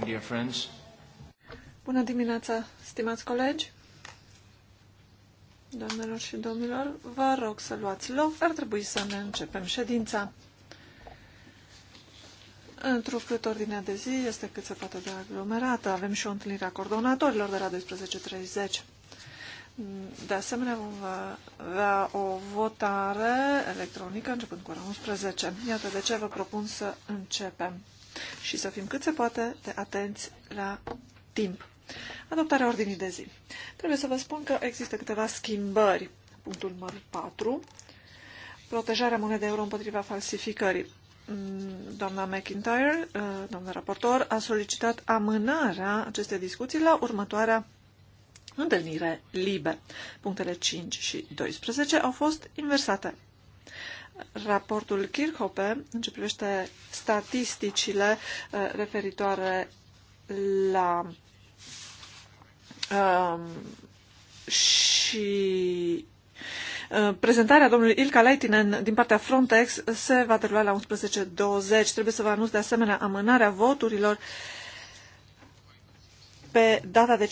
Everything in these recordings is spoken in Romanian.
morning, dear friends. Bună dimineața, stimați colegi. Doamnelor și domnilor, vă rog să luați loc. Ar trebui să ne începem ședința. Întrucât ordinea de zi este cât se poate de aglomerată. Avem și o întâlnire a coordonatorilor de la 12.30. De asemenea, vom avea o votare electronică începând cu ora 11. Iată de ce vă propun să începem și să fim cât se poate de atenți la timp. Adoptarea ordinii de zi. Trebuie să vă spun că există câteva schimbări. Punctul numărul 4. Protejarea monedei euro împotriva falsificării. Mm, doamna McIntyre, uh, doamna raportor, a solicitat amânarea acestei discuții la următoarea întâlnire libe. Punctele 5 și 12 au fost inversate raportul Kirchhope în ce privește statisticile uh, referitoare la um, și uh, Prezentarea domnului Ilka Leitinen din partea Frontex se va derula la 11.20. Trebuie să vă anunț de asemenea amânarea voturilor pe data de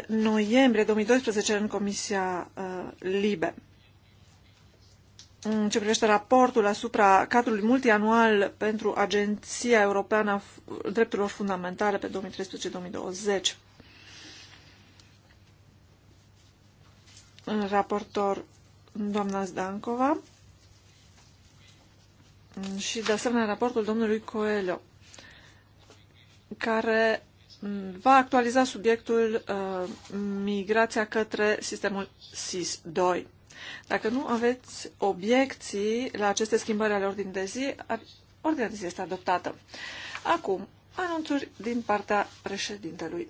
5-6 noiembrie 2012 în Comisia uh, Libe ce privește raportul asupra cadrului multianual pentru Agenția Europeană a Drepturilor Fundamentale pe 2013-2020. Raportor doamna Zdancova și de asemenea raportul domnului Coelho, care va actualiza subiectul uh, migrația către sistemul SIS-2. Dacă nu aveți obiecții la aceste schimbări ale ordinii de zi, ordinea de zi este adoptată. Acum, anunțuri din partea președintelui.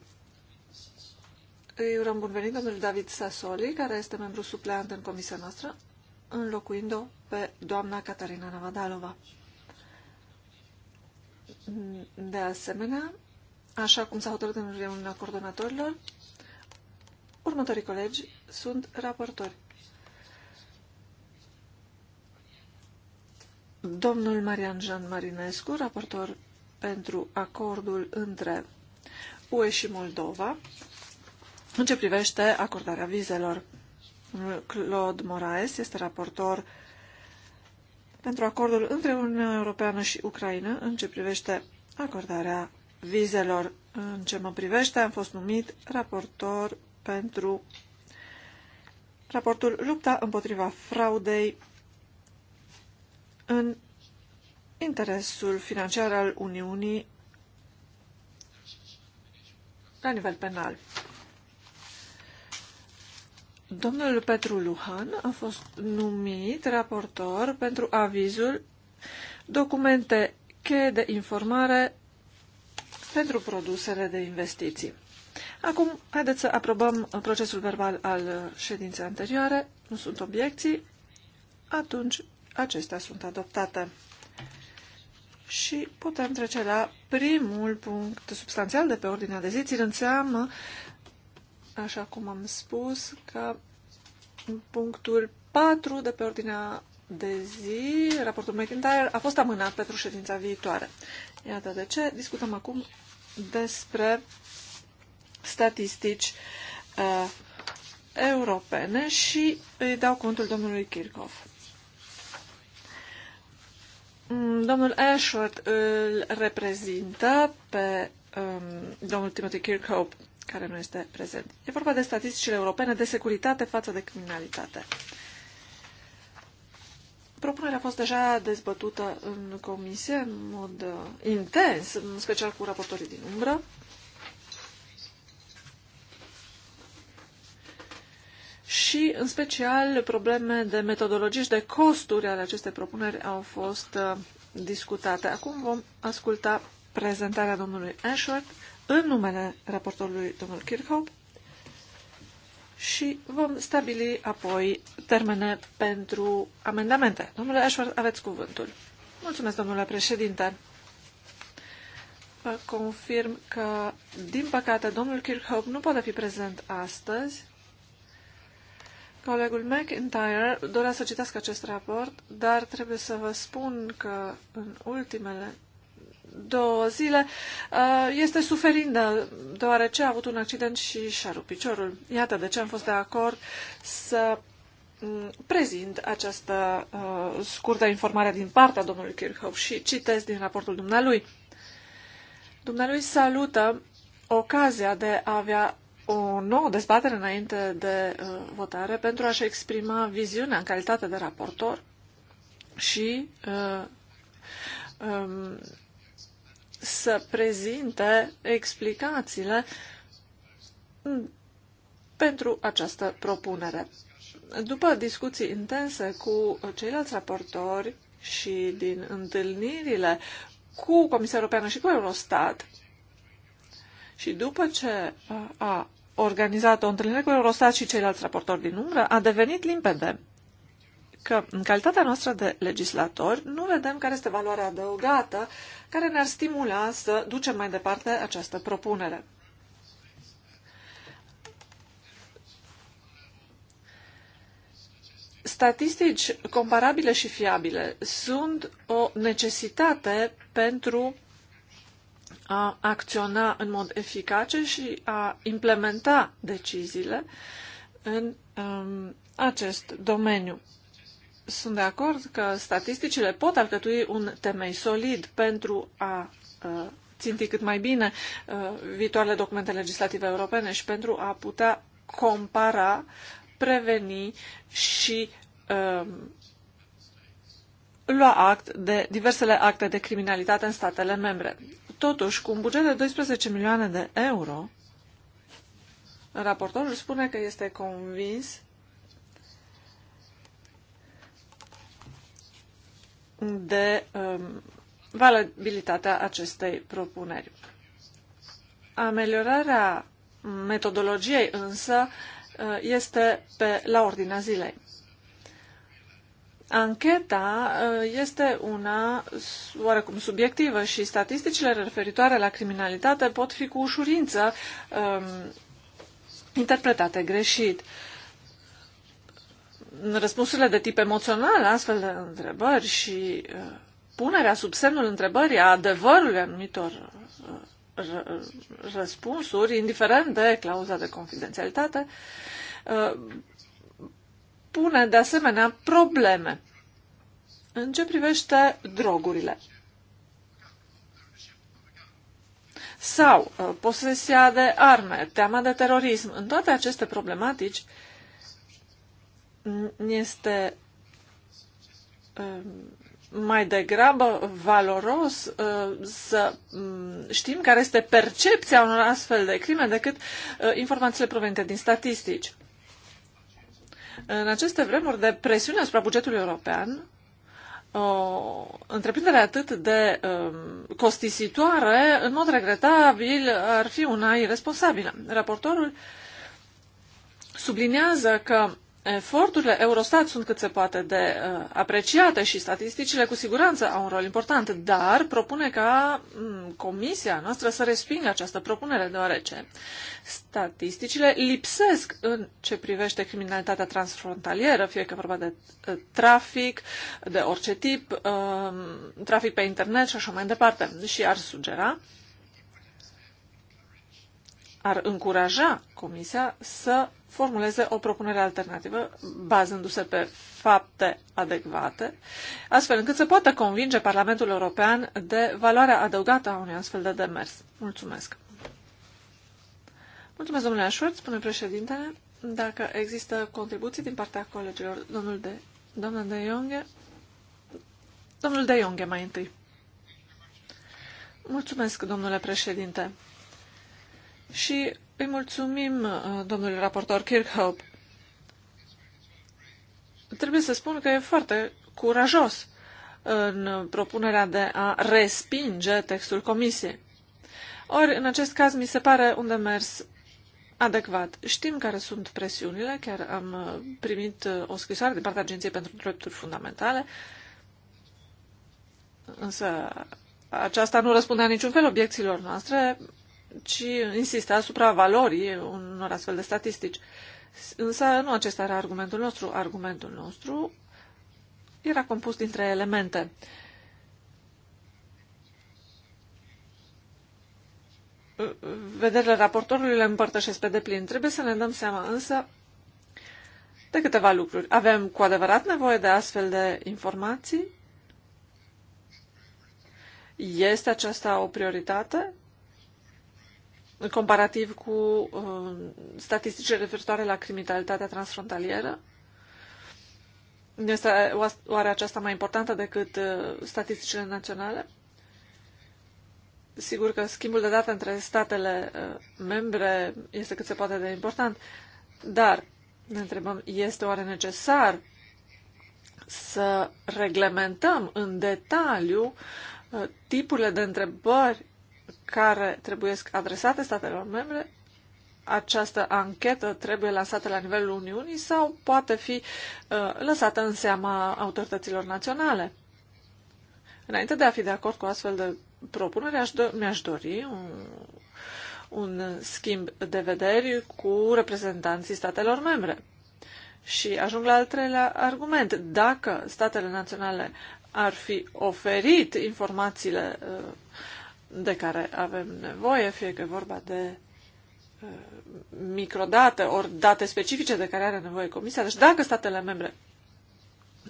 Îi urăm bun venit domnul David Sassoli, care este membru supleant în comisia noastră, înlocuind-o pe doamna Catarina Navadalova. De asemenea, așa cum s-a hotărât în reuniunea coordonatorilor, următorii colegi sunt raportori. Domnul Marian Jean Marinescu, raportor pentru acordul între UE și Moldova, în ce privește acordarea vizelor. Claude Moraes este raportor pentru acordul între Uniunea Europeană și Ucraina în ce privește acordarea vizelor. În ce mă privește, am fost numit raportor pentru raportul Lupta împotriva fraudei în interesul financiar al Uniunii la nivel penal. Domnul Petru Luhan a fost numit raportor pentru avizul documente cheie de informare pentru produsele de investiții. Acum, haideți să aprobăm procesul verbal al ședinței anterioare. Nu sunt obiecții. Atunci Acestea sunt adoptate. Și putem trece la primul punct substanțial de pe ordinea de zi, ținând seama, așa cum am spus, că punctul 4 de pe ordinea de zi, raportul McIntyre, a fost amânat pentru ședința viitoare. Iată de ce discutăm acum despre statistici uh, europene și îi dau contul domnului Kirchhoff. Mm, domnul Ashworth îl reprezintă pe um, domnul Timothy Kirkhope, care nu este prezent. E vorba de statisticile europene de securitate față de criminalitate. Propunerea a fost deja dezbătută în comisie în mod uh, intens, în special cu raportorii din umbră. și, în special, probleme de metodologie și de costuri ale acestei propuneri au fost uh, discutate. Acum vom asculta prezentarea domnului Ashworth în numele raportorului domnul Kirchhoff și vom stabili apoi termene pentru amendamente. Domnule Ashworth, aveți cuvântul. Mulțumesc, domnule președinte. Vă confirm că, din păcate, domnul Kirchhoff nu poate fi prezent astăzi Colegul McIntyre dorea să citească acest raport, dar trebuie să vă spun că în ultimele două zile uh, este suferindă, deoarece a avut un accident și și-a rupt piciorul. Iată de ce am fost de acord să mm, prezint această uh, scurtă informare din partea domnului Kirchhoff și citesc din raportul dumnealui. Dumnealui salută ocazia de a avea o nouă dezbatere înainte de uh, votare pentru a-și exprima viziunea în calitate de raportor și uh, um, să prezinte explicațiile pentru această propunere. După discuții intense cu ceilalți raportori și din întâlnirile cu Comisia Europeană și cu Eurostat, și după ce a organizat o întâlnire cu Eurostat și ceilalți raportori din umbră, a devenit limpede că, în calitatea noastră de legislatori, nu vedem care este valoarea adăugată care ne-ar stimula să ducem mai departe această propunere. Statistici comparabile și fiabile sunt o necesitate pentru a acționa în mod eficace și a implementa deciziile în um, acest domeniu. Sunt de acord că statisticile pot alcătui un temei solid pentru a uh, ținti cât mai bine uh, viitoarele documente legislative europene și pentru a putea compara, preveni și uh, lua act de diversele acte de criminalitate în statele membre. Totuși, cu un buget de 12 milioane de euro, raportorul spune că este convins de um, valabilitatea acestei propuneri. Ameliorarea metodologiei însă uh, este pe, la ordinea zilei. Ancheta uh, este una oarecum subiectivă și statisticile referitoare la criminalitate pot fi cu ușurință um, interpretate greșit. Răspunsurile de tip emoțional astfel de întrebări și uh, punerea sub semnul întrebării a adevărului anumitor uh, răspunsuri, indiferent de clauza de confidențialitate, uh, pune de asemenea probleme în ce privește drogurile. Sau uh, posesia de arme, teama de terorism. În toate aceste problematici este uh, mai degrabă valoros uh, să mm, știm care este percepția unor astfel de crime decât informațiile provenite din statistici. În aceste vremuri de presiune asupra bugetului european, o întreprindere atât de um, costisitoare, în mod regretabil, ar fi una irresponsabilă. Raportorul subliniază că Eforturile Eurostat sunt cât se poate de uh, apreciate și statisticile cu siguranță au un rol important, dar propune ca um, comisia noastră să respingă această propunere, deoarece statisticile lipsesc în ce privește criminalitatea transfrontalieră, fie că vorba de uh, trafic, de orice tip, uh, trafic pe internet și așa mai departe. Și ar sugera ar încuraja Comisia să formuleze o propunere alternativă bazându-se pe fapte adecvate, astfel încât să poată convinge Parlamentul European de valoarea adăugată a unui astfel de demers. Mulțumesc! Mulțumesc, domnule Așurt, spune președintele. Dacă există contribuții din partea colegilor, domnul de, domnul de Ionghe, domnul de Ionghe mai întâi. Mulțumesc, domnule președinte și îi mulțumim uh, domnului raportor Kirkhope. Trebuie să spun că e foarte curajos în propunerea de a respinge textul comisiei. Ori, în acest caz, mi se pare un demers adecvat. Știm care sunt presiunile, chiar am uh, primit uh, o scrisoare din partea Agenției pentru Drepturi Fundamentale, însă aceasta nu răspundea niciun fel obiecțiilor noastre, ci insista asupra valorii unor astfel de statistici. Însă nu acesta era argumentul nostru. Argumentul nostru era compus dintre elemente. Vederile raportorului le împărtășesc pe deplin. Trebuie să ne dăm seama însă de câteva lucruri. Avem cu adevărat nevoie de astfel de informații? Este aceasta o prioritate? comparativ cu uh, statisticile referitoare la criminalitatea transfrontalieră? Este oare aceasta mai importantă decât uh, statisticile naționale? Sigur că schimbul de date între statele uh, membre este cât se poate de important, dar ne întrebăm, este oare necesar să reglementăm în detaliu uh, tipurile de întrebări care trebuie adresate statelor membre, această anchetă trebuie lansată la nivelul Uniunii sau poate fi uh, lăsată în seama autorităților naționale. Înainte de a fi de acord cu astfel de propunere, do- mi-aș dori un, un schimb de vederi cu reprezentanții statelor membre. Și ajung la al treilea argument. Dacă statele naționale ar fi oferit informațiile uh, de care avem nevoie, fie că e vorba de uh, microdate ori date specifice de care are nevoie Comisia. Deci dacă statele membre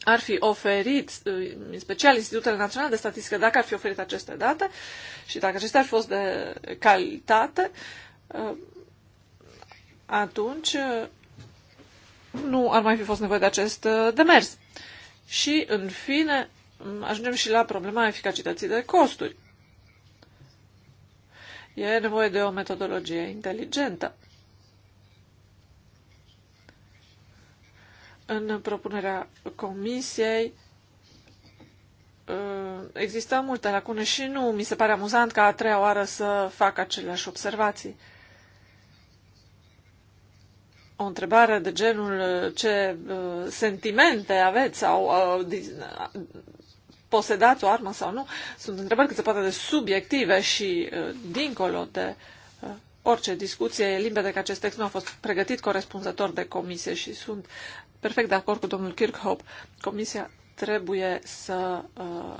ar fi oferit, uh, în special Institutele Naționale de Statistică, dacă ar fi oferit aceste date și dacă acestea ar fi fost de calitate, uh, atunci nu ar mai fi fost nevoie de acest demers. Și, în fine, ajungem și la problema eficacității de costuri. E nevoie de o metodologie inteligentă. În propunerea comisiei uh, există multe lacune și nu mi se pare amuzant ca a treia oară să fac aceleași observații. O întrebare de genul uh, ce uh, sentimente aveți sau posedați o armă sau nu, sunt întrebări cât se poate de subiective și uh, dincolo de uh, orice discuție, e limpede că acest text nu a fost pregătit corespunzător de comisie și sunt perfect de acord cu domnul Kirchhoff. Comisia trebuie să uh,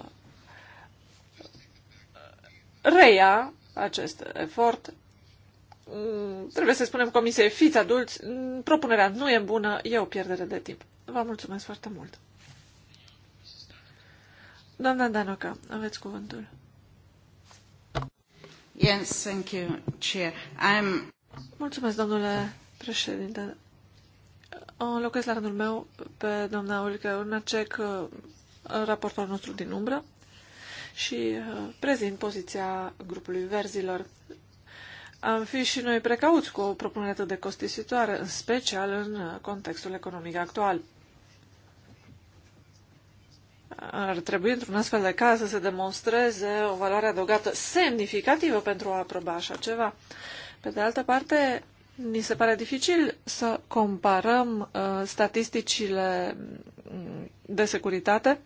reia acest efort. Mm, trebuie să spunem comisiei, fiți adulți, mm, propunerea nu e bună, e o pierdere de timp. Vă mulțumesc foarte mult! Doamna Danoca, aveți cuvântul. Yes, thank you, Chair. I'm... Mulțumesc, domnule președinte. O locuiesc la rândul meu pe doamna Ulrike Urnacek, uh, raportorul nostru din umbră, și uh, prezint poziția grupului Verzilor. Am fi și noi precauți cu o propunere atât de costisitoare, în special în uh, contextul economic actual. Ar trebui într-un astfel de caz să se demonstreze o valoare adăugată semnificativă pentru a aproba așa ceva. Pe de altă parte, mi se pare dificil să comparăm uh, statisticile mm, de securitate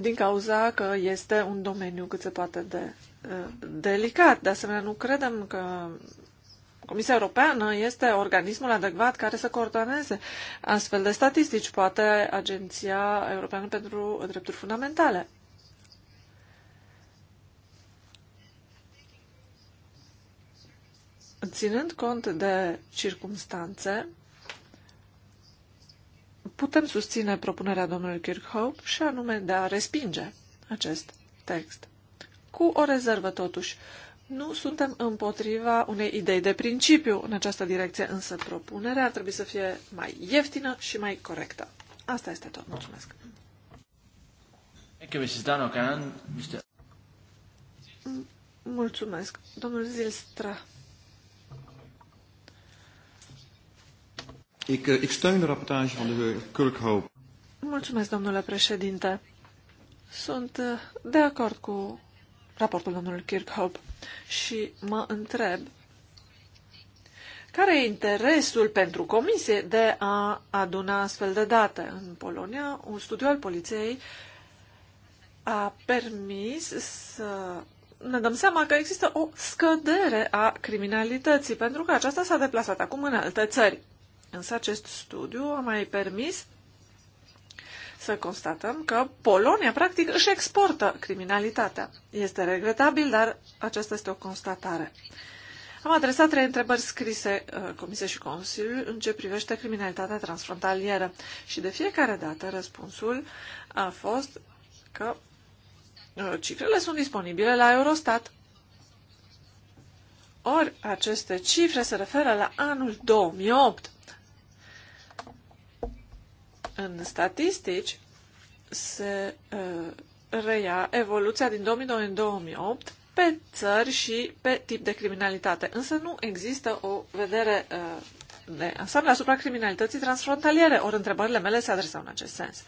din cauza că este un domeniu cât se poate de uh, delicat. De asemenea, nu credem că Comisia Europeană este organismul adecvat care să coordoneze astfel de statistici, poate Agenția Europeană pentru Drepturi Fundamentale. Ținând cont de circumstanțe, putem susține propunerea domnului Kirkhope și anume de a respinge acest text. Cu o rezervă, totuși, nu suntem împotriva unei idei de principiu în această direcție, însă propunerea ar trebui să fie mai ieftină și mai corectă. Asta este tot. Mulțumesc. Mulțumesc. Domnul Zilstra. Ik, eh, ik steun de rapportage van de Kulkhoop. Mulțumesc, domnule președinte. Sunt eh, de acord cu raportul domnului Kirchhoff și mă întreb care e interesul pentru comisie de a aduna astfel de date? În Polonia, un studiu al poliției a permis să ne dăm seama că există o scădere a criminalității, pentru că aceasta s-a deplasat acum în alte țări. Însă acest studiu a mai permis să constatăm că Polonia, practic, își exportă criminalitatea. Este regretabil, dar aceasta este o constatare. Am adresat trei întrebări scrise uh, Comisiei și Consiliului în ce privește criminalitatea transfrontalieră și de fiecare dată răspunsul a fost că uh, cifrele sunt disponibile la Eurostat. Ori aceste cifre se referă la anul 2008 în statistici se uh, reia evoluția din 2002 în 2008 pe țări și pe tip de criminalitate, însă nu există o vedere uh, de ansamblu asupra criminalității transfrontaliere, ori întrebările mele se adresau în acest sens.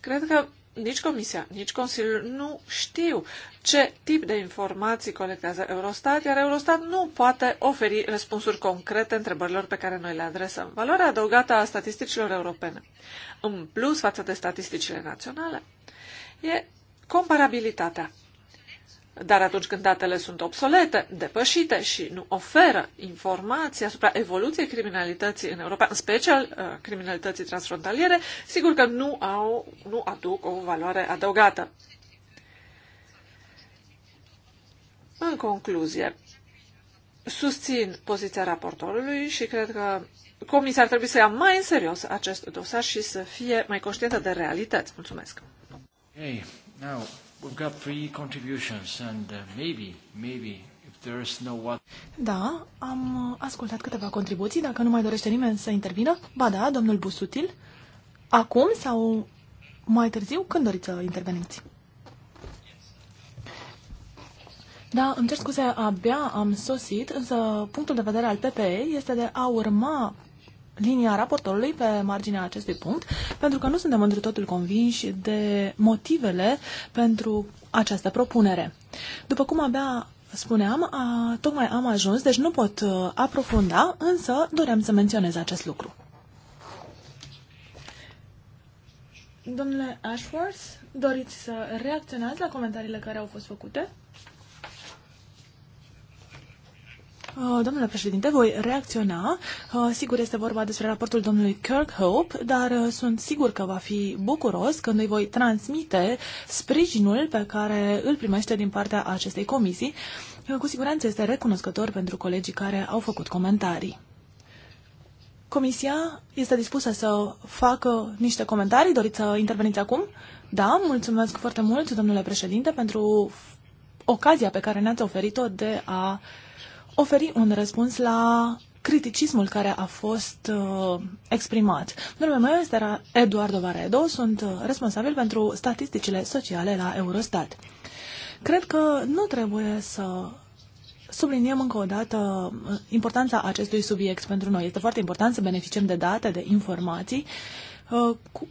Cred că nici Comisia, nici Consiliul nu știu ce tip de informații colectează Eurostat, iar Eurostat nu poate oferi răspunsuri concrete întrebărilor pe care noi le adresăm. Valoarea adăugată a statisticilor europene, în plus față de statisticile naționale, e comparabilitatea. Dar atunci când datele sunt obsolete, depășite și nu oferă informații asupra evoluției criminalității în Europa, în special uh, criminalității transfrontaliere, sigur că nu, au, nu aduc o valoare adăugată. În concluzie, susțin poziția raportorului și cred că comisia ar trebui să ia mai în serios acest dosar și să fie mai conștientă de realități. Mulțumesc! Hey, now. We've got three contributions and uh, maybe, maybe if there is no one... Da, am uh, ascultat câteva contribuții. Dacă nu mai dorește nimeni să intervină, ba da, domnul Busutil, acum sau mai târziu, când doriți să interveniți? Da, îmi cer scuze, abia am sosit, însă punctul de vedere al PPE este de a urma linia raportorului pe marginea acestui punct, pentru că nu suntem într totul convinși de motivele pentru această propunere. După cum abia spuneam, a, tocmai am ajuns, deci nu pot uh, aprofunda, însă doream să menționez acest lucru. Domnule Ashworth, doriți să reacționați la comentariile care au fost făcute? Uh, domnule președinte, voi reacționa. Uh, sigur, este vorba despre raportul domnului Kirkhope, dar uh, sunt sigur că va fi bucuros când îi voi transmite sprijinul pe care îl primește din partea acestei comisii. Cu siguranță este recunoscător pentru colegii care au făcut comentarii. Comisia este dispusă să facă niște comentarii. Doriți să interveniți acum? Da, mulțumesc foarte mult, domnule președinte, pentru ocazia pe care ne-ați oferit-o de a uh, oferi un răspuns la criticismul care a fost uh, exprimat. Numele meu este Eduardo Varedo, sunt uh, responsabil pentru statisticile sociale la Eurostat. Cred că nu trebuie să subliniem încă o dată uh, importanța acestui subiect pentru noi. Este foarte important să beneficiem de date, de informații uh, cu,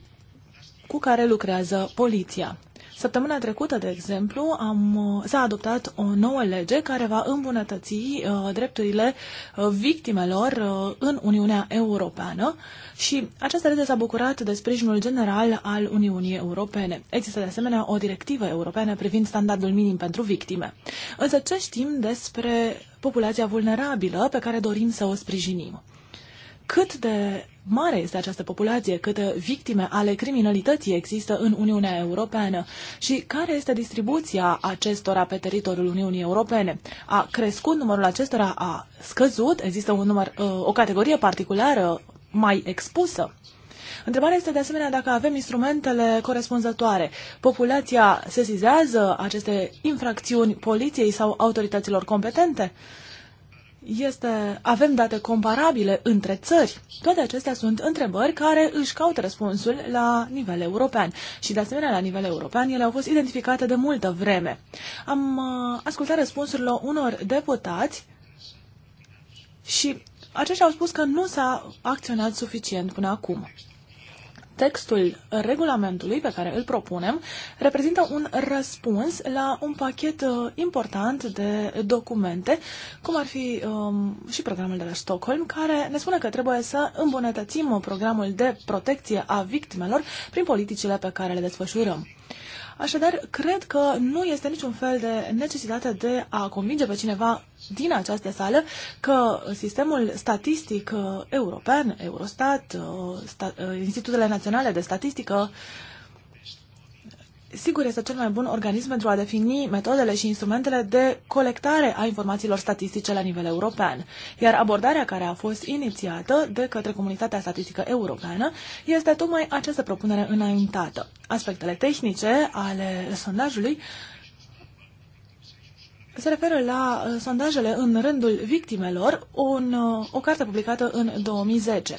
cu care lucrează poliția. Săptămâna trecută, de exemplu, am, uh, s-a adoptat o nouă lege care va îmbunătăți uh, drepturile uh, victimelor uh, în Uniunea Europeană și această lege s-a bucurat de sprijinul general al Uniunii Europene. Există de asemenea o directivă europeană privind standardul minim pentru victime. Însă ce știm despre populația vulnerabilă pe care dorim să o sprijinim? Cât de mare este această populație, câte uh, victime ale criminalității există în Uniunea Europeană și care este distribuția acestora pe teritoriul Uniunii Europene. A crescut numărul acestora, a scăzut, există un număr, uh, o categorie particulară mai expusă. Întrebarea este de asemenea dacă avem instrumentele corespunzătoare. Populația sesizează aceste infracțiuni poliției sau autorităților competente? Uh, este, avem date comparabile între țări? Toate acestea sunt întrebări care își caută răspunsul la nivel european și, de asemenea, la nivel european ele au fost identificate de multă vreme. Am uh, ascultat răspunsurile unor deputați și aceștia au spus că nu s-a acționat suficient până acum textul regulamentului pe care îl propunem reprezintă un răspuns la un pachet uh, important de documente, cum ar fi um, și programul de la Stockholm, care ne spune că trebuie să îmbunătățim programul de protecție a victimelor prin politicile pe care le desfășurăm. Așadar, cred că nu este niciun fel de necesitate de a convinge pe cineva din această sală că sistemul statistic uh, european, Eurostat, uh, uh, Institutele Naționale de Statistică, sigur este cel mai bun organism pentru a defini metodele și instrumentele de colectare a informațiilor statistice la nivel european. Iar abordarea care a fost inițiată de către Comunitatea Statistică Europeană este tocmai această propunere înaintată. Aspectele tehnice ale sondajului se referă la uh, sondajele în rândul victimelor, un, uh, o carte publicată în 2010.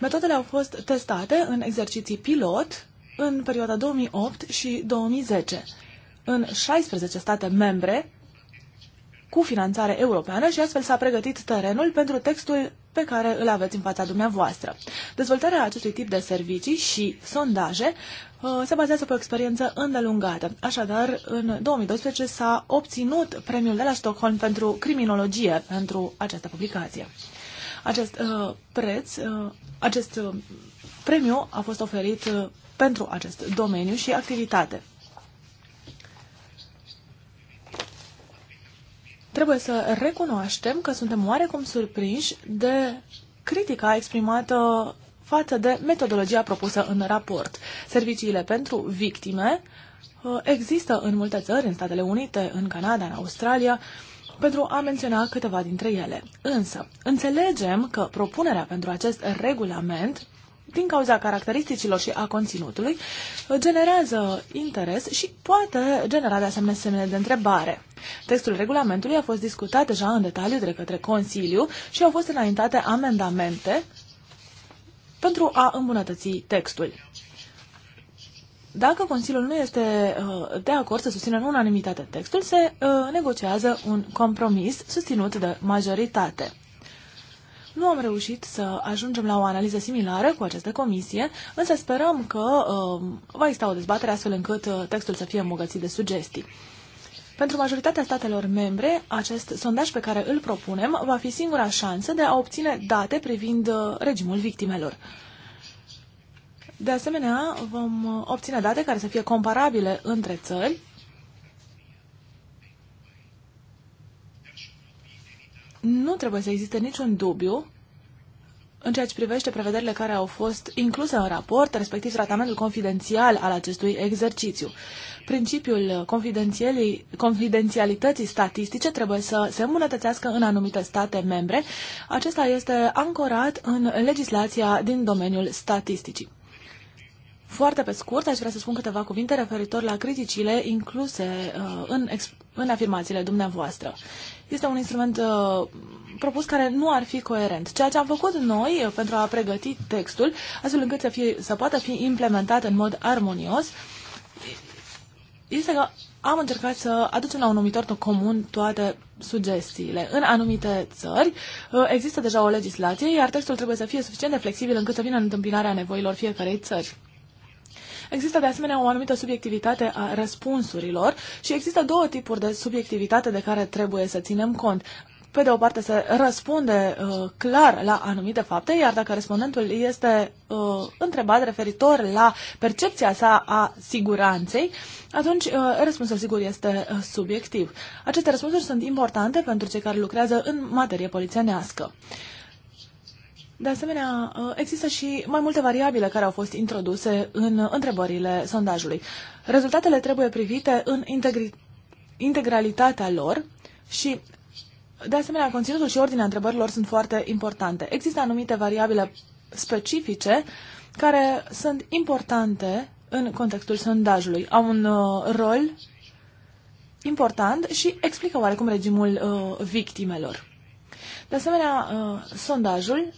Metodele au fost testate în exerciții pilot în perioada 2008 și 2010 în 16 state membre cu finanțare europeană și astfel s-a pregătit terenul pentru textul pe care îl aveți în fața dumneavoastră. Dezvoltarea acestui tip de servicii și sondaje uh, se bazează pe o experiență îndelungată. Așadar, în 2012 s-a obținut premiul de la Stockholm pentru criminologie pentru această publicație. Acest uh, preț, uh, acest uh, premiu a fost oferit uh, pentru acest domeniu și activitate. Trebuie să recunoaștem că suntem oarecum surprinși de critica exprimată față de metodologia propusă în raport. Serviciile pentru victime uh, există în multe țări, în Statele Unite, în Canada, în Australia, pentru a menționa câteva dintre ele. Însă, înțelegem că propunerea pentru acest regulament din cauza caracteristicilor și a conținutului, generează interes și poate genera de asemenea semne de întrebare. Textul regulamentului a fost discutat deja în detaliu de către Consiliu și au fost înaintate amendamente pentru a îmbunătăți textul. Dacă Consiliul nu este uh, de acord să susțină în unanimitate textul, se uh, negociază un compromis susținut de majoritate. Nu am reușit să ajungem la o analiză similară cu această comisie, însă sperăm că uh, va exista o dezbatere astfel încât uh, textul să fie îmbogățit de sugestii. Pentru majoritatea statelor membre, acest sondaj pe care îl propunem va fi singura șansă de a obține date privind uh, regimul victimelor. De asemenea, vom uh, obține date care să fie comparabile între țări nu trebuie să existe niciun dubiu în ceea ce privește prevederile care au fost incluse în raport, respectiv tratamentul confidențial al acestui exercițiu. Principiul confidențialității statistice trebuie să se îmbunătățească în anumite state membre. Acesta este ancorat în legislația din domeniul statisticii. Foarte pe scurt, aș vrea să spun câteva cuvinte referitor la criticile incluse uh, în, în afirmațiile dumneavoastră este un instrument uh, propus care nu ar fi coerent. Ceea ce am făcut noi uh, pentru a pregăti textul, astfel încât să, fie, să poată fi implementat în mod armonios, este că am încercat să aducem la un numitor comun toate sugestiile. În anumite țări uh, există deja o legislație, iar textul trebuie să fie suficient de flexibil încât să vină în întâmpinarea nevoilor fiecarei țări. Există de asemenea o anumită subiectivitate a răspunsurilor și există două tipuri de subiectivitate de care trebuie să ținem cont pe de o parte se răspunde uh, clar la anumite fapte, iar dacă respondentul este uh, întrebat referitor la percepția sa a siguranței, atunci uh, răspunsul sigur este uh, subiectiv. Aceste răspunsuri sunt importante pentru cei care lucrează în materie polițienească. Uh, de asemenea, ă, există și mai multe variabile care au fost introduse în ă, întrebările sondajului. Rezultatele trebuie privite în integri- integralitatea lor și de asemenea, conținutul și ordinea întrebărilor sunt foarte importante. Există anumite variabile specifice care sunt importante în contextul sondajului. Au un uh, rol important și explică oarecum regimul uh, victimelor. De asemenea, uh, sondajul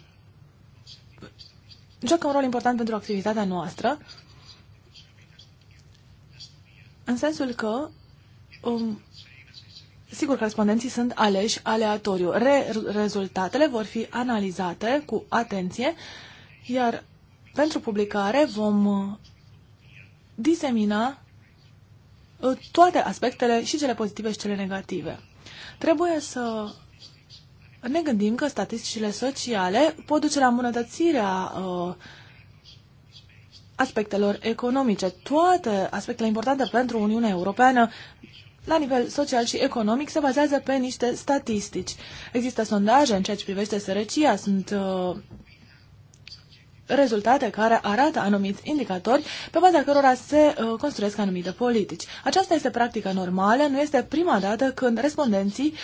joacă un rol important pentru activitatea noastră, în sensul că um, Sigur, corespondenții sunt aleși aleatoriu. Re rezultatele vor fi analizate cu atenție, iar pentru publicare vom uh, disemina uh, toate aspectele, și cele pozitive și cele negative. Trebuie să ne gândim că statisticile sociale pot duce la îmbunătățirea uh, aspectelor economice. Toate aspectele importante pentru Uniunea Europeană la nivel social și economic se bazează pe niște statistici. Există sondaje în ceea ce privește sărăcia, sunt uh, rezultate care arată anumiți indicatori pe baza cărora se uh, construiesc anumite politici. Aceasta este practica normală, nu este prima dată când respondenții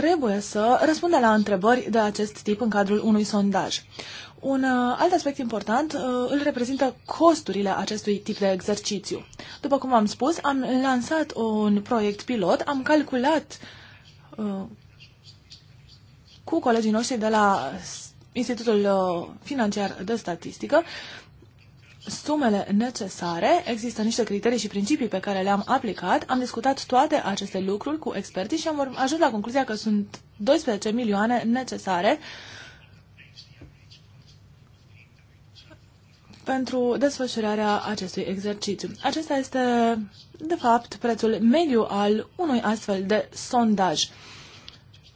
trebuie să răspundă la întrebări de acest tip în cadrul unui sondaj. Un uh, alt aspect important uh, îl reprezintă costurile acestui tip de exercițiu. După cum am spus, am lansat un proiect pilot, am calculat uh, cu colegii noștri de la Institutul Financiar de Statistică sumele necesare, există niște criterii și principii pe care le-am aplicat, am discutat toate aceste lucruri cu experții și am ajuns la concluzia că sunt 12 milioane necesare pentru desfășurarea acestui exercițiu. Acesta este, de fapt, prețul mediu al unui astfel de sondaj.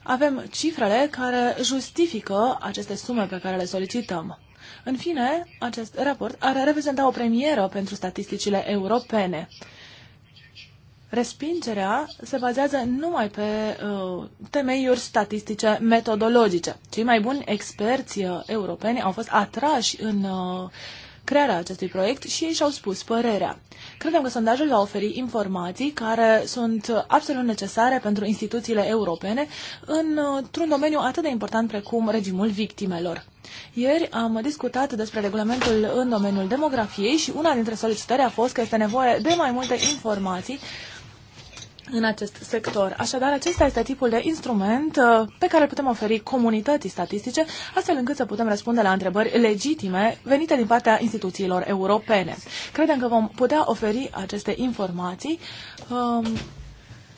Avem cifrele care justifică aceste sume pe care le solicităm. În fine, acest raport ar reprezenta o premieră pentru statisticile europene. Respingerea se bazează numai pe uh, temeiuri statistice metodologice. Cei mai buni experți uh, europeni au fost atrași în uh, crearea acestui proiect și ei și-au spus părerea. Credem că sondajul va oferi informații care sunt absolut necesare pentru instituțiile europene într-un domeniu atât de important precum regimul victimelor. Ieri am discutat despre regulamentul în domeniul demografiei și una dintre solicitări a fost că este nevoie de mai multe informații în acest sector. Așadar, acesta este tipul de instrument uh, pe care îl putem oferi comunității statistice, astfel încât să putem răspunde la întrebări legitime venite din partea instituțiilor europene. Credem că vom putea oferi aceste informații um,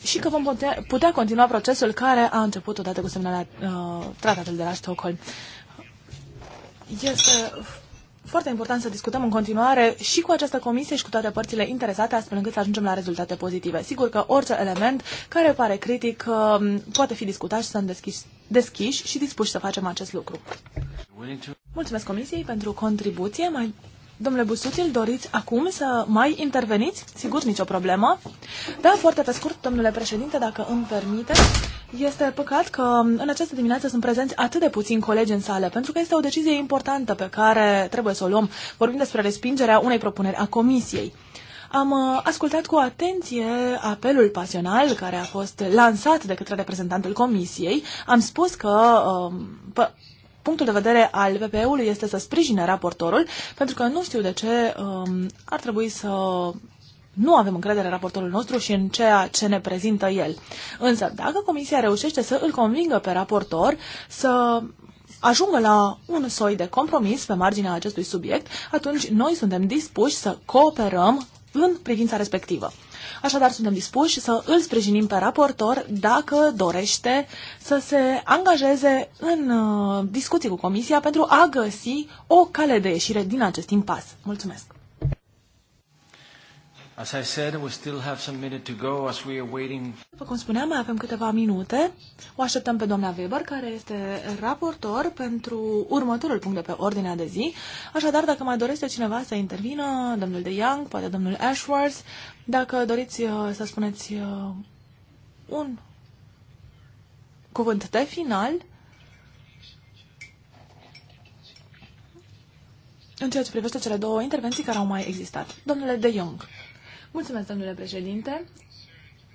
și că vom putea, putea continua procesul care a început odată cu semnarea uh, tratatului de la Stockholm. Este foarte important să discutăm în continuare și cu această comisie și cu toate părțile interesate, astfel încât să ajungem la rezultate pozitive. Sigur că orice element care pare critic um, poate fi discutat și să deschis deschiși și dispuși să facem acest lucru. Mulțumesc comisiei pentru contribuție. Mai Domnule Busutil, doriți acum să mai interveniți? Sigur, nicio problemă. Da, foarte pe scurt, domnule președinte, dacă îmi permite. Este păcat că în această dimineață sunt prezenți atât de puțini colegi în sală, pentru că este o decizie importantă pe care trebuie să o luăm. Vorbim despre respingerea unei propuneri a Comisiei. Am uh, ascultat cu atenție apelul pasional care a fost lansat de către reprezentantul Comisiei. Am spus că uh, punctul de vedere al PPE-ului este să sprijine raportorul, pentru că nu știu de ce um, ar trebui să nu avem încredere în raportorul nostru și în ceea ce ne prezintă el. Însă, dacă Comisia reușește să îl convingă pe raportor să ajungă la un soi de compromis pe marginea acestui subiect, atunci noi suntem dispuși să cooperăm în privința respectivă. Așadar, suntem dispuși să îl sprijinim pe raportor dacă dorește să se angajeze în uh, discuții cu Comisia pentru a găsi o cale de ieșire din acest impas. Mulțumesc! As I said, we still have some minute to go as we are waiting. După cum spuneam, mai avem câteva minute. O așteptăm pe doamna Weber, care este raportor pentru următorul punct de pe ordinea de zi. Așadar, dacă mai dorește cineva să intervină, domnul De Young, poate domnul Ashworth, dacă doriți uh, să spuneți uh, un cuvânt de final, în ceea ce privește cele două intervenții care au mai existat. Domnule De Jong, mulțumesc, domnule președinte.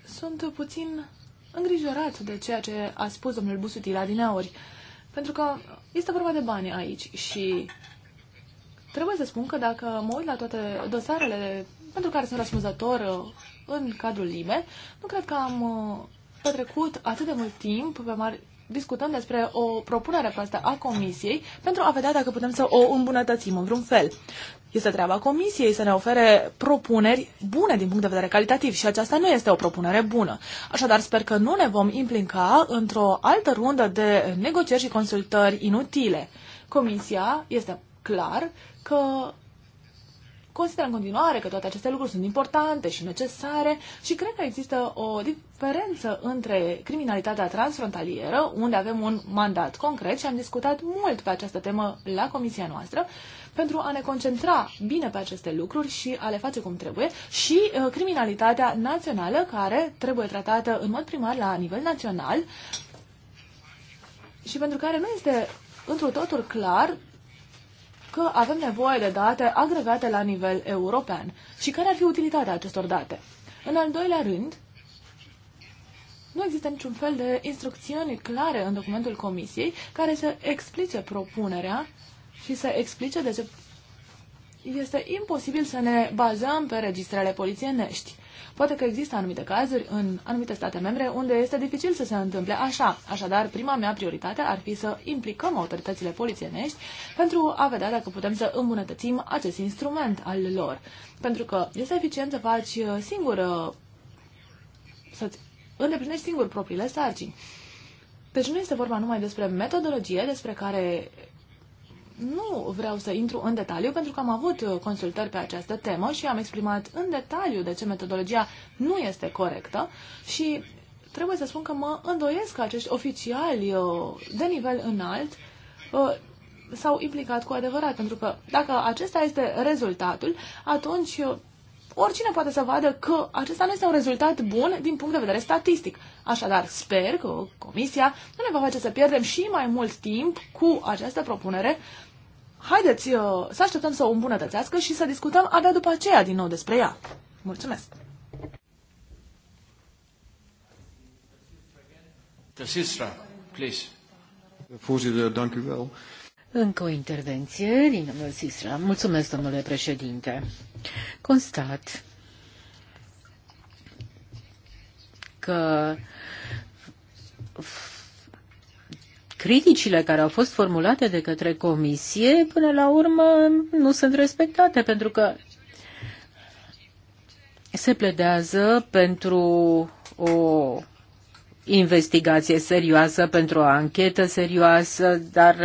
Sunt puțin îngrijorat de ceea ce a spus domnul Busutila din auri, pentru că este vorba de bani aici și trebuie să spun că dacă mă uit la toate dosarele pentru care sunt răspunzător uh, în cadrul LIME. Nu cred că am uh, petrecut atât de mult timp pe mari discutăm despre o propunere pe asta a Comisiei pentru a vedea dacă putem să o îmbunătățim în vreun fel. Este treaba Comisiei să ne ofere propuneri bune din punct de vedere calitativ și aceasta nu este o propunere bună. Așadar, sper că nu ne vom implica într-o altă rundă de negocieri și consultări inutile. Comisia este clar că consideră în continuare că toate aceste lucruri sunt importante și necesare și cred că există o diferență între criminalitatea transfrontalieră, unde avem un mandat concret și am discutat mult pe această temă la comisia noastră, pentru a ne concentra bine pe aceste lucruri și a le face cum trebuie și uh, criminalitatea națională care trebuie tratată în mod primar la nivel național și pentru care nu este într totul clar că avem nevoie de date agregate la nivel european și care ar fi utilitatea acestor date. În al doilea rând, nu există niciun fel de instrucțiuni clare în documentul Comisiei care să explice propunerea și să explice de ce este imposibil să ne bazăm pe registrele polițienești. Poate că există anumite cazuri în anumite state membre unde este dificil să se întâmple așa. Așadar, prima mea prioritate ar fi să implicăm autoritățile polițienești pentru a vedea dacă putem să îmbunătățim acest instrument al lor. Pentru că este eficient să faci uh, singură, uh, să-ți îndeplinești singur propriile sarcini. Deci nu este vorba numai despre metodologie despre care nu vreau să intru în detaliu pentru că am avut uh, consultări pe această temă și am exprimat în detaliu de ce metodologia nu este corectă și trebuie să spun că mă îndoiesc că acești oficiali uh, de nivel înalt uh, s-au implicat cu adevărat, pentru că dacă acesta este rezultatul, atunci oricine poate să vadă că acesta nu este un rezultat bun din punct de vedere statistic. Așadar, sper că Comisia nu ne va face să pierdem și mai mult timp cu această propunere haideți uh, să așteptăm să o îmbunătățească și să discutăm abia după aceea din nou despre ea. Mulțumesc! please. Încă o intervenție din domnul Sisra. Mulțumesc, domnule președinte. Constat că criticile care au fost formulate de către comisie, până la urmă, nu sunt respectate, pentru că se pledează pentru o investigație serioasă, pentru o anchetă serioasă, dar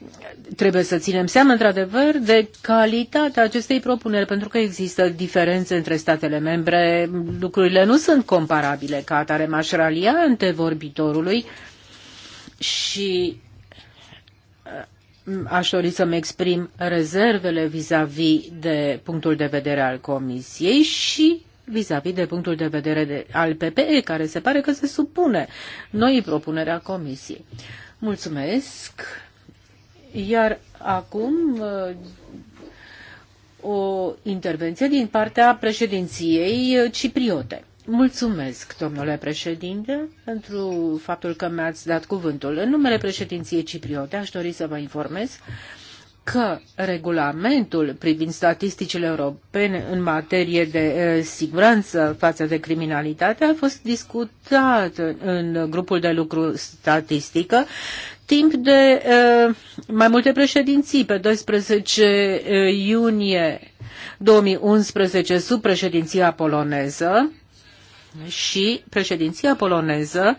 uh, trebuie să ținem seama, într-adevăr, de calitatea acestei propuneri, pentru că există diferențe între statele membre, lucrurile nu sunt comparabile. Ca atare mașralia antevorbitorului vorbitorului și uh, aș dori să-mi exprim rezervele vis-a-vis de punctul de vedere al Comisiei și vis-a-vis de punctul de vedere de, al PPE, care se pare că se supune noii a Comisiei. Mulțumesc. Iar acum uh, o intervenție din partea președinției cipriote. Mulțumesc, domnule președinte, pentru faptul că mi-ați dat cuvântul. În numele președinției cipriote aș dori să vă informez că regulamentul privind statisticile europene în materie de siguranță față de criminalitate a fost discutat în grupul de lucru statistică timp de mai multe președinții. Pe 12 iunie 2011, sub președinția poloneză, și președinția poloneză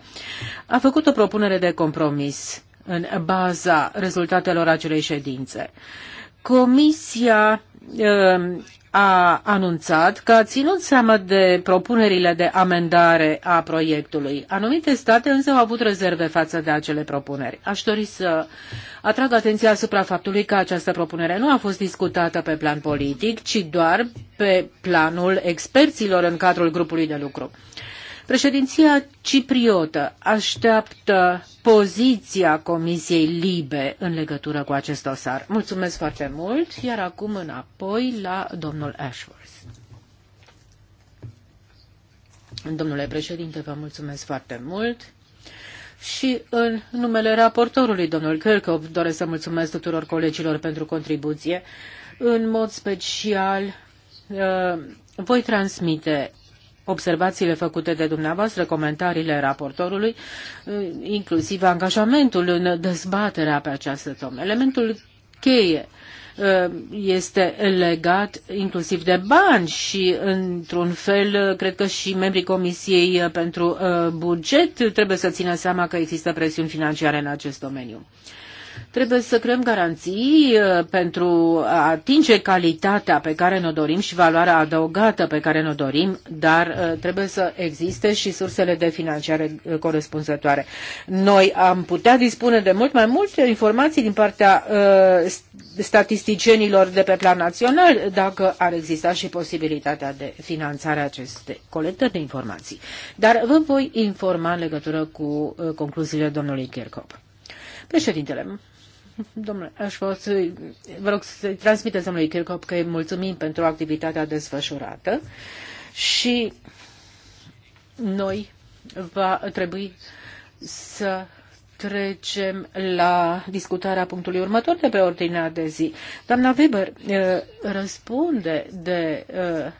a făcut o propunere de compromis în baza rezultatelor acelei ședințe. Comisia a anunțat că ținut seama de propunerile de amendare a proiectului. Anumite state însă au avut rezerve față de acele propuneri. Aș dori să atrag atenția asupra faptului că această propunere nu a fost discutată pe plan politic, ci doar pe planul experților în cadrul grupului de lucru. Președinția cipriotă așteaptă poziția Comisiei Libe în legătură cu acest dosar. Mulțumesc foarte mult, iar acum înapoi la domnul Ashworth. Domnule președinte, vă mulțumesc foarte mult. Și în numele raportorului, domnul Kirchhoff, doresc să mulțumesc tuturor colegilor pentru contribuție. În mod special, uh, voi transmite observațiile făcute de dumneavoastră, comentariile raportorului, eh, inclusiv angajamentul în dezbaterea pe această temă. Elementul cheie eh, este legat inclusiv de bani și, într-un fel, cred că și membrii Comisiei eh, pentru Buget trebuie să țină seama că există presiuni financiare în acest domeniu. Trebuie să creăm garanții uh, pentru a atinge calitatea pe care ne-o dorim și valoarea adăugată pe care ne-o dorim, dar uh, trebuie să existe și sursele de finanțare uh, corespunzătoare. Noi am putea dispune de mult mai multe informații din partea statisticienilor de pe plan național dacă ar exista și posibilitatea de finanțare a acestei colectări de informații. Dar vă voi informa în legătură cu concluziile domnului Kirchhoff. Președintele, domnule Ashworth, vă rog să transmiteți domnului Kirchhoff că îi mulțumim pentru activitatea desfășurată și noi va trebui să trecem la discutarea punctului următor de pe ordinea de zi. Doamna Weber eh, răspunde de eh,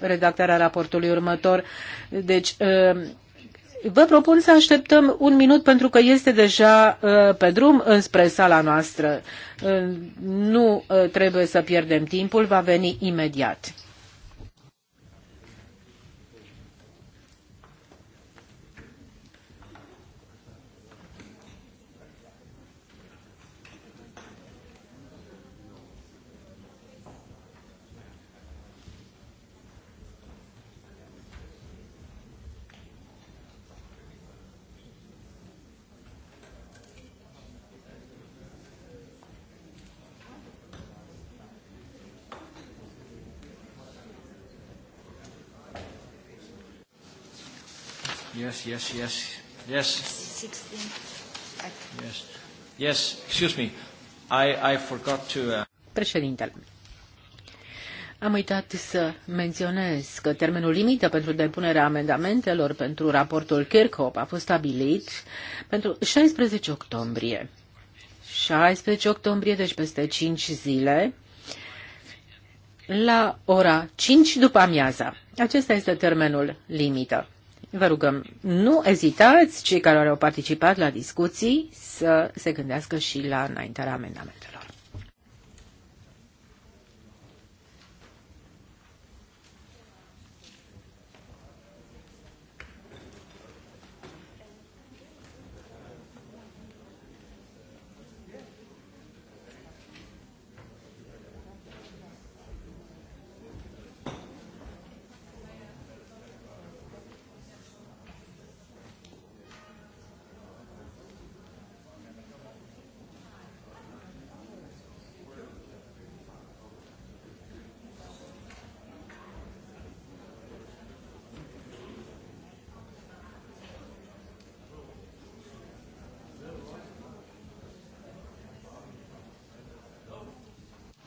redactarea raportului următor. Deci eh, Vă propun să așteptăm un minut pentru că este deja uh, pe drum înspre sala noastră. Uh, nu uh, trebuie să pierdem timpul, va veni imediat. yes, yes, yes, yes. 16. Yes. Yes, excuse me. I, I forgot to... Uh... Președintele. Am uitat să menționez că termenul limită pentru depunerea amendamentelor pentru raportul Kirchhoff a fost stabilit pentru 16 octombrie. 16 octombrie, deci peste 5 zile, la ora 5 după amiaza. Acesta este termenul limită. Vă rugăm, nu ezitați cei care au participat la discuții să se gândească și la înaintarea amendamentelor.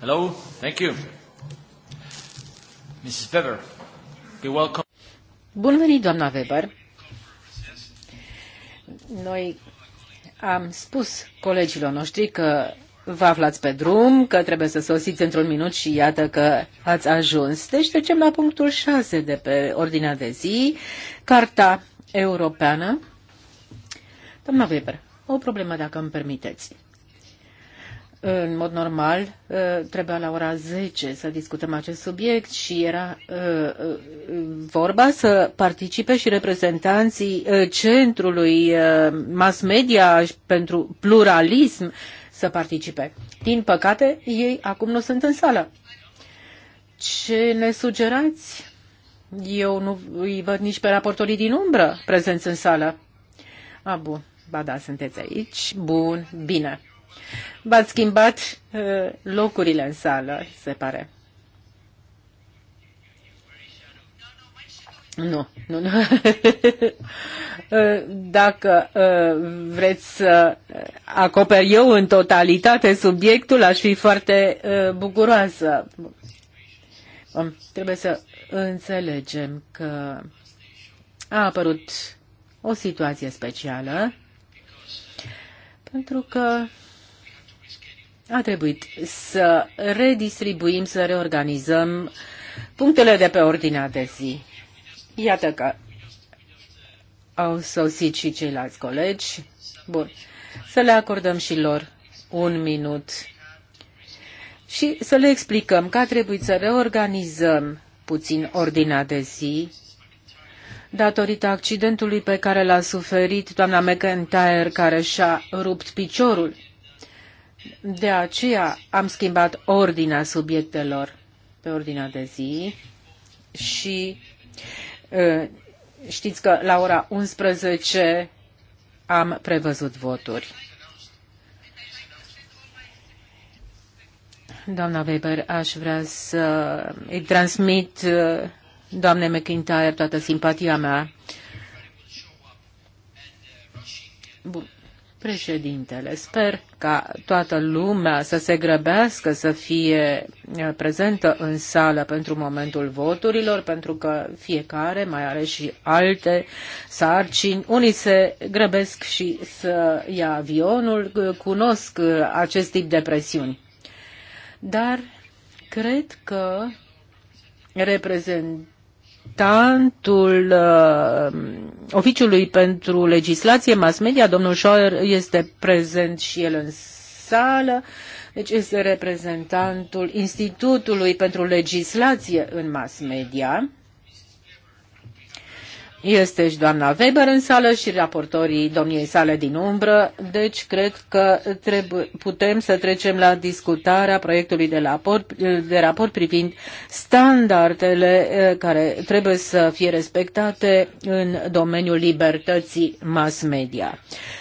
Hello, thank you. Mrs. Weber, be welcome. Bun venit, doamna Weber. Noi am spus colegilor noștri că vă aflați pe drum, că trebuie să sosiți într-un minut și iată că ați ajuns. Deci trecem la punctul 6 de pe ordinea de zi, Carta Europeană. Doamna Weber, o problemă dacă îmi permiteți în mod normal ă, trebuia la ora 10 să discutăm acest subiect și era ă, ă, vorba să participe și reprezentanții centrului mass media pentru pluralism să participe. Din păcate, ei acum nu sunt în sală. Ce ne sugerați? Eu nu îi văd nici pe raportorii din umbră prezenți în sală. A, bun. Ba da, sunteți aici. Bun, bine. V-ați schimbat uh, locurile în sală, se pare. Nu, nu, nu. Uh, dacă uh, vreți să acoper eu în totalitate subiectul, aș fi foarte bucuroasă. Trebuie să înțelegem că a apărut o situație specială pentru că a trebuit să redistribuim, să reorganizăm punctele de pe ordinea de zi. Iată că au sosit și ceilalți colegi. Bun. Să le acordăm și lor un minut și să le explicăm că a trebuit să reorganizăm puțin ordinea de zi datorită accidentului pe care l-a suferit doamna McIntyre, care și-a rupt piciorul. De aceea am schimbat ordinea subiectelor pe ordinea de zi și ă, știți că la ora 11 am prevăzut voturi. Doamna Weber, aș vrea să îi transmit ă, doamne McIntyre toată simpatia mea. Bun. Președintele, sper ca toată lumea să se grăbească să fie eh, prezentă în sală pentru momentul voturilor, pentru că fiecare mai are și alte sarcini. Unii se grăbesc și să ia avionul, eh, cunosc eh, acest tip de presiuni. Dar cred că reprezent reprezentantul uh, Oficiului pentru Legislație Mass Media, domnul Schauer, este prezent și el în sală, deci este reprezentantul Institutului pentru Legislație în Mass Media. Este și doamna Weber în sală și raportorii domniei sale din umbră, deci cred că trebuie, putem să trecem la discutarea proiectului de raport, de raport privind standardele eh, care trebuie să fie respectate în domeniul libertății mass media.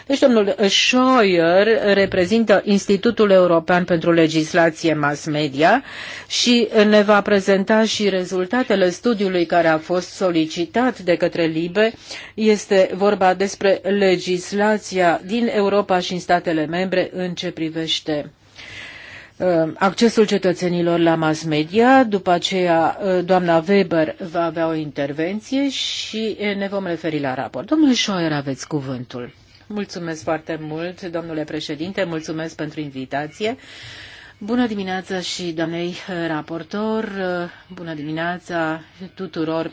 Deci domnul Scheuer reprezintă Institutul European pentru Legislație Mass Media și ne va prezenta și rezultatele studiului care a fost solicitat de către LIBE. Este vorba despre legislația din Europa și în statele membre în ce privește uh, accesul cetățenilor la mass media. După aceea, uh, doamna Weber va avea o intervenție și eh, ne vom referi la raport. Domnul Scheuer, aveți cuvântul. Mulțumesc foarte mult, domnule președinte, mulțumesc pentru invitație. Bună dimineața și doamnei raportor, bună dimineața tuturor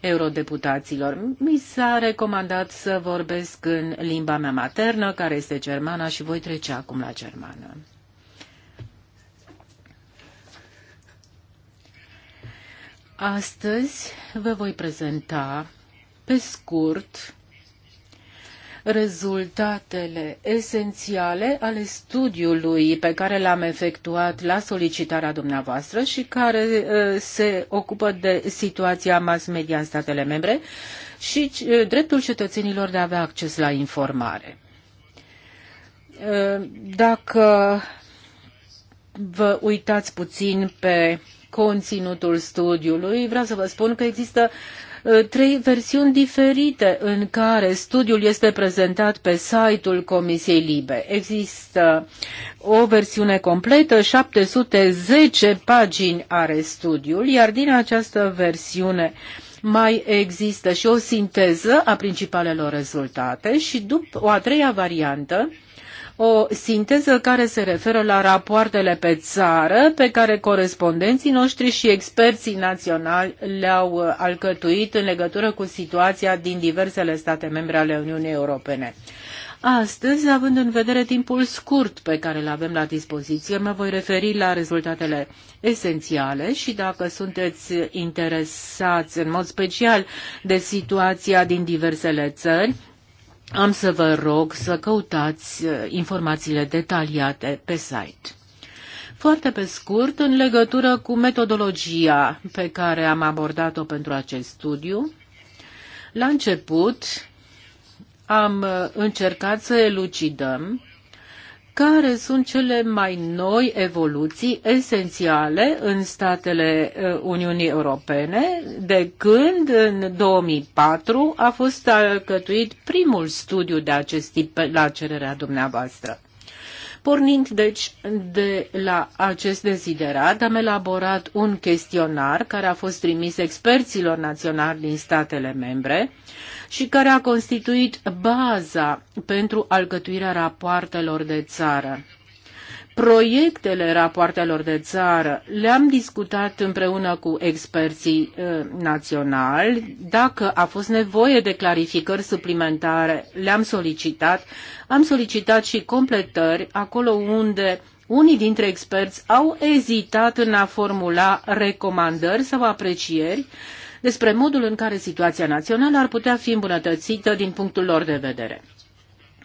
eurodeputaților. Mi s-a recomandat să vorbesc în limba mea maternă, care este germana, și voi trece acum la germană. Astăzi vă voi prezenta, pe scurt, rezultatele esențiale ale studiului pe care l-am efectuat la solicitarea dumneavoastră și care uh, se ocupă de situația mass media în statele membre și uh, dreptul cetățenilor de a avea acces la informare. Uh, dacă vă uitați puțin pe conținutul studiului, vreau să vă spun că există uh, Uh, trei versiuni diferite în care studiul este prezentat pe site-ul Comisiei Libe. Există o versiune completă, 710 pagini are studiul, iar din această versiune mai există și o sinteză a principalelor rezultate și după o a treia variantă o sinteză care se referă la rapoartele pe țară pe care corespondenții noștri și experții naționali le-au uh, alcătuit în legătură cu situația din diversele state membre ale Uniunii Europene. Astăzi, având în vedere timpul scurt pe care îl avem la dispoziție, mă voi referi la rezultatele esențiale și dacă sunteți interesați în mod special de situația din diversele țări, am să vă rog să căutați uh, informațiile detaliate pe site. Foarte pe scurt, în legătură cu metodologia pe care am abordat-o pentru acest studiu, la început am uh, încercat să elucidăm care sunt cele mai noi evoluții esențiale în statele uh, Uniunii Europene de când în 2004 a fost alcătuit primul studiu de acest tip la cererea dumneavoastră. Pornind deci de la acest deziderat, am elaborat un chestionar care a fost trimis experților naționali din statele membre și care a constituit baza pentru alcătuirea rapoartelor de țară. Proiectele rapoartelor de țară le-am discutat împreună cu experții eh, naționali. Dacă a fost nevoie de clarificări suplimentare, le-am solicitat. Am solicitat și completări acolo unde unii dintre experți au ezitat în a formula recomandări sau aprecieri despre modul în care situația națională ar putea fi îmbunătățită din punctul lor de vedere.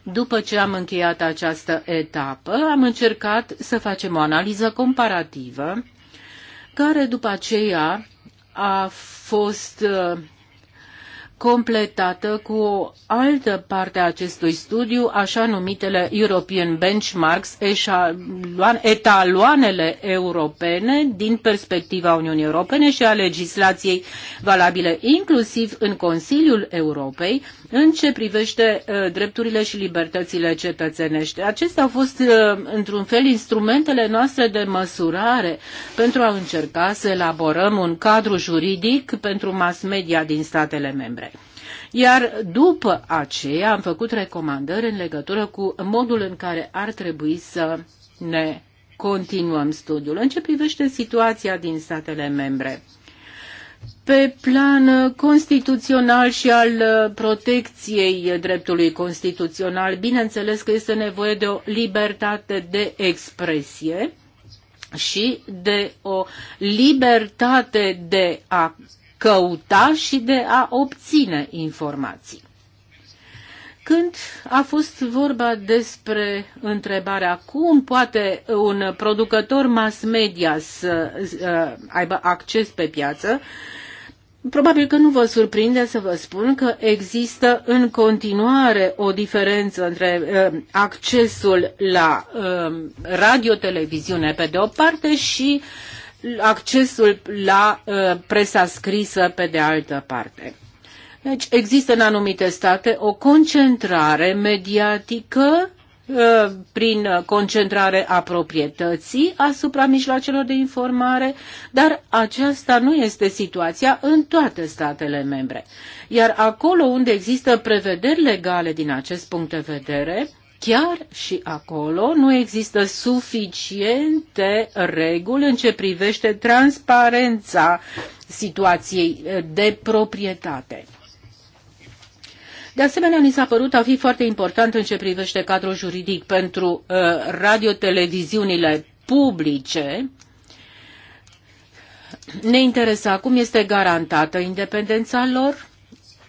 După ce am încheiat această etapă, am încercat să facem o analiză comparativă, care după aceea a fost uh, completată cu o altă parte a acestui studiu, așa numitele European Benchmarks, etaloanele europene din perspectiva Uniunii Europene și a legislației valabile, inclusiv în Consiliul Europei, în ce privește uh, drepturile și libertățile cetățenești. Acestea au fost, uh, într-un fel, instrumentele noastre de măsurare pentru a încerca să elaborăm un cadru juridic pentru mass media din statele membre. Iar după aceea am făcut recomandări în legătură cu modul în care ar trebui să ne continuăm studiul. În ce privește situația din statele membre? Pe plan constituțional și al uh, protecției dreptului constituțional, bineînțeles că este nevoie de o libertate de expresie și de o libertate de a căuta și de a obține informații. Când a fost vorba despre întrebarea cum poate un producător mass media să uh, aibă acces pe piață, probabil că nu vă surprinde să vă spun că există în continuare o diferență între uh, accesul la uh, radio-televiziune pe de o parte și uh, accesul la uh, presa scrisă pe de altă parte. Deci există în anumite state o concentrare mediatică uh, prin concentrare a proprietății asupra mijloacelor de informare, dar aceasta nu este situația în toate statele membre. Iar acolo unde există prevederi legale din acest punct de vedere, chiar și acolo nu există suficiente reguli în ce privește transparența situației de proprietate. De asemenea, mi s-a părut a fi foarte important în ce privește cadrul juridic pentru uh, radioteleviziunile publice. Ne interesa cum este garantată independența lor,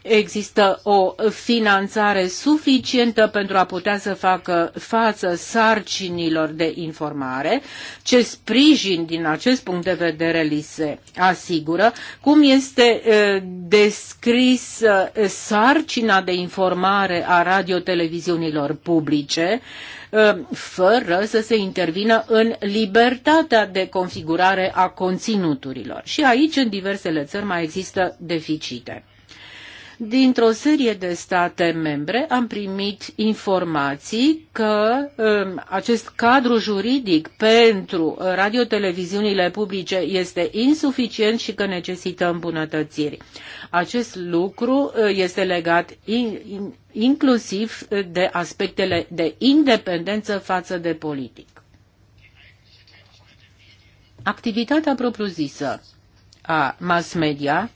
există o finanțare suficientă pentru a putea să facă față sarcinilor de informare, ce sprijin din acest punct de vedere li se asigură, cum este descris sarcina de informare a radioteleviziunilor publice, fără să se intervină în libertatea de configurare a conținuturilor. Și aici, în diversele țări, mai există deficite dintr-o serie de state membre am primit informații că um, acest cadru juridic pentru uh, radioteleviziunile publice este insuficient și că necesită îmbunătățiri. Acest lucru uh, este legat inclusiv uh, de aspectele de independență față de politic. Activitatea propriu-zisă a mass media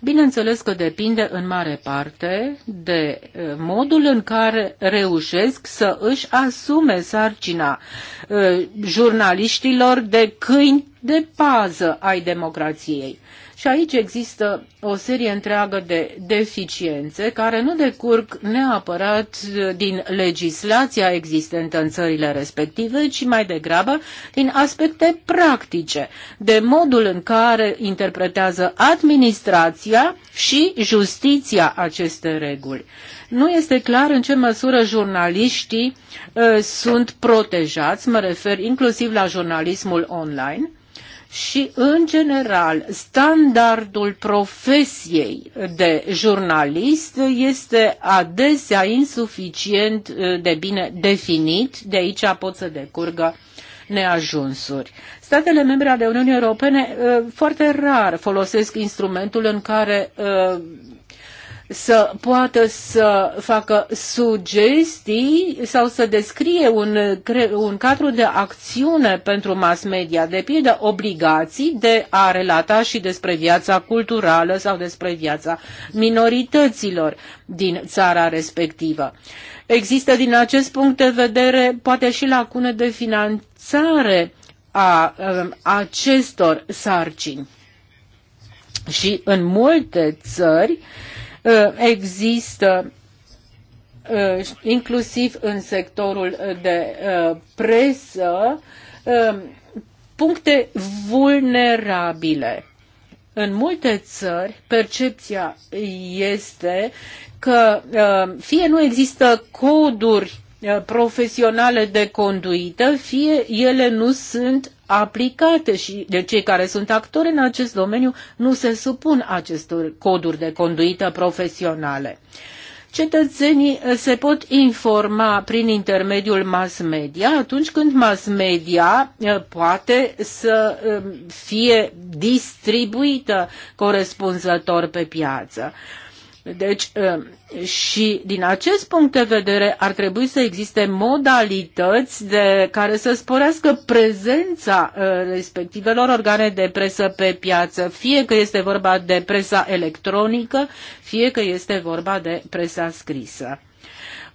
Bineînțeles că depinde în mare parte de eh, modul în care reușesc să își asume sarcina eh, jurnaliștilor de câini de pază ai democrației. Și aici există o serie întreagă de deficiențe care nu decurg neapărat din legislația existentă în țările respective, ci mai degrabă din aspecte practice, de modul în care interpretează administrația și justiția aceste reguli. Nu este clar în ce măsură jurnaliștii uh, sunt protejați, mă refer inclusiv la jurnalismul online, și, în general, standardul profesiei de jurnalist este adesea insuficient uh, de bine definit, de aici pot să decurgă neajunsuri. Statele membre ale Uniunii Europene uh, foarte rar folosesc instrumentul în care uh, să poată să facă sugestii sau să descrie un, un cadru de acțiune pentru mass media, de pildă obligații de a relata și despre viața culturală sau despre viața minorităților din țara respectivă. Există din acest punct de vedere poate și lacune de finanțare a, a um, acestor sarcini. Și în multe țări, uh, Ă, există ă, inclusiv în sectorul de ă, presă puncte vulnerabile. În multe țări, percepția este că fie nu există coduri Eh, profesionale de conduită, fie ele nu sunt aplicate și de cei care sunt actori în acest domeniu nu se supun acestor coduri de conduită profesionale. Cetățenii eh, se pot informa prin intermediul mass media atunci când mass media eh, poate să fie distribuită corespunzător pe piață. Deci um, și din acest punct de vedere ar trebui să existe modalități de care să sporească prezența uh, respectivelor organe de presă pe piață, fie că este vorba de presa electronică, fie că este vorba de presa scrisă.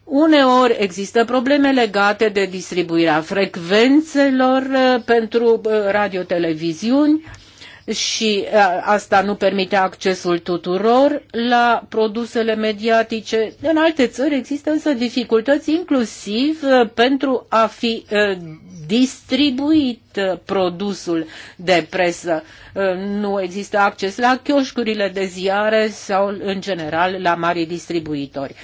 Uneori există probleme legate de distribuirea frecvențelor uh, pentru uh, radioteleviziuni, și asta nu permite accesul tuturor la produsele mediatice. În alte țări există însă dificultăți inclusiv pentru a fi distribuit produsul de presă. Nu există acces la chioșcurile de ziare sau în general la mari distribuitori.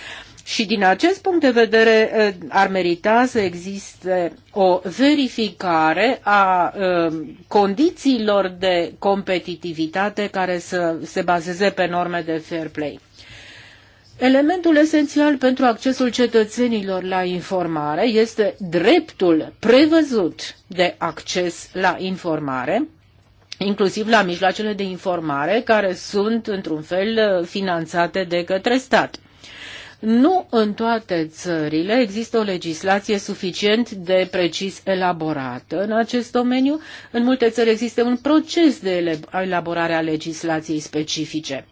Și din acest punct de vedere eh, ar merita să existe o verificare a eh, condițiilor de competitivitate care să se bazeze pe norme de fair play. Elementul esențial pentru accesul cetățenilor la informare este dreptul prevăzut de acces la informare, inclusiv la mijloacele de informare care sunt, într-un fel, eh, finanțate de către stat. Nu în toate țările există o legislație suficient de precis elaborată în acest domeniu. În multe țări există un proces de elaborare a legislației specifice.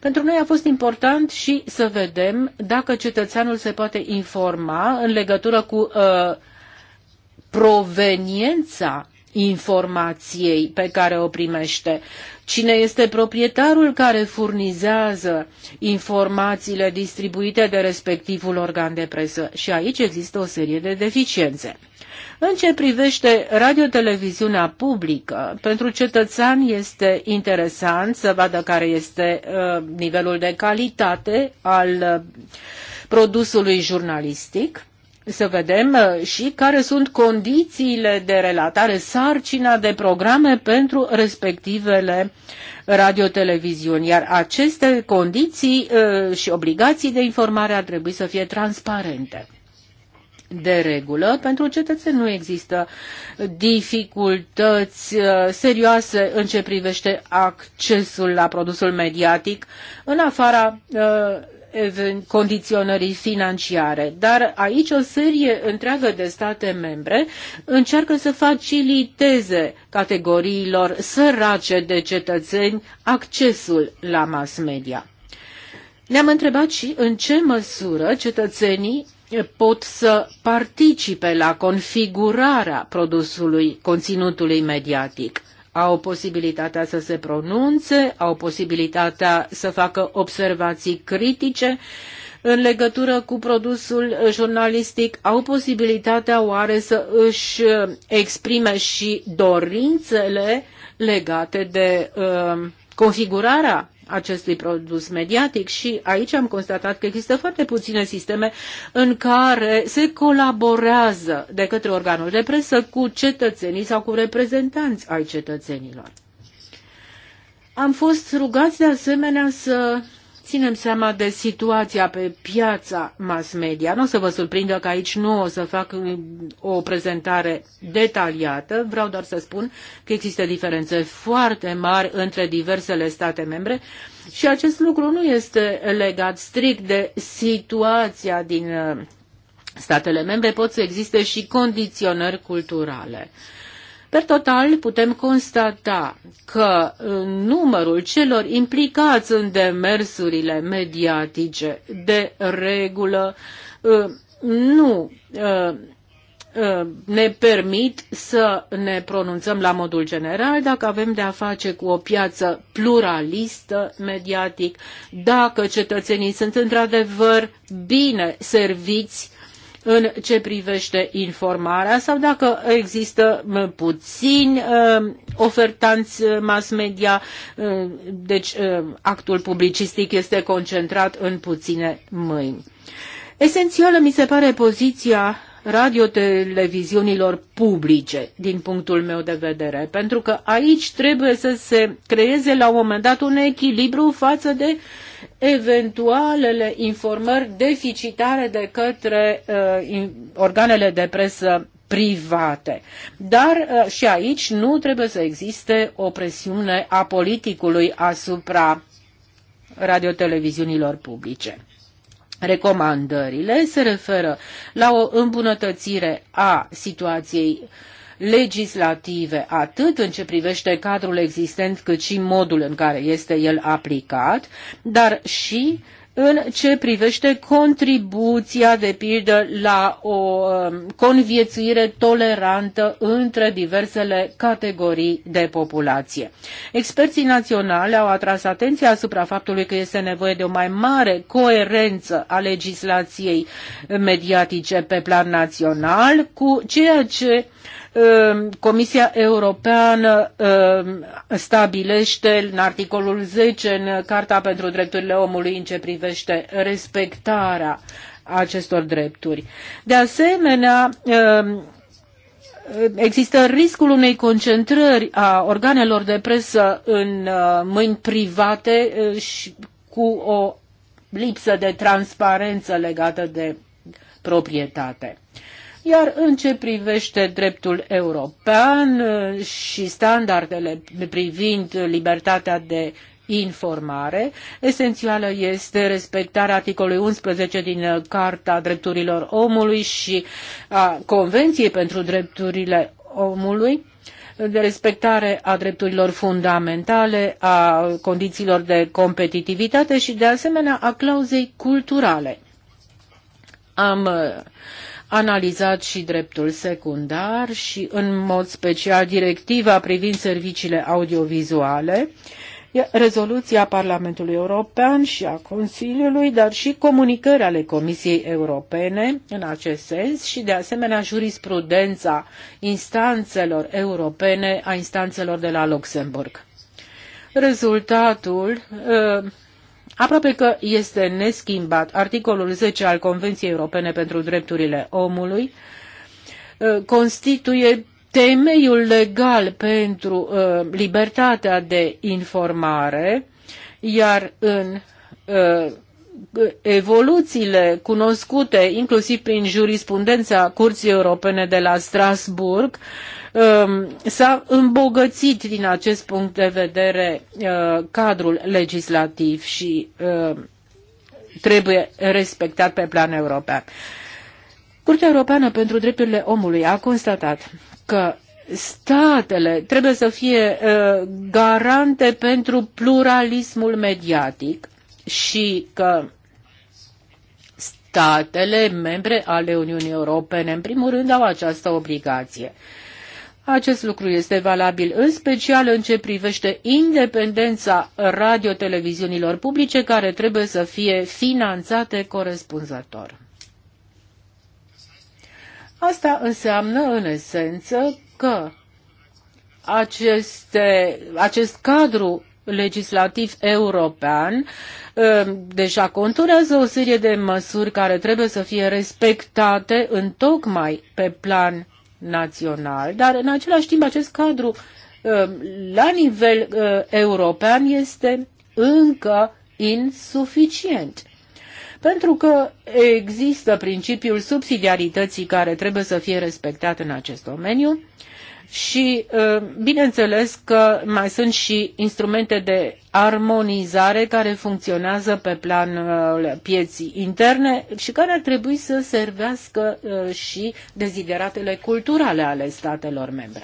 Pentru noi a fost important și să vedem dacă cetățeanul se poate informa în legătură cu uh, proveniența informației pe care o primește, cine este proprietarul care furnizează informațiile distribuite de respectivul organ de presă. Și aici există o serie de deficiențe. În ce privește radioteleviziunea publică, pentru cetățean este interesant să vadă care este uh, nivelul de calitate al uh, produsului jurnalistic să vedem uh, și care sunt condițiile de relatare, sarcina de programe pentru respectivele radioteleviziuni. Iar aceste condiții uh, și obligații de informare ar trebui să fie transparente. De regulă, pentru cetățeni nu există dificultăți uh, serioase în ce privește accesul la produsul mediatic, în afara condiționării financiare. Dar aici o serie întreagă de state membre încearcă să faciliteze categoriilor sărace de cetățeni accesul la mass media. Ne-am întrebat și în ce măsură cetățenii pot să participe la configurarea produsului, conținutului mediatic au posibilitatea să se pronunțe, au posibilitatea să facă observații critice în legătură cu produsul jurnalistic, au posibilitatea oare să își exprime și dorințele legate de uh, configurarea acestui produs mediatic și aici am constatat că există foarte puține sisteme în care se colaborează de către organul de presă cu cetățenii sau cu reprezentanți ai cetățenilor. Am fost rugați de asemenea să ținem seama de situația pe piața mass media. Nu o să vă surprindă că aici nu o să fac uh, o prezentare detaliată, vreau doar să spun că există diferențe foarte mari între diversele state membre și acest lucru nu este legat strict de situația din uh, statele membre, pot să existe și condiționări culturale. Uh, Per total, putem constata că numărul celor implicați în demersurile mediatice de regulă ă, nu ă, ă, ne permit să ne pronunțăm la modul general dacă avem de a face cu o piață pluralistă mediatic, dacă cetățenii sunt într-adevăr bine serviți în ce privește informarea sau dacă există puțini ă, ofertanți ă, mass media, ă, deci actul publicistic este concentrat în puține mâini. Esențială mi se pare poziția radioteleviziunilor publice, din punctul meu de vedere, pentru că aici trebuie să se creeze la un moment dat un echilibru față de uh, eventualele informări deficitare de către uh, organele de presă private. Dar uh, și aici nu trebuie să existe o presiune a politicului asupra radioteleviziunilor publice. Recomandările se referă la o îmbunătățire a situației uh, legislative, atât în ce privește cadrul existent, cât și modul în care este el aplicat, dar și în ce privește contribuția, de pildă, la o um, conviețuire tolerantă între diversele categorii de populație. Experții naționali au atras atenția asupra faptului că este nevoie de o mai mare coerență a legislației mediatice pe plan național cu ceea ce Ehm, Comisia Europeană ehm, stabilește în articolul 10 în Carta pentru Drepturile Omului în ce privește respectarea acestor drepturi. De asemenea, ehm, există riscul unei concentrări a organelor de presă în mâini private și cu o lipsă de transparență legată de proprietate. Uh, iar în ce privește dreptul european uh, și standardele privind libertatea de informare. Esențială este respectarea articolului 11 din uh, Carta Drepturilor Omului și a Convenției pentru Drepturile Omului de respectare a drepturilor fundamentale, a condițiilor de competitivitate și, de asemenea, a clauzei culturale. Am uh, analizat și dreptul secundar și în mod special directiva privind serviciile audiovizuale, rezoluția Parlamentului European și a Consiliului, dar și comunicări ale Comisiei Europene în acest sens și de asemenea jurisprudența instanțelor europene a instanțelor de la Luxemburg. Rezultatul uh, Aproape că este neschimbat articolul 10 al Convenției Europene pentru Drepturile Omului, uh, constituie temeiul legal pentru uh, libertatea de informare, iar în uh, evoluțiile cunoscute, inclusiv prin jurisprudența Curții Europene de la Strasburg, um, s-a îmbogățit din acest punct de vedere uh, cadrul legislativ și um, trebuie respectat pe plan european. Curtea Europeană pentru Drepturile Omului a constatat că statele trebuie să fie uh, garante pentru pluralismul mediatic și că statele membre ale Uniunii Europene, în primul rând, au această obligație. Acest lucru este valabil în special în ce privește independența radioteleviziunilor publice care trebuie să fie finanțate corespunzător. Asta înseamnă, în esență, că aceste, acest cadru legislativ european uh, deja conturează o serie de măsuri care trebuie să fie respectate în tocmai pe plan național, dar în același timp acest cadru uh, la nivel uh, european este încă insuficient. Pentru că există principiul subsidiarității care trebuie să fie respectat în acest domeniu, și uh, bineînțeles că mai sunt și instrumente de armonizare care funcționează pe planul uh, pieții interne și care ar trebui să servească uh, și dezideratele culturale ale statelor membre.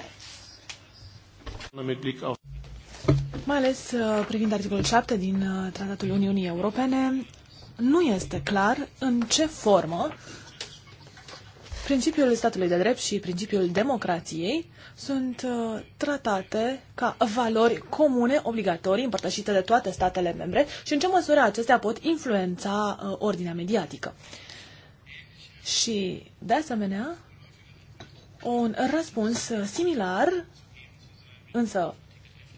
Mai ales privind articolul 7 din Tratatul Uniunii Europene, nu este clar în ce formă principiul statului de drept și principiul democrației sunt uh, tratate ca valori comune, obligatorii, împărtășite de toate statele membre și în ce măsură acestea pot influența uh, ordinea mediatică. Și, de asemenea, un răspuns similar, însă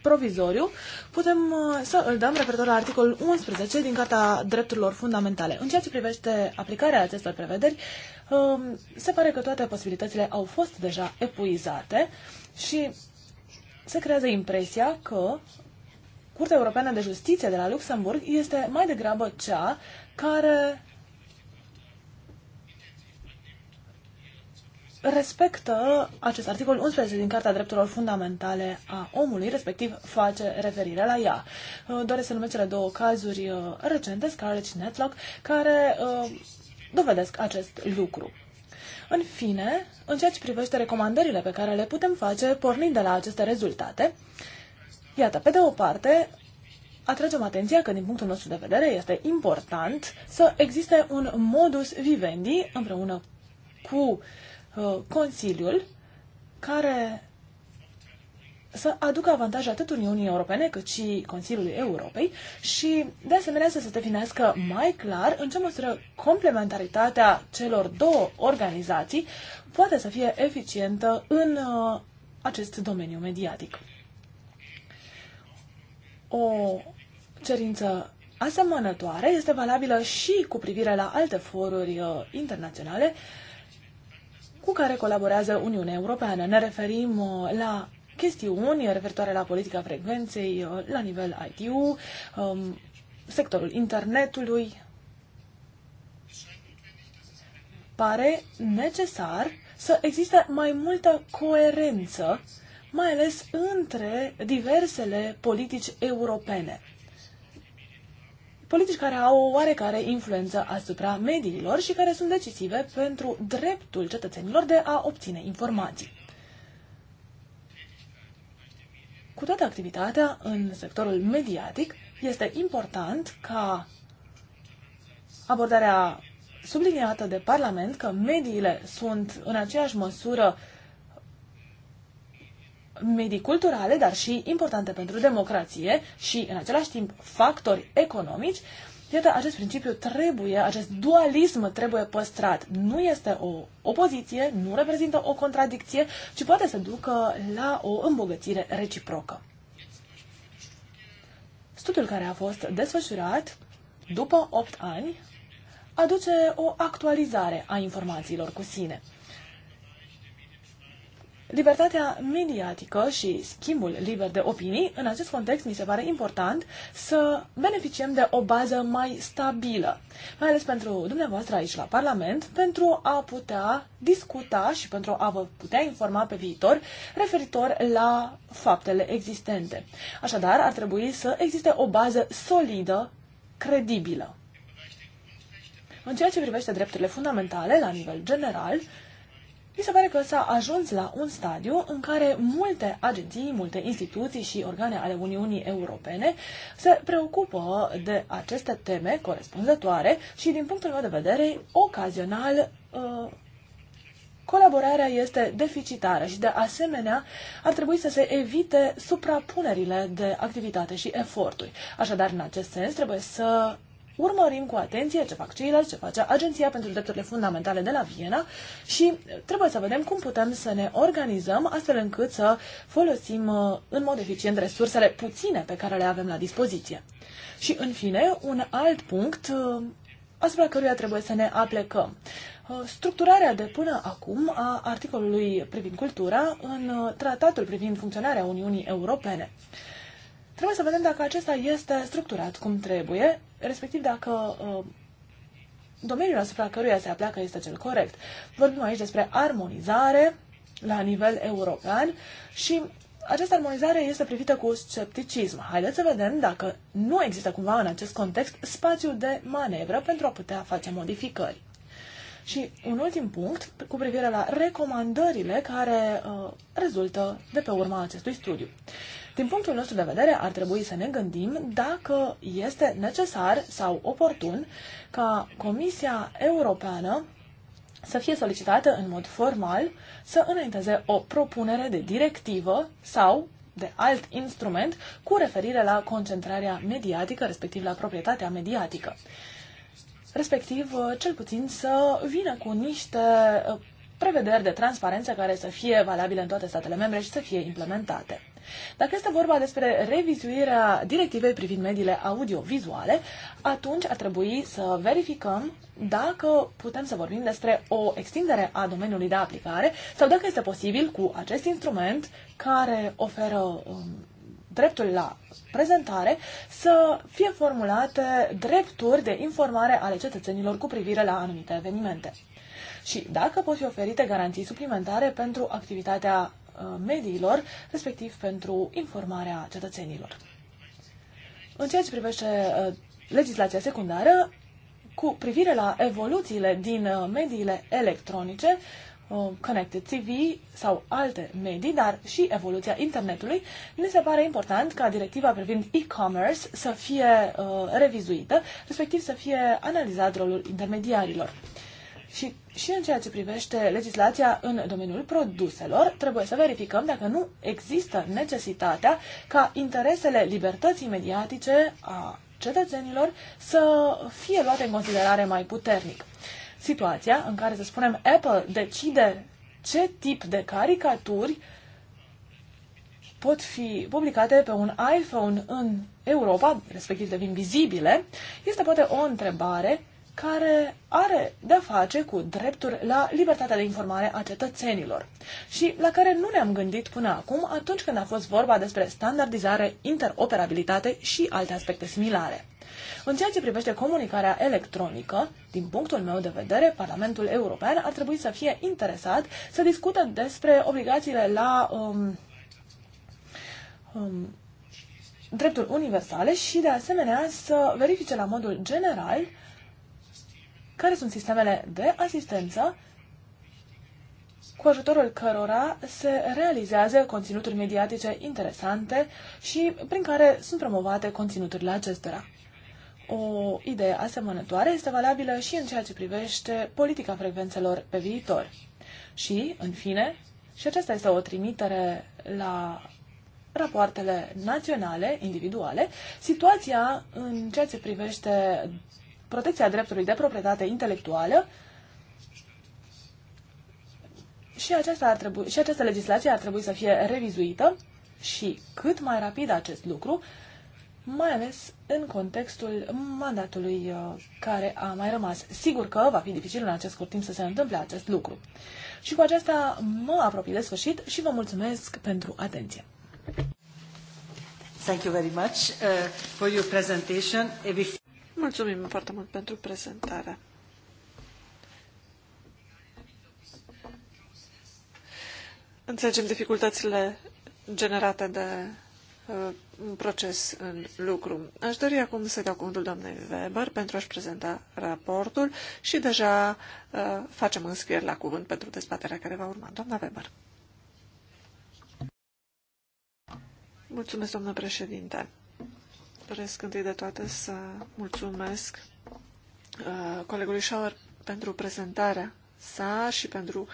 provizoriu, putem uh, să îl dăm referitor la articolul 11 din Carta Drepturilor Fundamentale. În ceea ce privește aplicarea acestor prevederi, um, se pare că toate posibilitățile au fost deja epuizate și se creează impresia că Curtea Europeană de Justiție de la Luxemburg este mai degrabă cea care respectă acest articol 11 din Carta Drepturilor Fundamentale a Omului, respectiv face referire la ea. Uh, doresc să numesc cele două cazuri uh, recente, Scarlett și Netlock, care uh, dovedesc acest lucru. În fine, în ceea ce privește recomandările pe care le putem face pornind de la aceste rezultate, iată, pe de o parte, atragem atenția că, din punctul nostru de vedere, este important să existe un modus vivendi împreună cu uh, Uh, Consiliul care să aducă avantaje atât Uniunii Europene cât și Consiliului Europei și, de asemenea, să se definească mai clar în ce măsură complementaritatea celor două organizații poate să fie eficientă în uh, acest domeniu mediatic. O cerință asemănătoare este valabilă și cu privire la alte foruri uh, internaționale cu care colaborează Uniunea Europeană. Ne referim uh, la chestiuni referitoare la politica frecvenței uh, la nivel ITU, um, sectorul internetului. Pare necesar să existe mai multă coerență, mai ales între diversele politici europene politici care au o oarecare influență asupra mediilor și care sunt decisive pentru dreptul cetățenilor de a obține informații. Cu toată activitatea în sectorul mediatic, este important ca abordarea subliniată de Parlament că mediile sunt în aceeași măsură medii culturale, dar și importante pentru democrație și, în același timp, factori economici, iată, acest principiu trebuie, acest dualism trebuie păstrat. Nu este o opoziție, nu reprezintă o contradicție, ci poate să ducă la o îmbogățire reciprocă. Studiul care a fost desfășurat după 8 ani aduce o actualizare a informațiilor cu sine. Libertatea mediatică și schimbul liber de opinii, în acest context mi se pare important să beneficiem de o bază mai stabilă, mai ales pentru dumneavoastră aici la Parlament, pentru a putea discuta și pentru a vă putea informa pe viitor referitor la faptele existente. Așadar, ar trebui să existe o bază solidă, credibilă. În ceea ce privește drepturile fundamentale, la nivel general, mi se pare că s-a ajuns la un stadiu în care multe agenții, multe instituții și organe ale Uniunii Europene se preocupă de aceste teme corespunzătoare și, din punctul meu de vedere, ocazional uh, colaborarea este deficitară și, de asemenea, ar trebui să se evite suprapunerile de activitate și eforturi. Așadar, în acest sens, trebuie să urmărim cu atenție ce fac ceilalți, ce face Agenția pentru Drepturile Fundamentale de la Viena și trebuie să vedem cum putem să ne organizăm astfel încât să folosim uh, în mod eficient resursele puține pe care le avem la dispoziție. Și, în fine, un alt punct uh, asupra căruia trebuie să ne aplecăm. Uh, structurarea de până acum a articolului privind cultura în tratatul privind funcționarea Uniunii Europene. Trebuie să vedem dacă acesta este structurat cum trebuie respectiv dacă uh, domeniul asupra căruia se apleacă este cel corect. Vorbim aici despre armonizare la nivel european și această armonizare este privită cu scepticism. Haideți să vedem dacă nu există cumva în acest context spațiu de manevră pentru a putea face modificări. Și un ultim punct cu privire la recomandările care uh, rezultă de pe urma acestui studiu. Din punctul nostru de vedere, ar trebui să ne gândim dacă este necesar sau oportun ca Comisia Europeană să fie solicitată în mod formal să înainteze o propunere de directivă sau de alt instrument cu referire la concentrarea mediatică, respectiv la proprietatea mediatică. Respectiv, cel puțin să vină cu niște uh, prevederi de transparență care să fie valabile în toate statele membre și să fie implementate. Dacă este vorba despre revizuirea directivei privind mediile audio-vizuale, atunci ar trebui să verificăm dacă putem să vorbim despre o extindere a domeniului de aplicare sau dacă este posibil cu acest instrument care oferă um, dreptul la prezentare să fie formulate drepturi de informare ale cetățenilor cu privire la anumite evenimente. Și dacă pot fi oferite garanții suplimentare pentru activitatea Uh, mediilor, respectiv pentru informarea cetățenilor. În ceea ce privește uh, legislația secundară, cu privire la evoluțiile din uh, mediile electronice, Connected TV sau alte medii, dar și evoluția internetului, ne se pare important ca directiva privind e-commerce să fie uh, revizuită, respectiv să fie analizat rolul intermediarilor. Și, și în ceea ce privește legislația în domeniul produselor, trebuie să verificăm dacă nu există necesitatea ca interesele libertății mediatice a cetățenilor să fie luate în considerare mai puternic. Situația în care, să spunem, Apple decide ce tip de caricaturi pot fi publicate pe un iPhone în Europa, respectiv devin vizibile, este poate o întrebare care are de-a face cu drepturi la libertatea de informare a cetățenilor și la care nu ne-am gândit până acum atunci când a fost vorba despre standardizare, interoperabilitate și alte aspecte similare. În ceea ce privește comunicarea electronică, din punctul meu de vedere, Parlamentul European ar trebui să fie interesat să discute despre obligațiile la um, um, drepturi universale și, de asemenea, să verifice la modul general care sunt sistemele de asistență cu ajutorul cărora se realizează conținuturi mediatice interesante și prin care sunt promovate conținuturile acestora. O idee asemănătoare este valabilă și în ceea ce privește politica frecvențelor pe viitor. Și, în fine, și aceasta este o trimitere la rapoartele naționale, individuale, situația în ceea ce privește protecția dreptului de proprietate intelectuală și, aceasta ar trebui, și această legislație ar trebui să fie revizuită și cât mai rapid acest lucru, mai ales în contextul mandatului uh, care a mai rămas. Sigur că va fi dificil în acest scurt timp să se întâmple acest lucru. Și cu aceasta mă apropii de sfârșit și vă mulțumesc pentru atenție. Thank you very much uh, for your presentation. Mulțumim foarte mult pentru prezentare. Înțelegem dificultățile generate de uh, un proces în lucru. Aș dori acum să dau cuvântul doamnei Weber pentru a-și prezenta raportul și deja uh, facem înscrieri la cuvânt pentru dezbaterea care va urma. Doamna Weber. Mulțumesc, doamnă președinte. Doresc întâi de toate să mulțumesc uh, colegului Schauer pentru prezentarea sa și pentru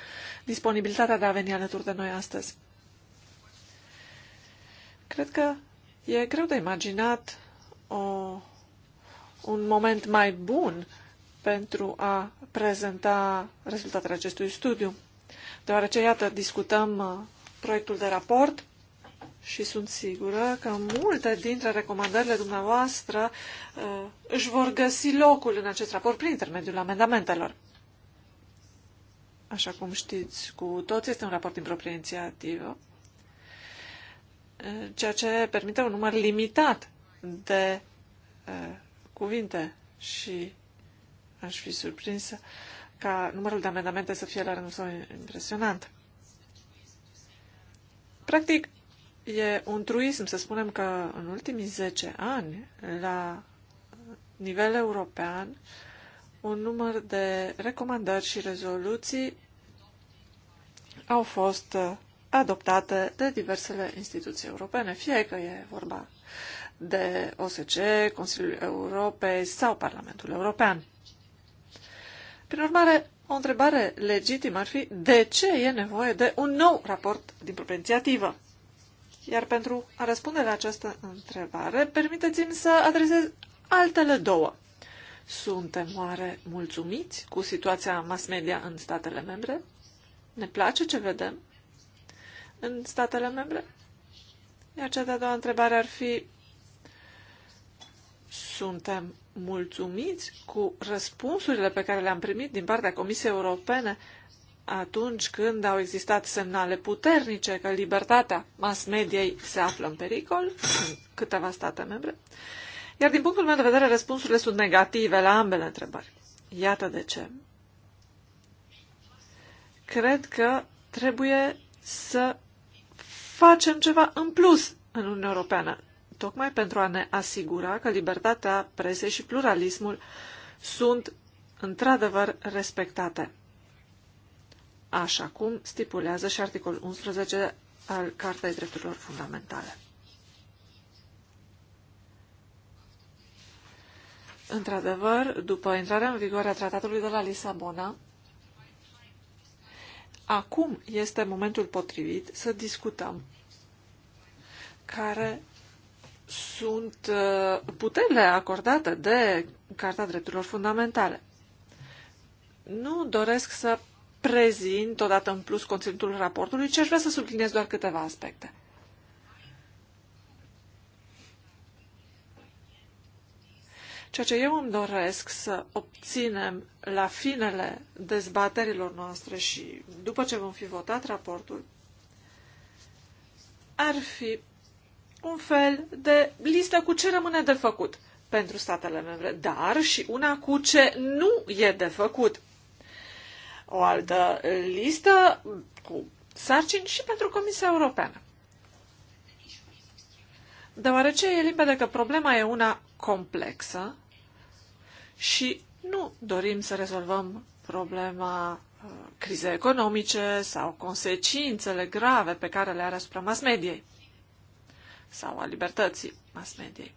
disponibilitatea de a veni alături de noi astăzi. Cred că e greu de imaginat o, un moment mai bun pentru a prezenta rezultatele acestui studiu, deoarece, iată, discutăm uh, proiectul de raport și sunt sigură că multe dintre recomandările dumneavoastră uh, își vor găsi locul în acest raport prin intermediul amendamentelor. Așa cum știți cu toți, este un raport din proprie inițiativă, uh, ceea ce permite un număr limitat de uh, cuvinte și aș fi surprinsă ca numărul de amendamente să fie la rândul său impresionant. Practic, E un truism să spunem că în ultimii 10 ani, la nivel european, un număr de recomandări și rezoluții au fost uh, adoptate de diversele instituții europene, fie că e vorba de OSCE, Consiliul Europei sau Parlamentul European. Prin urmare, o întrebare legitimă ar fi de ce e nevoie de un nou raport din proprie inițiativă? Iar pentru a răspunde la această întrebare, permiteți-mi să adresez altele două. Suntem oare mulțumiți cu situația mass media în statele membre? Ne place ce vedem în statele membre? Iar cea de-a doua întrebare ar fi, suntem mulțumiți cu răspunsurile pe care le-am primit din partea Comisiei Europene atunci când au existat semnale puternice că libertatea mass mediei se află în pericol în câteva state membre. Iar din punctul meu de vedere, răspunsurile sunt negative la ambele întrebări. Iată de ce. Cred că trebuie să facem ceva în plus în Uniunea Europeană, tocmai pentru a ne asigura că libertatea presei și pluralismul sunt într-adevăr respectate așa cum stipulează și articolul 11 al Cartei Drepturilor Fundamentale. Într-adevăr, după intrarea în vigoare a tratatului de la Lisabona, acum este momentul potrivit să discutăm care sunt uh, puterile acordate de Carta Drepturilor Fundamentale. Nu doresc să prezint odată în plus conținutul raportului, ci aș vrea să subliniez doar câteva aspecte. Ceea ce eu îmi doresc să obținem la finele dezbaterilor noastre și după ce vom fi votat raportul, ar fi un fel de listă cu ce rămâne de făcut pentru statele membre, dar și una cu ce nu e de făcut o altă listă cu sarcini și pentru Comisia Europeană. Deoarece e limpede că problema e una complexă și nu dorim să rezolvăm problema uh, crize economice sau consecințele grave pe care le are asupra mass mediei sau a libertății mass mediei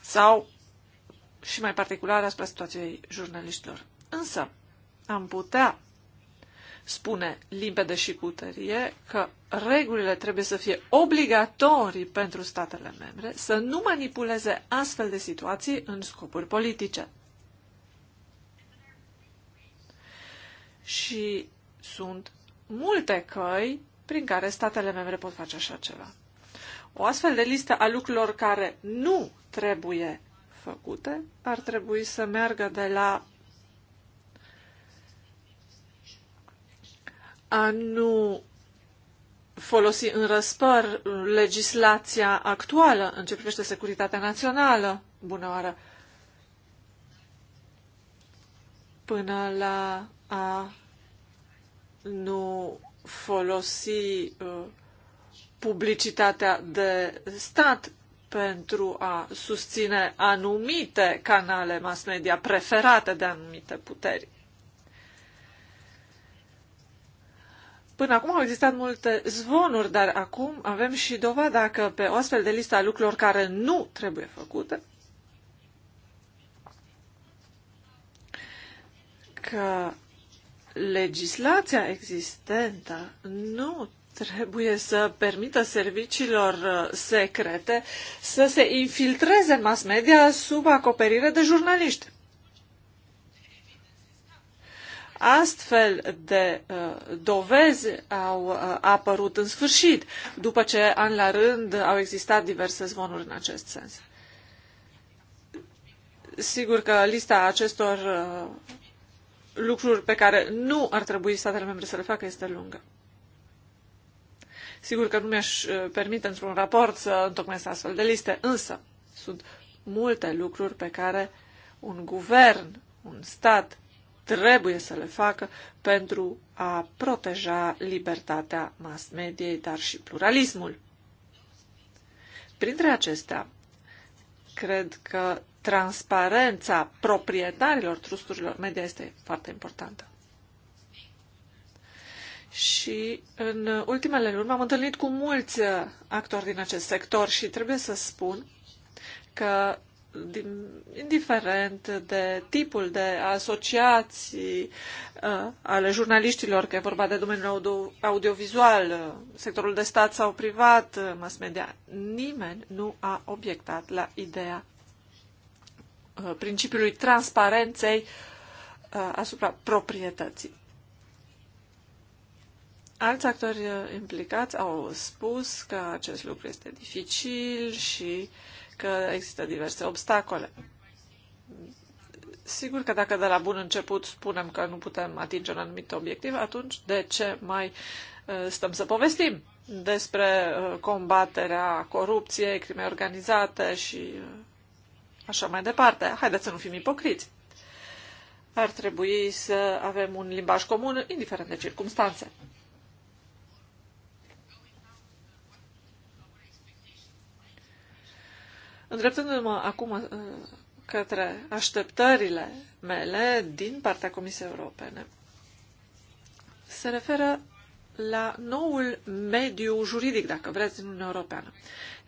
sau și mai particular asupra situației jurnaliștilor. Însă, am putea spune limpede și cu tărie că regulile trebuie să fie obligatorii pentru statele membre să nu manipuleze astfel de situații în scopuri politice. Și sunt multe căi prin care statele membre pot face așa ceva. O astfel de listă a lucrurilor care nu trebuie făcute ar trebui să meargă de la a nu folosi în răspăr legislația actuală în ce privește securitatea națională. Bună oară! Până la a nu folosi uh, publicitatea de stat pentru a susține anumite canale mass media preferate de anumite puteri. Până acum au existat multe zvonuri, dar acum avem și dovada că pe o astfel de listă a lucrurilor care nu trebuie făcute, că legislația existentă nu trebuie să permită serviciilor uh, secrete să se infiltreze în mass media sub acoperire de jurnaliști. Astfel de uh, dovezi au uh, apărut în sfârșit, după ce an la rând au existat diverse zvonuri în acest sens. Sigur că lista acestor uh, lucruri pe care nu ar trebui statele membre să le facă este lungă. Sigur că nu mi-aș uh, permite într-un raport să întocmesc astfel de liste, însă sunt multe lucruri pe care un guvern, un stat trebuie să le facă pentru a proteja libertatea mass mediei, dar și pluralismul. Printre acestea, cred că transparența proprietarilor trusturilor media este foarte importantă. Și în ultimele luni m-am întâlnit cu mulți actori din acest sector și trebuie să spun că indiferent de tipul de asociații uh, ale jurnaliștilor, că e vorba de domeniul audio, audiovizual, uh, sectorul de stat sau privat, uh, mass media, nimeni nu a obiectat la ideea uh, principiului transparenței uh, asupra proprietății. Alți actori uh, implicați au spus că acest lucru este dificil și uh, că există diverse obstacole. Sigur că dacă de la bun început spunem că nu putem atinge un anumit obiectiv, atunci de ce mai uh, stăm să povestim despre uh, combaterea corupției, crime organizate și uh, așa mai departe? Haideți să nu fim ipocriți. Ar trebui să avem un limbaj comun, indiferent de circunstanțe. Îndreptându-mă acum uh, către așteptările mele din partea Comisiei Europene, se referă la noul mediu juridic, dacă vreți, din Uniunea Europeană.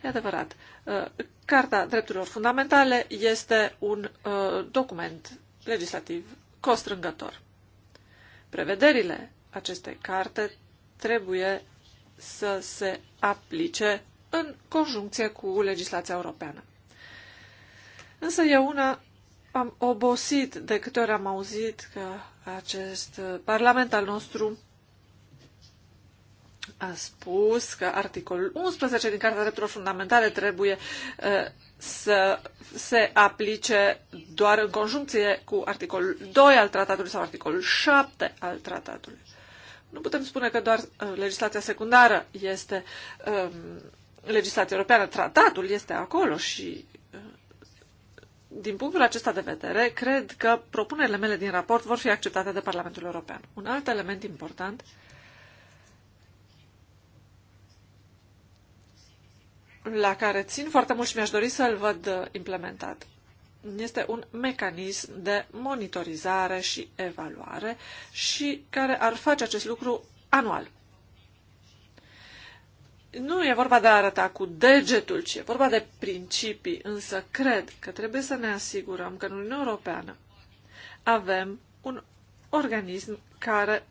E adevărat, uh, Carta Drepturilor Fundamentale este un uh, document legislativ costrângător. Prevederile acestei carte trebuie să se aplice în conjuncție cu legislația europeană. Însă eu una am obosit de câte ori am auzit că acest parlament al nostru a spus că articolul 11 din Carta Drepturilor Fundamentale trebuie uh, să se aplice doar în conjuncție cu articolul 2 al tratatului sau articolul 7 al tratatului. Nu putem spune că doar uh, legislația secundară este um, legislația europeană, tratatul este acolo și uh, din punctul acesta de vedere, cred că propunerile mele din raport vor fi acceptate de Parlamentul European. Un alt element important la care țin foarte mult și mi-aș dori să-l văd uh, implementat este un mecanism de monitorizare și evaluare și care ar face acest lucru anual nu e vorba de a arăta cu degetul, ci e vorba de principii, însă cred că trebuie să ne asigurăm că în Uniunea Europeană avem un organism care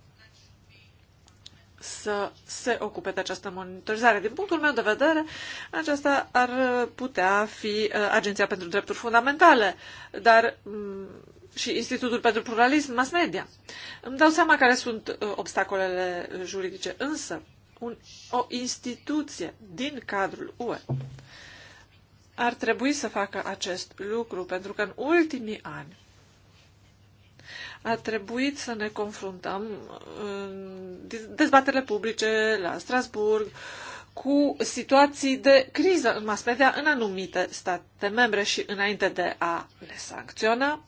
să se ocupe de această monitorizare. Din punctul meu de vedere, aceasta ar putea fi uh, Agenția pentru Drepturi Fundamentale, dar mm, și Institutul pentru Pluralism Mass Media. Îmi dau seama care sunt uh, obstacolele juridice, însă un, o instituție din cadrul UE ar trebui să facă acest lucru, pentru că în ultimii ani a trebuit să ne confruntăm în dezbatele publice la Strasburg cu situații de criză în mass media în anumite state membre și înainte de a le sancționa,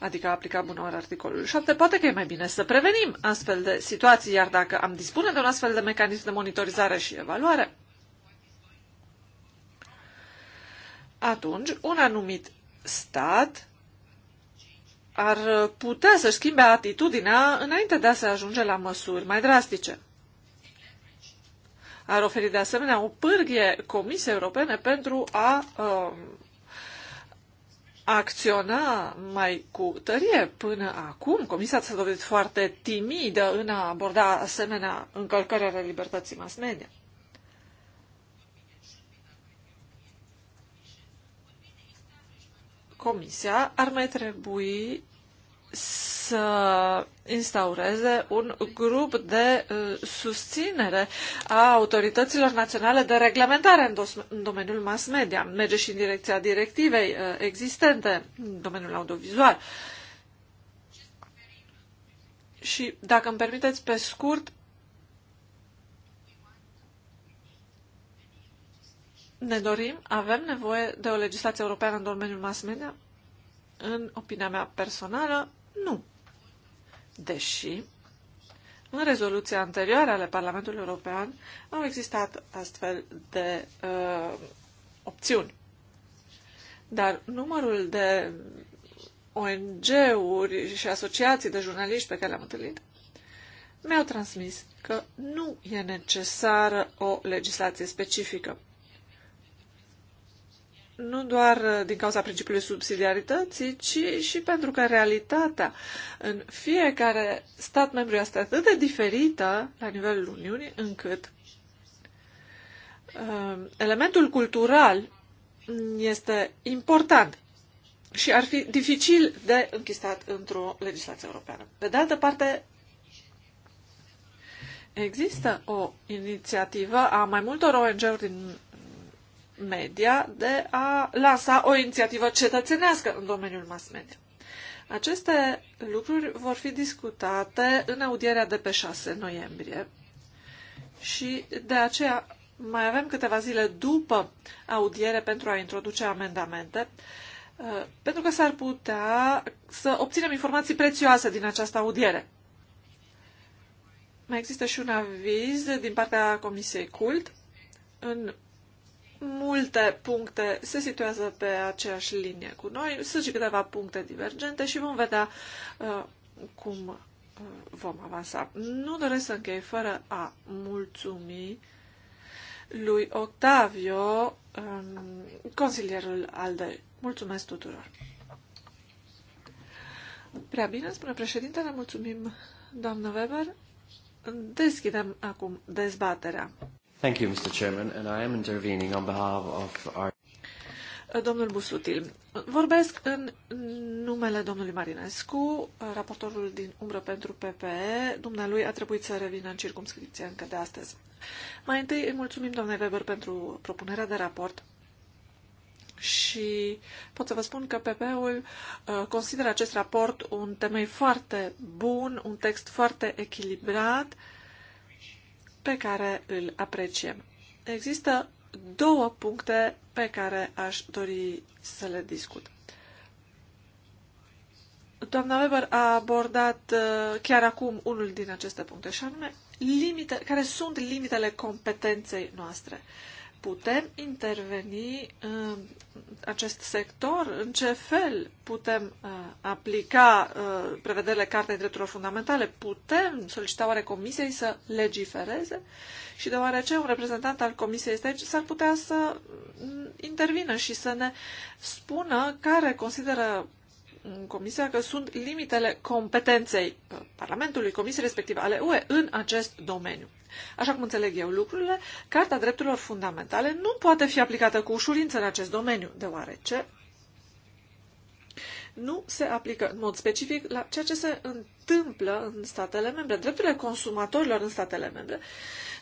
adică a aplica bunoare articolul 7, poate că e mai bine să prevenim astfel de situații, iar dacă am dispune de un astfel de mecanism de monitorizare și evaluare, atunci un anumit stat ar putea să-și schimbe atitudinea înainte de a se ajunge la măsuri mai drastice. Ar oferi de asemenea o pârghie Comisiei Europene pentru a uh, acționa mai cu tărie până acum. Comisia s-a dovedit foarte timidă în a aborda asemenea încălcări ale libertății mass media. Comisia ar mai trebui să instaureze un grup de uh, susținere a autorităților naționale de reglementare în, dos- în domeniul mass media. Merge și în direcția directivei uh, existente în domeniul audiovizual. Și dacă îmi permiteți pe scurt, ne dorim, avem nevoie de o legislație europeană în domeniul mass media? În opinia mea personală, nu. Deși, în rezoluția anterioară ale Parlamentului European au existat astfel de uh, opțiuni. Dar numărul de ONG-uri și asociații de jurnaliști pe care le-am întâlnit mi-au transmis că nu e necesară o legislație specifică nu doar uh, din cauza principiului subsidiarității, ci și pentru că realitatea în fiecare stat membru este atât de diferită la nivelul Uniunii, încât uh, elementul cultural este important și ar fi dificil de închistat într-o legislație europeană. Pe de altă parte, există o inițiativă a mai multor ONG-uri din media de a lansa o inițiativă cetățenească în domeniul mass media. Aceste lucruri vor fi discutate în audierea de pe 6 noiembrie și de aceea mai avem câteva zile după audiere pentru a introduce amendamente, uh, pentru că s-ar putea să obținem informații prețioase din această audiere. Mai există și un aviz din partea Comisiei Cult în multe puncte se situează pe aceeași linie cu noi. Sunt și câteva puncte divergente și vom vedea uh, cum uh, vom avansa. Nu doresc să închei fără a mulțumi lui Octavio, um, consilierul consilierul ALDE. Mulțumesc tuturor! Prea bine, spune președintele, mulțumim, doamnă Weber. Deschidem acum dezbaterea. Thank you, Mr. Chairman, and I am intervening on behalf of our... Domnul Busutil, vorbesc în numele domnului Marinescu, raportorul din umbră pentru PPE. Dumnealui a trebuit să revină în circumscripție încă de astăzi. Mai întâi îi mulțumim, domnule Weber, pentru propunerea de raport și pot să vă spun că PP-ul uh, consideră acest raport un temei foarte bun, un text foarte echilibrat, pe care îl apreciem. Există două puncte pe care aș dori să le discut. Doamna Weber a abordat uh, chiar acum unul din aceste puncte, și anume limite, care sunt limitele competenței noastre. Uh, putem interveni în acest sector? În ce fel putem uh, aplica uh, prevederile Cartei Drepturilor Fundamentale? Putem solicita oare Comisiei să legifereze? Și deoarece un reprezentant al Comisiei este aici, s-ar putea să mm, intervină și să ne spună care consideră Comisia că sunt limitele competenței uh, Parlamentului, Comisiei respective, ale UE în acest domeniu. Așa cum înțeleg eu lucrurile, Carta Drepturilor Fundamentale nu poate fi aplicată cu ușurință în acest domeniu, deoarece nu se aplică în mod specific la ceea ce se întâmplă în statele membre. Drepturile consumatorilor în statele membre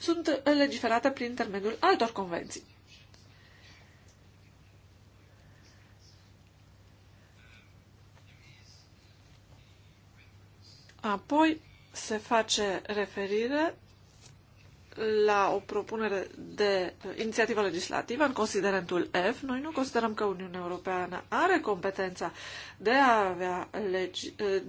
sunt legiferate prin intermediul altor convenții. Apoi se face referire la o propunere de inițiativă legislativă în considerentul F. Noi nu considerăm că Uniunea Europeană are competența de a avea legi, eh,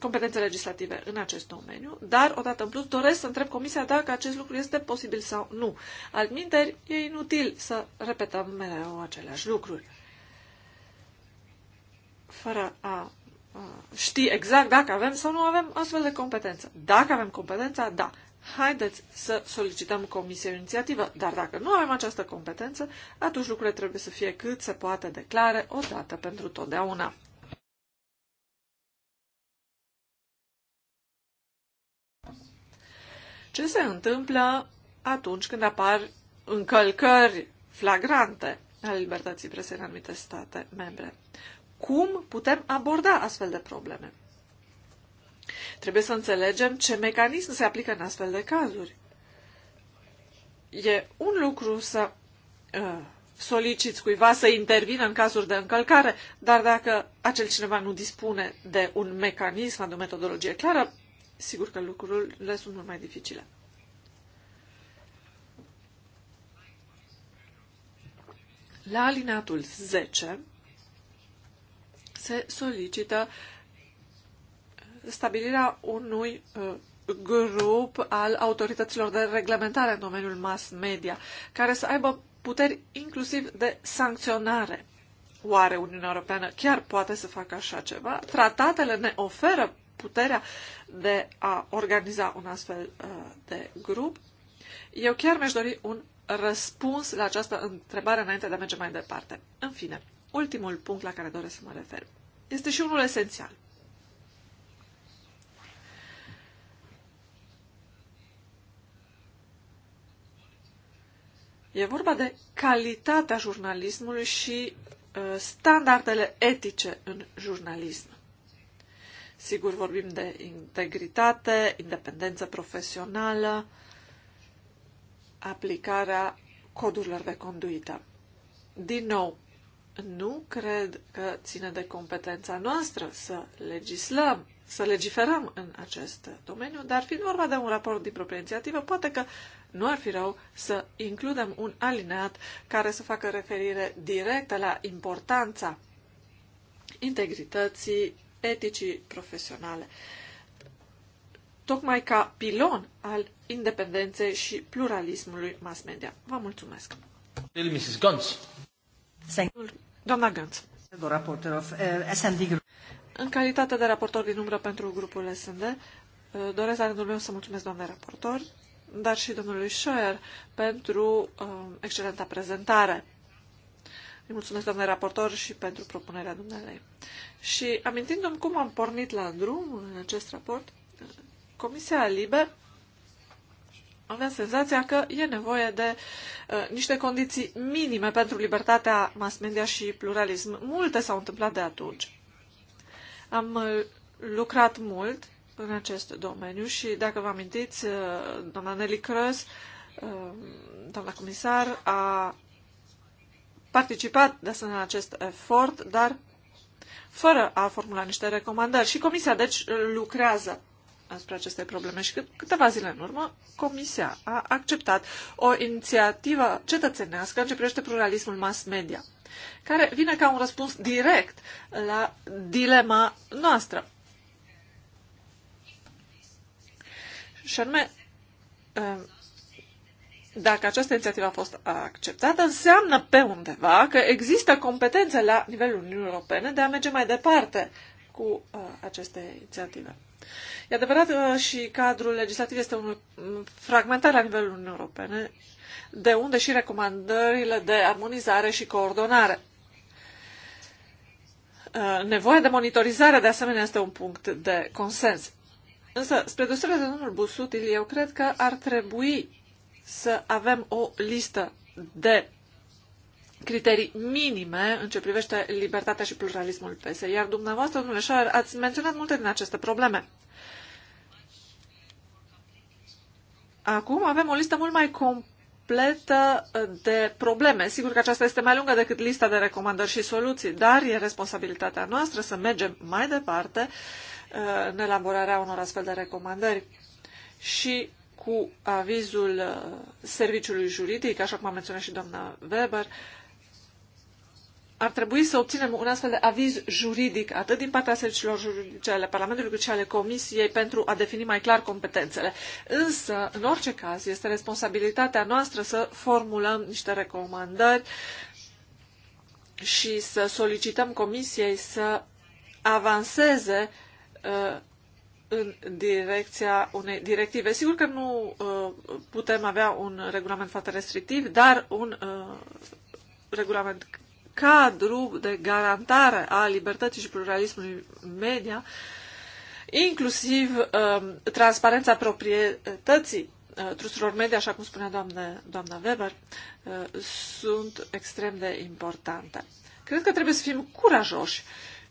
competențe legislative în acest domeniu, dar, odată în plus, doresc să întreb Comisia dacă acest lucru este posibil sau nu. Altminteri, e inutil să repetăm mereu aceleași lucruri. Fără a ști exact dacă avem sau nu avem astfel de competență. Dacă avem competența, da, haideți să solicităm comisie inițiativă, dar dacă nu avem această competență, atunci lucrurile trebuie să fie cât se poate declare dată pentru totdeauna. Ce se întâmplă atunci când apar încălcări flagrante ale libertății presei în anumite state membre? cum putem aborda astfel de probleme. Trebuie să înțelegem ce mecanism se aplică în astfel de cazuri. E un lucru să uh, soliciți cuiva să intervină în cazuri de încălcare, dar dacă acel cineva nu dispune de un mecanism, de o metodologie clară, sigur că lucrurile sunt mult mai dificile. La alineatul 10 se solicită stabilirea unui uh, grup al autorităților de reglementare în domeniul mass media, care să aibă puteri inclusiv de sancționare. Oare Uniunea Europeană chiar poate să facă așa ceva? Tratatele ne oferă puterea de a organiza un astfel uh, de grup? Eu chiar mi-aș dori un răspuns la această întrebare înainte de a merge mai departe. În fine, ultimul punct la care doresc să mă refer. Este și unul esențial. E vorba de calitatea jurnalismului și uh, standardele etice în jurnalism. Sigur, vorbim de integritate, independență profesională, aplicarea codurilor de conduită. Din nou, nu cred că ține de competența noastră să legislăm, să legiferăm în acest domeniu, dar fiind vorba de un raport din proprie inițiativă, poate că nu ar fi rău să includem un alineat care să facă referire directă la importanța integrității eticii profesionale, tocmai ca pilon al independenței și pluralismului mass media. Vă mulțumesc! Mrs. Guns. Doamna Gantz. În calitate de raportor din umbră pentru grupul SND, uh, doresc la rândul meu să mulțumesc doamnei raportor, dar și domnului Scheuer pentru uh, excelenta prezentare. Îi mulțumesc, doamnei raportor, și pentru propunerea dumnealei. Și amintindu-mi cum am pornit la drum în acest raport, uh, Comisia Libe avem senzația că e nevoie de uh, niște condiții minime pentru libertatea mass media și pluralism. Multe s-au întâmplat de atunci. Am uh, lucrat mult în acest domeniu și, dacă vă amintiți, uh, doamna Nelly Crăs, uh, doamna comisar, a participat de asemenea în acest efort, dar fără a formula niște recomandări. Și comisia, deci, lucrează asupra acestei probleme și câteva zile în urmă Comisia a acceptat o inițiativă cetățenească în ce privește pluralismul mass media, care vine ca un răspuns direct la dilema noastră. Și anume, um, dacă această inițiativă a fost acceptată, înseamnă pe undeva că există competențe la nivelul Uniunii Europene de a merge mai departe cu uh, aceste inițiative. E adevărat uh, și cadrul legislativ este unul mm, fragmentar la nivelul Uniunii Europene, de unde și recomandările de armonizare și coordonare. Uh, nevoia de monitorizare, de asemenea, este un punct de consens. Însă, spre deosebire de domnul Busutil, eu cred că ar trebui să avem o listă de criterii minime în ce privește libertatea și pluralismul PESE. Iar dumneavoastră, domnule Schauer, ați menționat multe din aceste probleme. Acum avem o listă mult mai completă uh, de probleme. Sigur că aceasta este mai lungă decât lista de recomandări și soluții, dar e responsabilitatea noastră să mergem mai departe uh, în elaborarea unor astfel de recomandări. Și cu avizul uh, serviciului juridic, așa cum a menționat și doamna Weber, uh, ar trebui să obținem un astfel de aviz juridic, atât din partea serviciilor juridice ale Parlamentului, cât și ale Comisiei, pentru a defini mai clar competențele. Însă, în orice caz, este responsabilitatea noastră să formulăm niște recomandări și să solicităm Comisiei să avanseze uh, în direcția unei directive. Sigur că nu uh, putem avea un regulament foarte restrictiv, dar un uh, regulament cadru de garantare a libertății și pluralismului media, inclusiv uh, transparența proprietății uh, trusurilor media, așa cum spunea doamne, doamna Weber, uh, sunt extrem de importante. Cred că trebuie să fim curajoși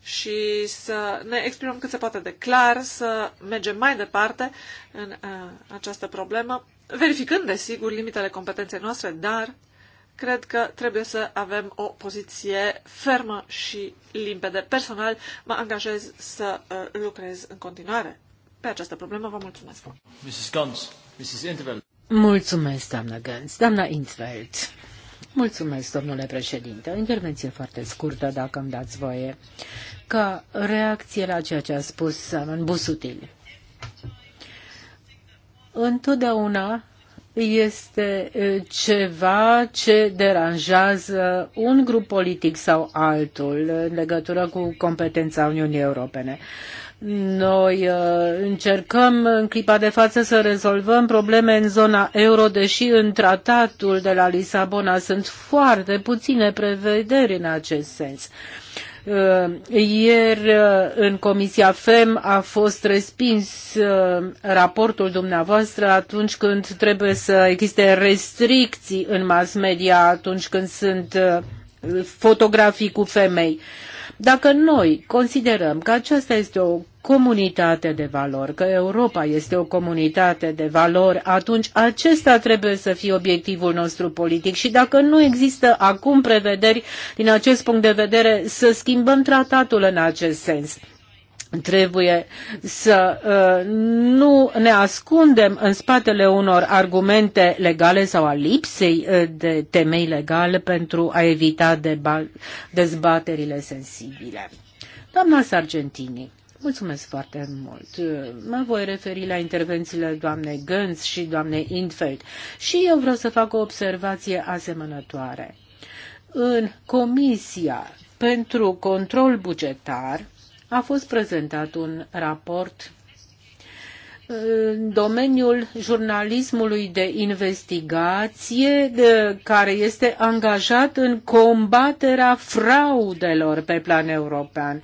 și să ne exprimăm cât se poate de clar, să mergem mai departe în uh, această problemă, verificând, desigur, limitele competenței noastre, dar cred că trebuie să avem o poziție fermă și limpede. Personal, mă angajez să uh, lucrez în continuare pe această problemă. Vă mulțumesc. Mrs. Guns, Mrs. Interveld. Mulțumesc, doamna Gans. Doamna Intveld. Mulțumesc, domnule președinte. O intervenție foarte scurtă, dacă îmi dați voie, ca reacție la ceea ce a spus Simon Busutil. Întotdeauna este ceva ce deranjează un grup politic sau altul în legătură cu competența Uniunii Europene. Noi încercăm în clipa de față să rezolvăm probleme în zona euro, deși în tratatul de la Lisabona sunt foarte puține prevederi în acest sens. Uh, ieri uh, în Comisia FEM a fost respins uh, raportul dumneavoastră atunci când trebuie să existe restricții în mass media atunci când sunt fotografii cu femei. Dacă noi considerăm că aceasta este o comunitate de valori, că Europa este o comunitate de valori, atunci acesta trebuie să fie obiectivul nostru politic și dacă nu există acum prevederi din acest punct de vedere, să schimbăm tratatul în acest sens. Trebuie să uh, nu ne ascundem în spatele unor argumente legale sau a lipsei uh, de temei legale pentru a evita dezbaterile sensibile. Doamna Sargentini. Mulțumesc foarte mult. Mă voi referi la intervențiile doamnei Gânz și doamnei Infeld și eu vreau să fac o observație asemănătoare. În Comisia pentru Control Bugetar a fost prezentat un raport uh, în domeniul jurnalismului de investigație de, care este angajat în combaterea fraudelor pe plan european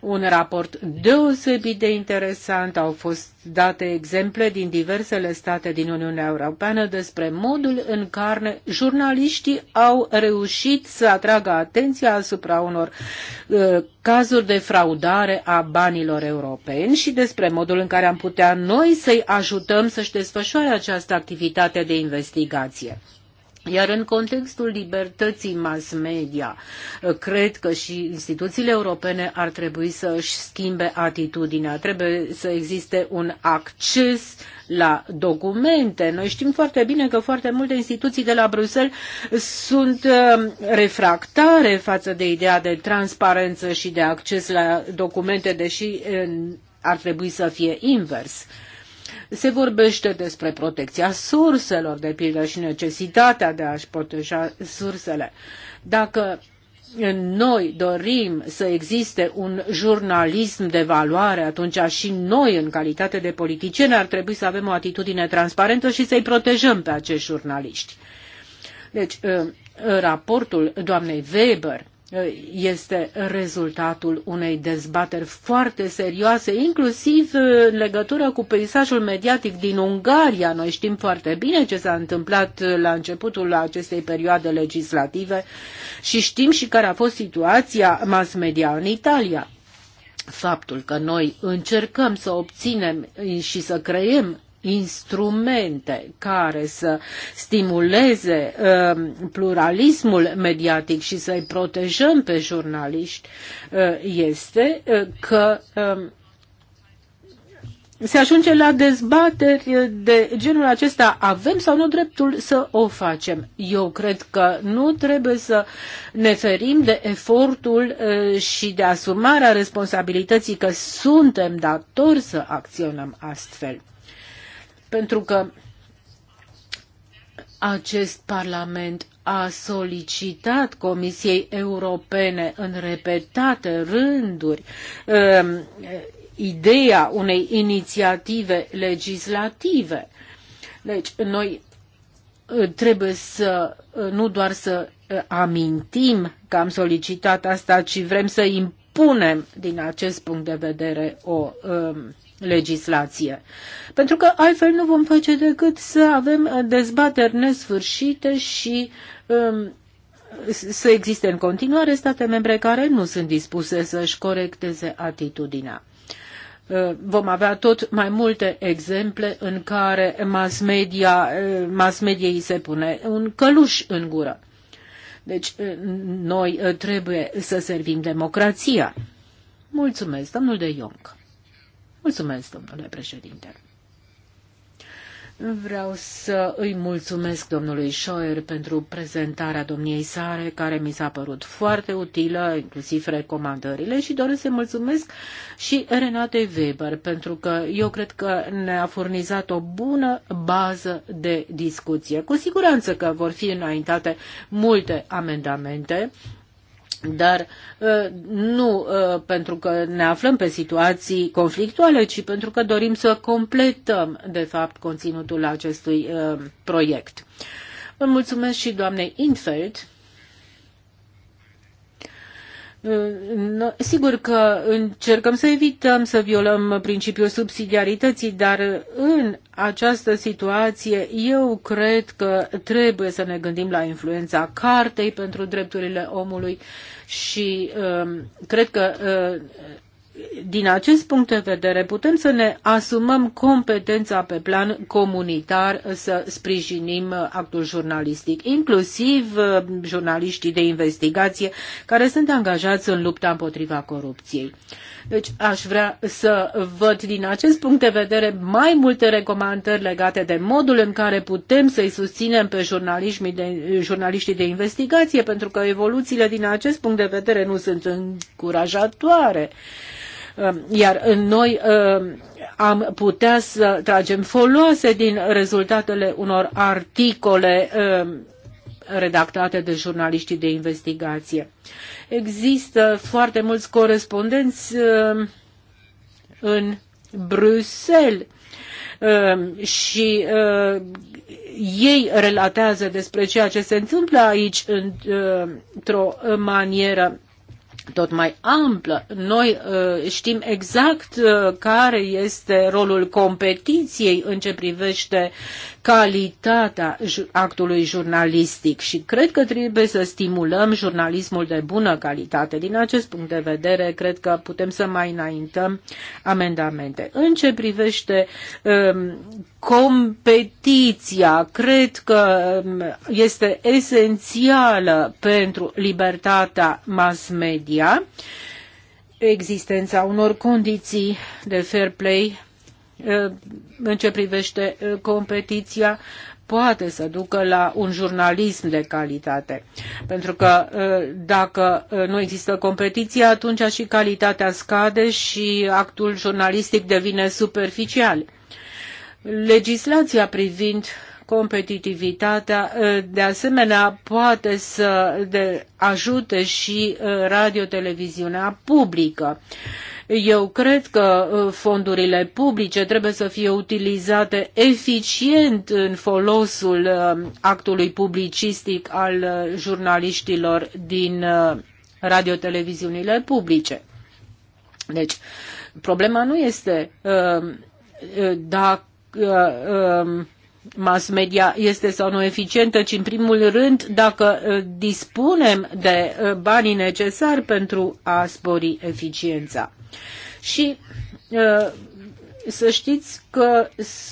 un raport deosebit de interesant. Au fost date exemple din diversele state din Uniunea Europeană despre modul în care jurnaliștii au reușit să atragă atenția asupra unor uh, cazuri de fraudare a banilor europeni și despre modul în care am putea noi să-i ajutăm să-și desfășoare această activitate de investigație. Iar în contextul libertății mass media, cred că și instituțiile europene ar trebui să își schimbe atitudinea. Trebuie să existe un acces la documente. Noi știm foarte bine că foarte multe instituții de la Bruxelles sunt uh, refractare față de ideea de transparență și de acces la documente, deși uh, ar trebui să fie invers. Se vorbește despre protecția surselor, de pildă, și necesitatea de a-și proteja sursele. Dacă noi dorim să existe un jurnalism de valoare, atunci și noi, în calitate de politicieni, ar trebui să avem o atitudine transparentă și să-i protejăm pe acești jurnaliști. Deci, raportul doamnei Weber este rezultatul unei dezbateri foarte serioase, inclusiv în legătură cu peisajul mediatic din Ungaria. Noi știm foarte bine ce s-a întâmplat la începutul acestei perioade legislative și știm și care a fost situația mass media în Italia. Faptul că noi încercăm să obținem și să creăm instrumente care să stimuleze uh, pluralismul mediatic și să-i protejăm pe jurnaliști uh, este uh, că um, se ajunge la dezbateri de genul acesta, avem sau nu dreptul să o facem. Eu cred că nu trebuie să ne ferim de efortul uh, și de asumarea responsabilității că suntem datori să acționăm astfel pentru că acest Parlament a solicitat Comisiei Europene în repetate rânduri uh, ideea unei inițiative legislative. Deci, noi uh, trebuie să uh, nu doar să uh, amintim că am solicitat asta, ci vrem să impunem din acest punct de vedere o uh, legislație. Pentru că altfel nu vom face decât să avem uh, dezbateri nesfârșite și um, să existe în continuare state membre care nu sunt dispuse să-și corecteze atitudinea. Uh, vom avea tot mai multe exemple în care mass, media, uh, mass mediei se pune un căluș în gură. Deci noi trebuie să servim democrația. Mulțumesc, domnul de ionc. Mulțumesc, domnule președinte. Vreau să îi mulțumesc domnului Scheuer pentru prezentarea domniei sare, care mi s-a părut foarte utilă, inclusiv recomandările, și doresc să mulțumesc și Renate Weber, pentru că eu cred că ne-a furnizat o bună bază de discuție. Cu siguranță că vor fi înaintate multe amendamente, dar uh, nu uh, pentru că ne aflăm pe situații conflictuale, ci pentru că dorim să completăm, de fapt, conținutul acestui uh, proiect. Vă mulțumesc și doamnei Infeld Sigur că încercăm să evităm să violăm principiul subsidiarității, dar în această situație eu cred că trebuie să ne gândim la influența Cartei pentru drepturile omului și um, cred că uh, din acest punct de vedere putem să ne asumăm competența pe plan comunitar să sprijinim actul jurnalistic, inclusiv uh, jurnaliștii de investigație care sunt angajați în lupta împotriva corupției. Deci aș vrea să văd din acest punct de vedere mai multe recomandări legate de modul în care putem să-i susținem pe jurnaliștii de, jurnaliștii de investigație, pentru că evoluțiile din acest punct de vedere nu sunt încurajatoare. Um, iar noi um, am putea să tragem foloase din rezultatele unor articole um, redactate de jurnaliștii de investigație. Există foarte mulți corespondenți în Bruxelles și uh, ei relatează despre ceea ce se întâmplă aici uh, într-o manieră tot mai amplă. Noi uh, știm exact uh, care este rolul competiției în ce privește calitatea actului jurnalistic și cred că trebuie să stimulăm jurnalismul de bună calitate. Din acest punct de vedere, cred că putem să mai înaintăm amendamente. În ce privește um, competiția cred că um, este esențială pentru libertatea mass media, existența unor condiții de fair play uh, în ce privește uh, competiția poate să ducă la un jurnalism de calitate. Pentru că uh, dacă nu există competiție, atunci și calitatea scade și actul jurnalistic devine superficial Legislația privind competitivitatea, ă, de asemenea, poate să de ajute și ă, radioteleviziunea publică. Eu cred că ă, fondurile publice trebuie să fie utilizate eficient în folosul actului publicistic al jurnaliștilor din radioteleviziunile publice. Deci, problema nu este dacă Um, mass media este sau nu eficientă, ci în primul rând dacă uh, dispunem de uh, banii necesari pentru a spori eficiența. Și uh, să știți că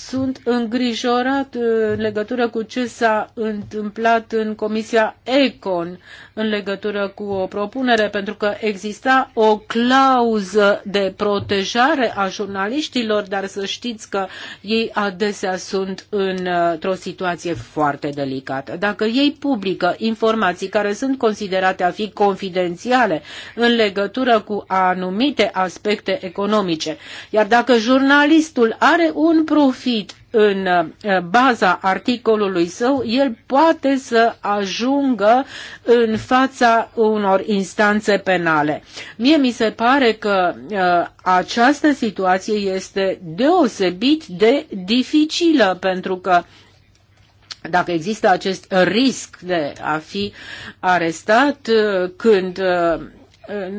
sunt îngrijorat în legătură cu ce s-a întâmplat în Comisia Econ în legătură cu o propunere, pentru că exista o clauză de protejare a jurnaliștilor, dar să știți că ei adesea sunt într-o situație foarte delicată. Dacă ei publică informații care sunt considerate a fi confidențiale în legătură cu anumite aspecte economice, iar dacă jurnalistul are un profit în uh, baza articolului său, el poate să ajungă în fața unor instanțe penale. Mie mi se pare că uh, această situație este deosebit de dificilă pentru că dacă există acest risc de a fi arestat uh, când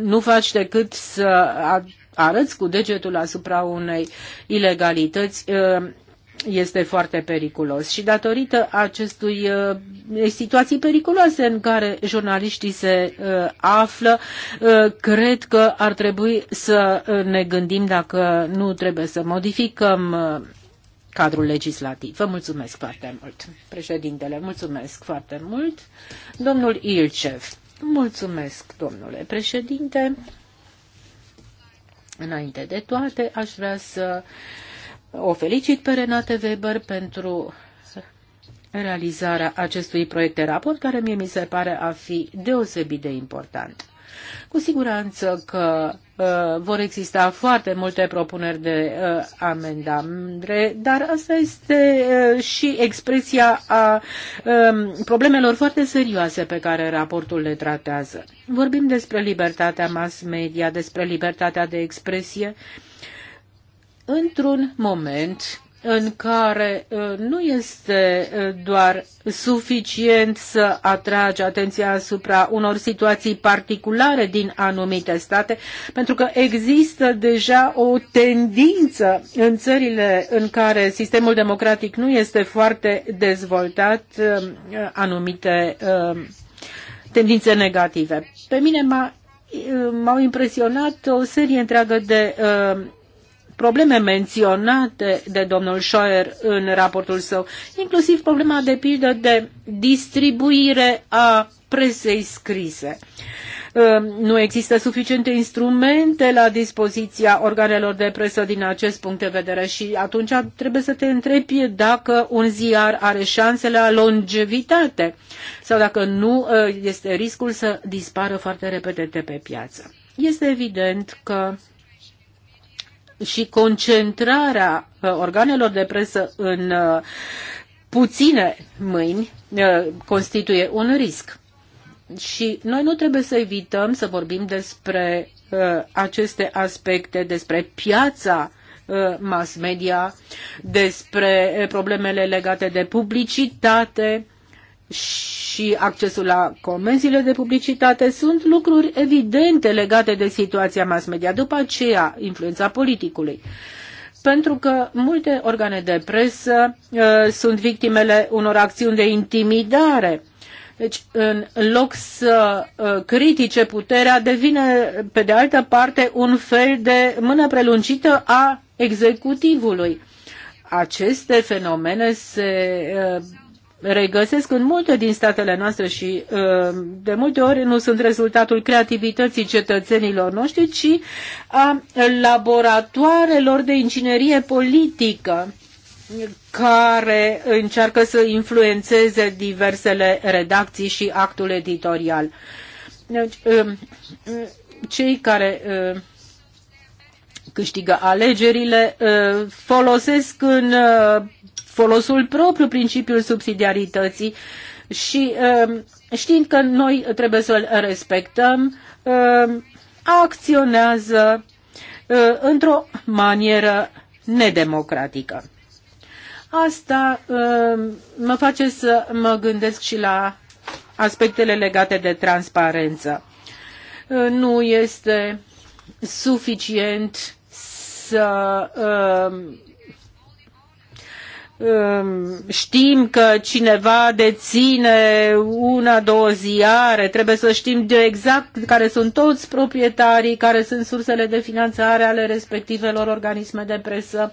nu faci decât să arăți cu degetul asupra unei ilegalități, este foarte periculos și datorită acestui uh, situații periculoase în care jurnaliștii se uh, află, uh, cred că ar trebui să ne gândim dacă nu trebuie să modificăm cadrul legislativ. Vă mulțumesc foarte mult, președintele, mulțumesc foarte mult. Domnul Ilcev, mulțumesc, domnule președinte. Înainte de toate, aș vrea să uh, o felicit pe Renate Weber pentru realizarea acestui proiect de raport, care mie mi se pare a fi deosebit de important. Cu siguranță că uh, vor exista foarte multe propuneri de uh, amendamente, dar asta este uh, și expresia a uh, problemelor foarte serioase pe care raportul le tratează. Vorbim despre libertatea mass media, despre libertatea de expresie, uh, într-un moment în care uh, nu este uh, doar suficient să atragi atenția asupra unor situații particulare din anumite state, pentru că există deja o tendință în țările în care sistemul democratic nu este foarte dezvoltat, uh, anumite tendințe negative. Pe mine m-au impresionat o serie întreagă de uh, probleme menționate de domnul Scheuer în raportul său, inclusiv problema de pildă de distribuire a presei scrise. Ă, nu există suficiente instrumente la dispoziția organelor de presă din acest punct de vedere și atunci trebuie să te întrebi dacă un ziar are șanse la longevitate sau dacă nu ă, este riscul să dispară foarte repede de pe piață. Este evident că și concentrarea uh, organelor de presă în uh, puține mâini uh, constituie un risc. Și noi nu trebuie să evităm să vorbim despre aceste aspecte, despre piața mass media, despre problemele legate de publicitate, și accesul la comenzile de publicitate sunt lucruri evidente legate de situația mass media, după aceea influența politicului. Pentru că multe organe de presă uh, sunt victimele unor acțiuni de intimidare. Deci, în loc să uh, critique puterea, devine, pe de altă parte, un fel de mână prelungită a executivului. Aceste fenomene se uh, regăsesc în multe din statele noastre și uh, de multe ori nu sunt rezultatul creativității cetățenilor noștri, ci a laboratoarelor de inginerie politică care încearcă să influențeze diversele redacții și actul editorial. Deci, um, cei care uh, câștigă alegerile uh, folosesc în folosul propriu principiul subsidiarității și um, știind că noi trebuie să-l respectăm, um, acționează uh, într-o manieră nedemocratică. Asta um, mă face să mă gândesc și la aspectele legate de transparență. Uh, nu este suficient să Ehm, știm că cineva deține una, două ziare, trebuie să știm de exact care sunt toți proprietarii, care sunt sursele de finanțare ale respectivelor organisme de presă.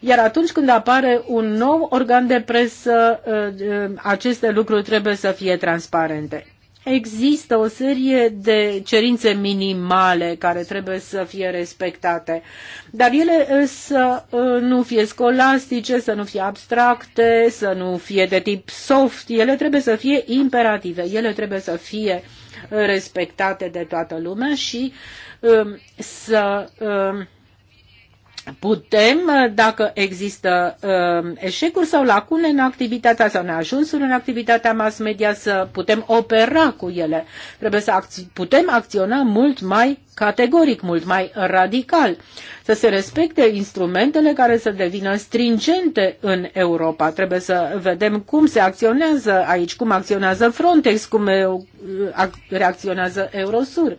Iar atunci când apare un nou organ de presă, ehm, ehm, aceste lucruri trebuie să fie transparente. Există o serie de cerințe minimale care trebuie să fie respectate, dar ele uh, să uh, nu fie scolastice, să nu fie abstracte, să nu fie de tip soft, ele trebuie să fie imperative, ele trebuie să fie uh, respectate de toată lumea și um, să um, putem, uh, dacă există uh, eșecuri sau lacune în activitatea sau neajunsuri în activitatea mass media, să putem opera cu ele. Trebuie să acți- putem acționa mult mai categoric, mult mai radical, să se respecte instrumentele care să devină stringente în Europa. Trebuie să vedem cum se acționează aici, cum acționează Frontex, cum uh, reacționează Eurosur.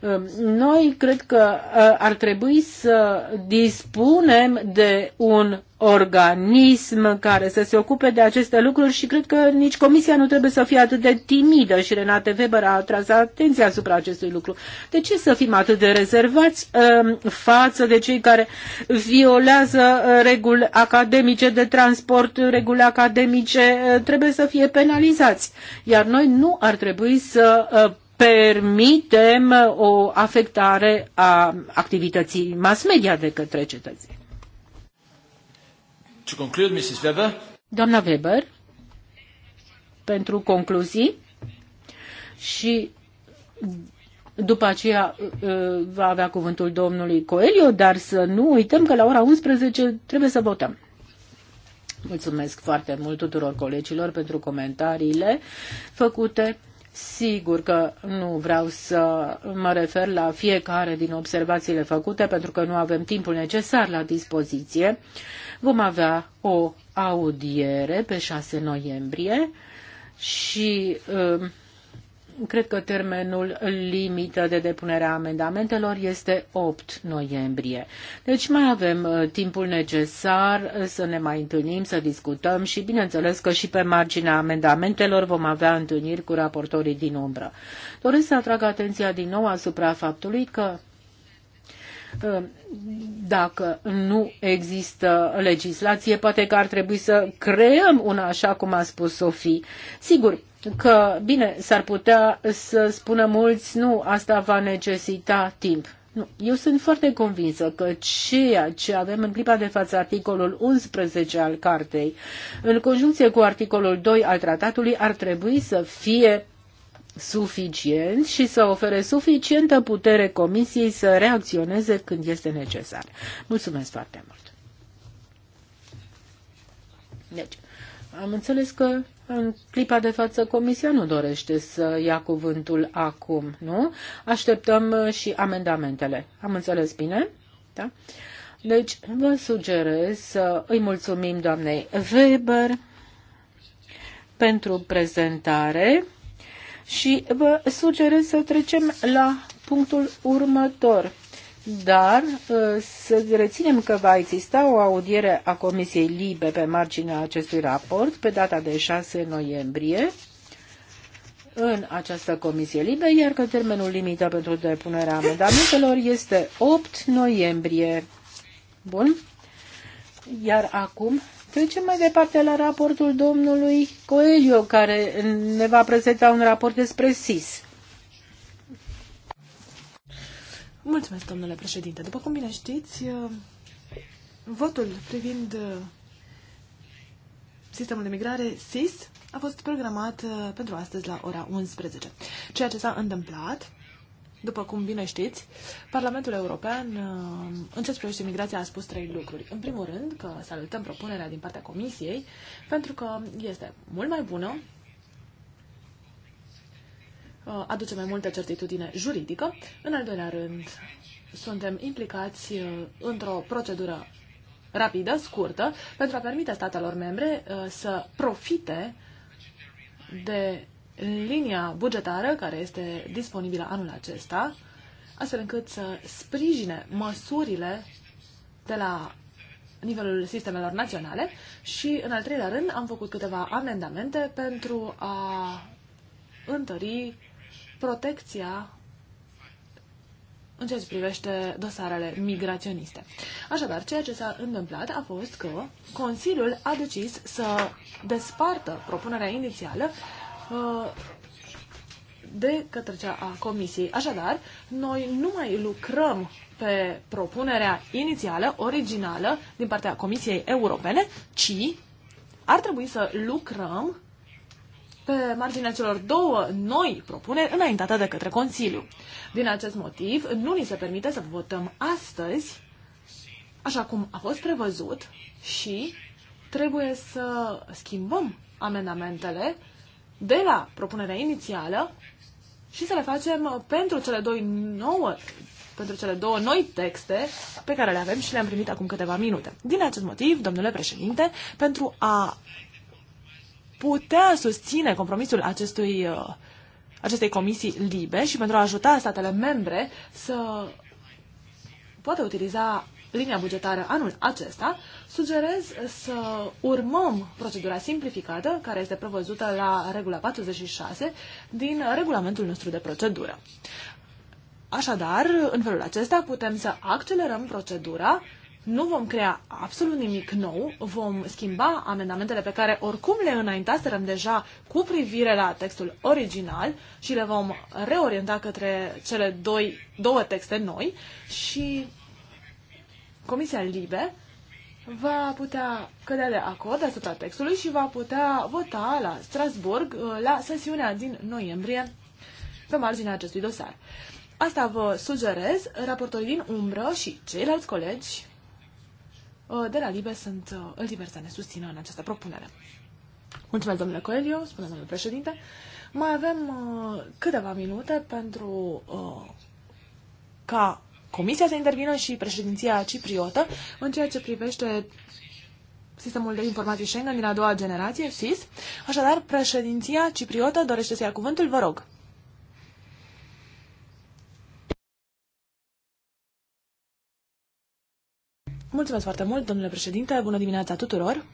Ehm, noi cred că ă, ar trebui să dispunem de un organism care să se ocupe de aceste lucruri și cred că nici Comisia nu trebuie să fie atât de timidă și Renate Weber a atras atenția asupra acestui lucru. De ce să fim atât de rezervați ehm, față de cei care violează ă, reguli academice de transport, reguli academice, ă, trebuie să fie penalizați. Iar noi nu ar trebui să permitem o afectare a activității mass media de către cetățeni. To conclude, Mrs. Weber. Doamna Weber, pentru concluzii și după aceea uh, uh, va avea cuvântul domnului Coelio, dar să nu uităm că la ora 11 trebuie să votăm. Mulțumesc foarte mult tuturor colegilor pentru comentariile făcute. Sigur că nu vreau să mă refer la fiecare din observațiile făcute, pentru că nu avem timpul necesar la dispoziție. Vom avea o audiere pe 6 noiembrie și uh, Cred că termenul limită de depunere a amendamentelor este 8 noiembrie. Deci mai avem uh, timpul necesar uh, să ne mai întâlnim, să discutăm și bineînțeles că și pe marginea amendamentelor vom avea întâlniri cu raportorii din umbră. Doresc să atrag atenția din nou asupra faptului că uh, dacă nu există legislație, poate că ar trebui să creăm una, așa cum a spus Sofie. Sigur, că, bine, s-ar putea să spună mulți, nu, asta va necesita timp. Nu. Eu sunt foarte convinsă că ceea ce avem în clipa de față, articolul 11 al cartei, în conjuncție cu articolul 2 al tratatului, ar trebui să fie suficient și să ofere suficientă putere Comisiei să reacționeze când este necesar. Mulțumesc foarte mult! Deci, am înțeles că în clipa de față, Comisia nu dorește să ia cuvântul acum, nu? Așteptăm uh, și amendamentele. Am înțeles bine? Da? Deci, vă sugerez să îi mulțumim doamnei Weber pentru prezentare și vă sugerez să trecem la punctul următor dar uh, să reținem că va exista o audiere a Comisiei Libe pe marginea acestui raport pe data de 6 noiembrie în această Comisie Libe, iar că termenul limită pentru depunerea amendamentelor este 8 noiembrie. Bun. Iar acum trecem mai departe la raportul domnului Coelho, care ne va prezenta un raport despre SIS. Mulțumesc, domnule președinte. După cum bine știți, uh, votul privind uh, sistemul de migrare SIS a fost programat uh, pentru astăzi la ora 11. Ceea ce s-a întâmplat, după cum bine știți, Parlamentul European în ce privește migrația a spus trei lucruri. În primul rând că salutăm propunerea din partea Comisiei pentru că este mult mai bună Uh, aduce mai multă certitudine juridică. În al doilea rând, suntem implicați uh, într-o procedură rapidă, scurtă, pentru a permite statelor membre uh, să profite de linia bugetară care este disponibilă anul acesta, astfel încât să sprijine măsurile de la nivelul sistemelor naționale și, în al treilea rând, am făcut câteva amendamente pentru a întări protecția în ceea ce privește dosarele migraționiste. Așadar, ceea ce s-a întâmplat a fost că Consiliul a decis să despartă propunerea inițială uh, de către cea a Comisiei. Așadar, noi nu mai lucrăm pe propunerea inițială, originală, din partea Comisiei Europene, ci ar trebui să lucrăm pe marginea celor două noi propuneri înaintate de către Consiliu. Din acest motiv, nu ni se permite să votăm astăzi, așa cum a fost prevăzut, și trebuie să schimbăm amendamentele de la propunerea inițială și să le facem pentru cele două nouă pentru cele două noi texte pe care le avem și le-am primit acum câteva minute. Din acest motiv, domnule președinte, pentru a putea susține compromisul acestui, uh, acestei comisii libe și pentru a ajuta statele membre să poată utiliza linia bugetară anul acesta, sugerez să urmăm procedura simplificată care este prevăzută la regula 46 din regulamentul nostru de procedură. Așadar, în felul acesta putem să accelerăm procedura nu vom crea absolut nimic nou, vom schimba amendamentele pe care oricum le înaintaserăm deja cu privire la textul original și le vom reorienta către cele doi, două texte noi și Comisia Libe va putea cădea de acord asupra textului și va putea vota la Strasburg uh, la sesiunea din noiembrie pe marginea acestui dosar. Asta vă sugerez, raportorii din umbră și ceilalți colegi Uh, de la Libe sunt uh, liberi să ne susțină în această propunere. Mulțumesc, domnule Coelio, spune domnul președinte. Mai avem uh, câteva minute pentru ca Comisia să intervină și președinția cipriotă în ceea ce privește sistemul de informații Schengen din a doua generație, SIS. Așadar, președinția cipriotă dorește să ia cuvântul, vă rog. Mulțumesc foarte mult, domnule președinte. Bună dimineața tuturor.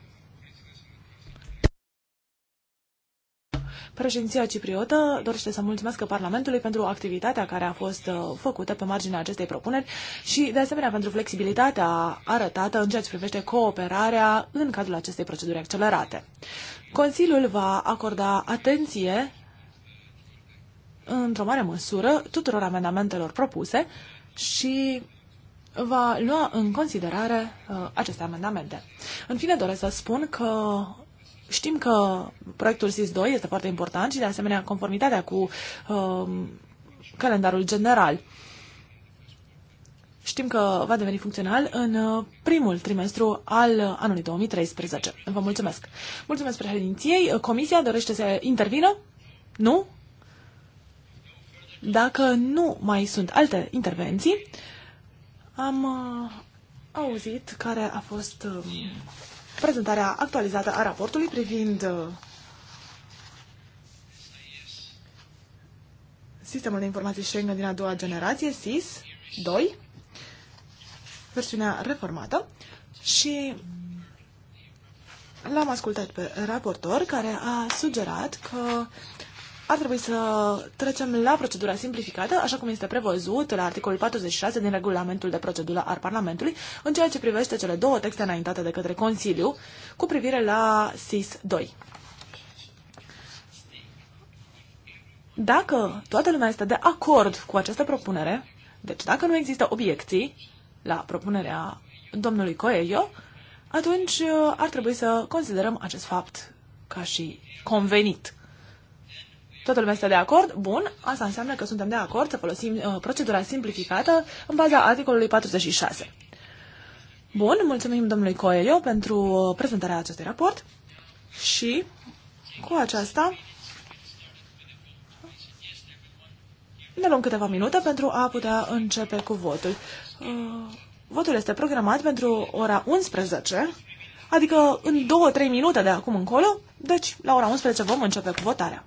Președinția cipriotă dorește să mulțumesc Parlamentului pentru activitatea care a fost uh, făcută pe marginea acestei propuneri și, de asemenea, pentru flexibilitatea arătată în ceea ce privește cooperarea în cadrul acestei proceduri accelerate. Consiliul va acorda atenție într-o mare măsură tuturor amendamentelor propuse și va lua în considerare uh, aceste amendamente. În fine, doresc să spun că știm că proiectul SIS-2 este foarte important și, de asemenea, conformitatea cu uh, calendarul general. Știm că va deveni funcțional în uh, primul trimestru al anului 2013. Vă mulțumesc. Mulțumesc președinției. Comisia dorește să intervină? Nu? Dacă nu mai sunt alte intervenții, am uh, auzit care a fost uh, prezentarea actualizată a raportului privind uh, sistemul de informații Schengen din a doua generație, SIS 2, versiunea reformată și l-am ascultat pe raportor care a sugerat că ar trebui să trecem la procedura simplificată, așa cum este prevăzut la articolul 46 din regulamentul de procedură al Parlamentului, în ceea ce privește cele două texte înaintate de către Consiliu cu privire la SIS 2. Dacă toată lumea este de acord cu această propunere, deci dacă nu există obiecții la propunerea domnului Coelho, atunci uh, ar trebui să considerăm acest fapt ca și convenit. Toată lumea este de acord? Bun, asta înseamnă că suntem de acord să folosim uh, procedura simplificată în baza articolului 46. Bun, mulțumim domnului Coelho pentru uh, prezentarea acestui raport și cu aceasta ne luăm câteva minute pentru a putea începe cu votul. Uh, votul este programat pentru ora 11, adică în 2-3 minute de acum încolo, deci la ora 11 vom începe cu votarea.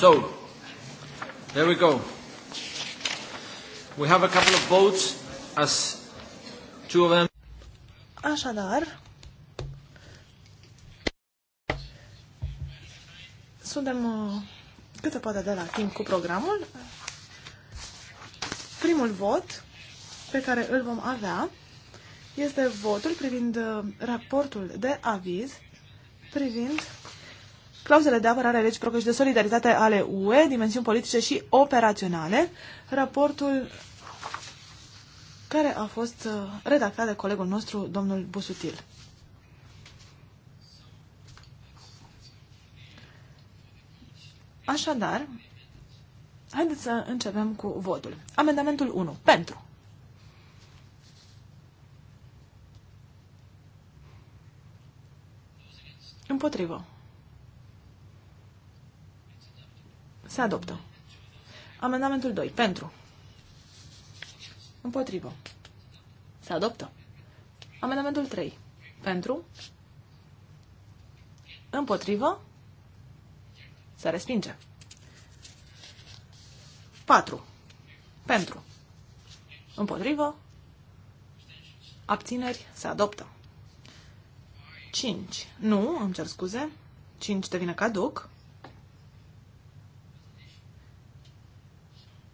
So, there we go. We have a couple of votes as two of them. Așadar, suntem uh, cât se poate de la timp cu programul. Primul vot pe care îl vom avea este votul privind uh, raportul de aviz privind clauzele de apărare a reciprocă și de solidaritate ale UE, dimensiuni politice și operaționale, raportul care a fost uh, redactat de colegul nostru, domnul Busutil. Așadar, haideți să începem cu votul. Amendamentul 1. Pentru. Împotrivă. Se adoptă. Amendamentul 2. Pentru. Împotrivă. Se adoptă. Amendamentul 3. Pentru. Împotrivă. Se respinge. 4. Pentru. Împotrivă. Abțineri. Se adoptă. 5. Nu, îmi cer scuze. 5 devine caduc.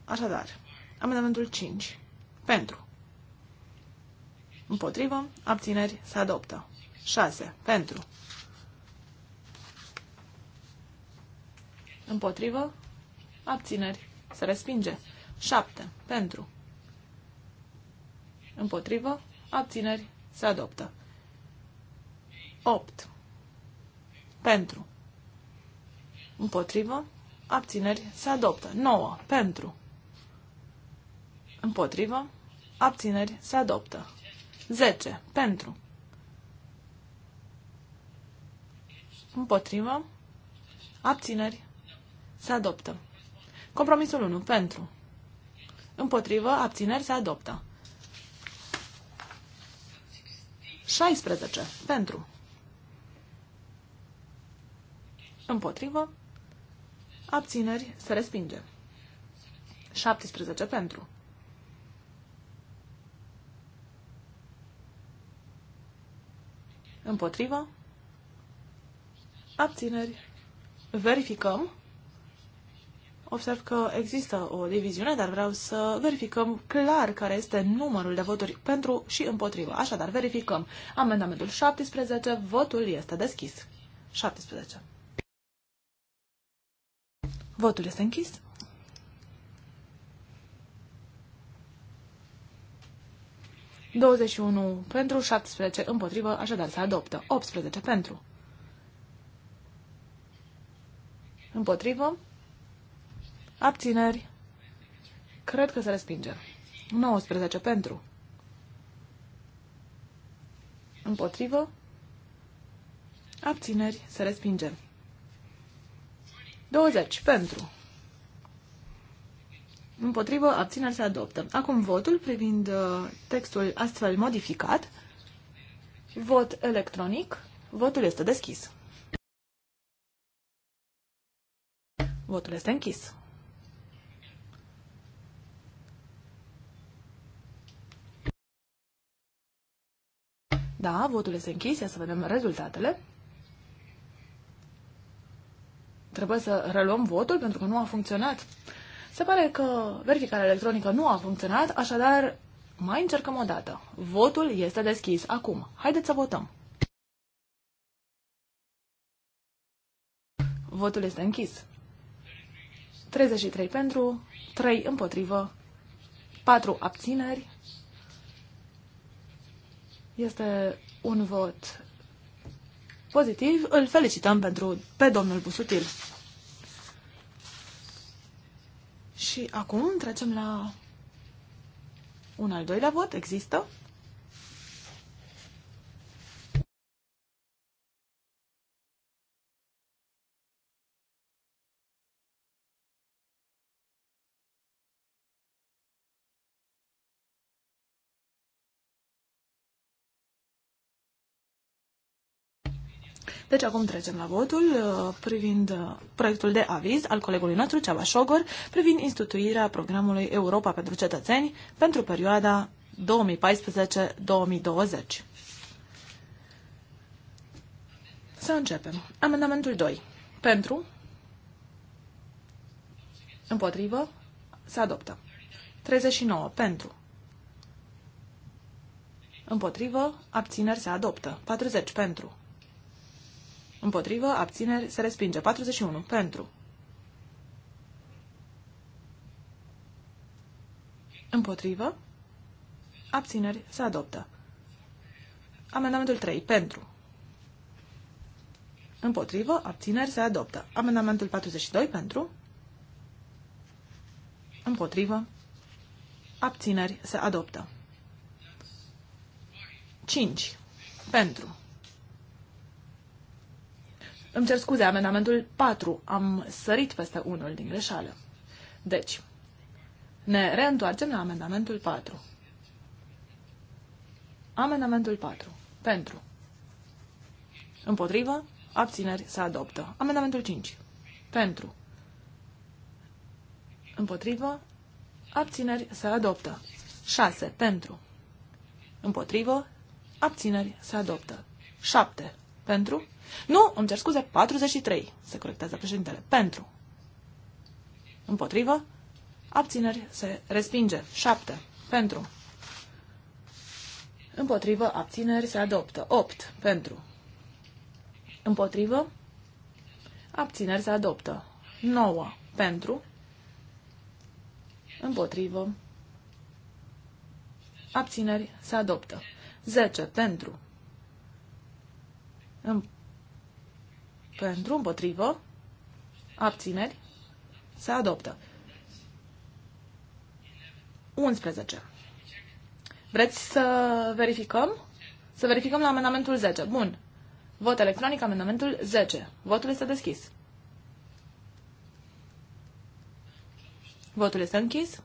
Așadar, amendamentul 5. Pentru. Împotrivă. Abțineri. Se adoptă. 6. Pentru. Împotrivă. Abțineri. Se respinge. 7. Pentru. Împotrivă. Abțineri. Se adoptă. 8. Pentru. Împotrivă. Abțineri. Se adoptă. 9. Pentru. Împotrivă. Abțineri. Se adoptă. 10. Pentru. Împotrivă. Abțineri. Se adoptă. Compromisul 1. Pentru. Împotrivă. Abțineri. Se adoptă. 16. Pentru. Împotrivă. Abțineri. Se respinge. 17. Pentru. Împotrivă. Abțineri. Verificăm. Observ că există o diviziune, dar vreau să verificăm clar care este numărul de voturi pentru și împotrivă. Așadar, verificăm. Amendamentul 17, votul este deschis. 17. Votul este închis. 21 pentru, 17 împotrivă, așadar se adoptă. 18 pentru. Împotrivă. Abțineri. Cred că se respinge. 19 pentru. Împotrivă. Abțineri. Se respinge. 20 pentru. Împotrivă, abțineri se adoptă. Acum votul privind uh, textul astfel modificat. Vot electronic. Votul este deschis. Votul este închis. Da, votul este închis. Ia să vedem rezultatele. Trebuie să reluăm votul pentru că nu a funcționat. Se pare că verificarea electronică nu a funcționat, așadar mai încercăm o dată. Votul este deschis acum. Haideți să votăm. Votul este închis. 33 pentru, 3 împotrivă, 4 abțineri. Este un vot pozitiv. Îl felicităm pentru, pe domnul Busutil. Și acum trecem la un al doilea vot. Există? Deci acum trecem la votul uh, privind uh, proiectul de aviz al colegului nostru, Ceaba Șogor, privind instituirea programului Europa pentru cetățeni pentru perioada 2014-2020. Să începem. Amendamentul 2. Pentru. Împotrivă. Se adoptă. 39. Pentru. Împotrivă. Abțineri se adoptă. 40. Pentru. Împotrivă, abțineri, se respinge. 41. Pentru. Împotrivă, abțineri, se adoptă. Amendamentul 3. Pentru. Împotrivă, abțineri, se adoptă. Amendamentul 42. Pentru. Împotrivă, abțineri, se adoptă. 5. Pentru. Îmi cer scuze, amendamentul 4. Am sărit peste unul din greșeală. Deci, ne reîntoarcem la amendamentul 4. Amendamentul 4. Pentru. Împotrivă. Abțineri se adoptă. Amendamentul 5. Pentru. Împotrivă. Abțineri se adoptă. 6. Pentru. Împotrivă. Abțineri se adoptă. 7. Pentru? Nu, îmi cer scuze, 43, se corectează președintele. Pentru. Împotrivă. Abțineri se respinge. 7. Pentru. Împotrivă, abțineri se adoptă. 8. Pentru. Împotrivă, abțineri se adoptă. 9. Pentru. Împotrivă, abțineri se adoptă. 10. Pentru. În... Pentru, împotrivă, abțineri, se adoptă. 11. Vreți să verificăm? Să verificăm la amendamentul 10. Bun. Vot electronic, amendamentul 10. Votul este deschis. Votul este închis.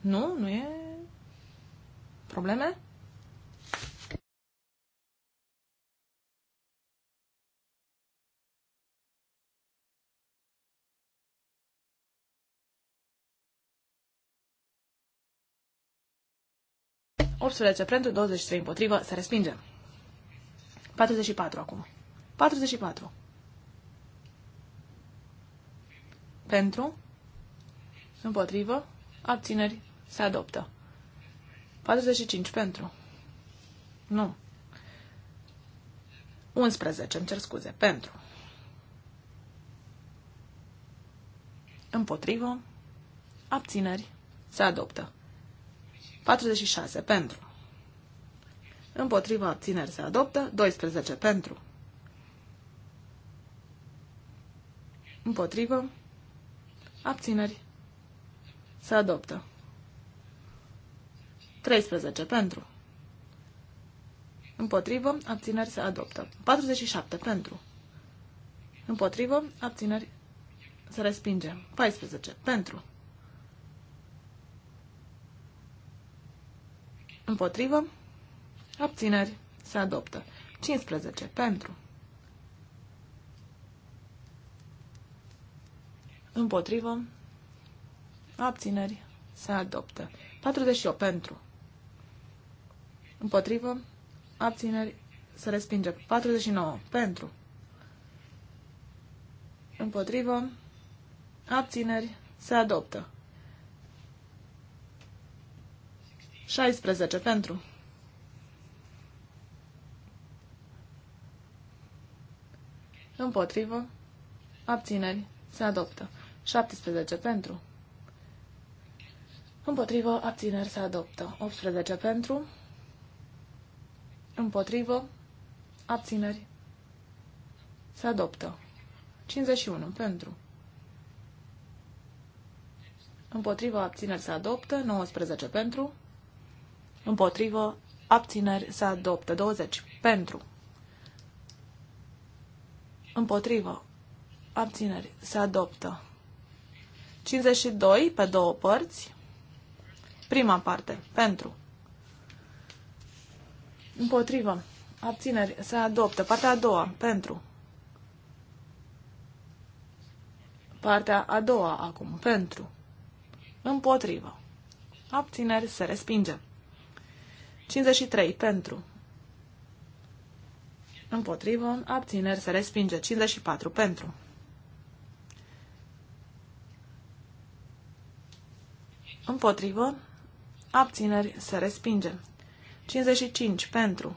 Nu? Nu e probleme? 18 pentru, 23 împotrivă, se respinge. 44 acum. 44. Pentru, împotrivă, abțineri, se adoptă. 45 pentru. Nu. 11, îmi cer scuze, pentru. Împotrivă, abțineri, se adoptă. 46 pentru. Împotriva abțineri se adoptă. 12 pentru. Împotrivă. Abțineri. Se adoptă. 13 pentru. Împotrivă. Abțineri se adoptă. 47 pentru. Împotrivă. Abțineri se respinge. 14 pentru. Împotrivă. Abțineri. Se adoptă. 15. Pentru. Împotrivă. Abțineri. Se adoptă. 48. Pentru. Împotrivă. Abțineri. Se respinge. 49. Pentru. Împotrivă. Abțineri. Se adoptă. 16 pentru. Împotrivă. Abțineri. Se adoptă. 17 pentru. Împotrivă. Abțineri. Se adoptă. 18 pentru. Împotrivă. Abțineri. Se adoptă. 51 pentru. Împotrivă. Abțineri. Se adoptă. 19 pentru împotrivă, abțineri se adoptă. 20 pentru, împotrivă, abțineri se adoptă. 52 pe două părți, prima parte, pentru, împotrivă, abțineri se adoptă. Partea a doua, pentru. Partea a doua acum, pentru. Împotrivă. Abțineri se respinge. 53 pentru. Împotrivă, abțineri, se respinge. 54 pentru. Împotrivă, abțineri, se respinge. 55 pentru.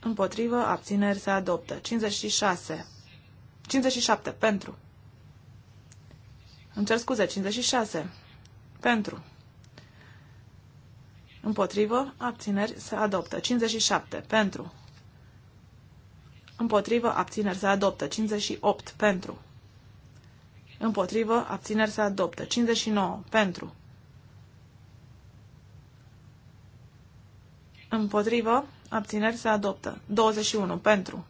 Împotrivă, abțineri, se adoptă. 56. 57 pentru. Îmi cer scuze, 56. Pentru. Împotrivă, abțineri, se adoptă. 57. Pentru. Împotrivă, abțineri, se adoptă. 58. Pentru. Împotrivă, abțineri, se adoptă. 59. Pentru. Împotrivă, abțineri, se adoptă. 21. Pentru.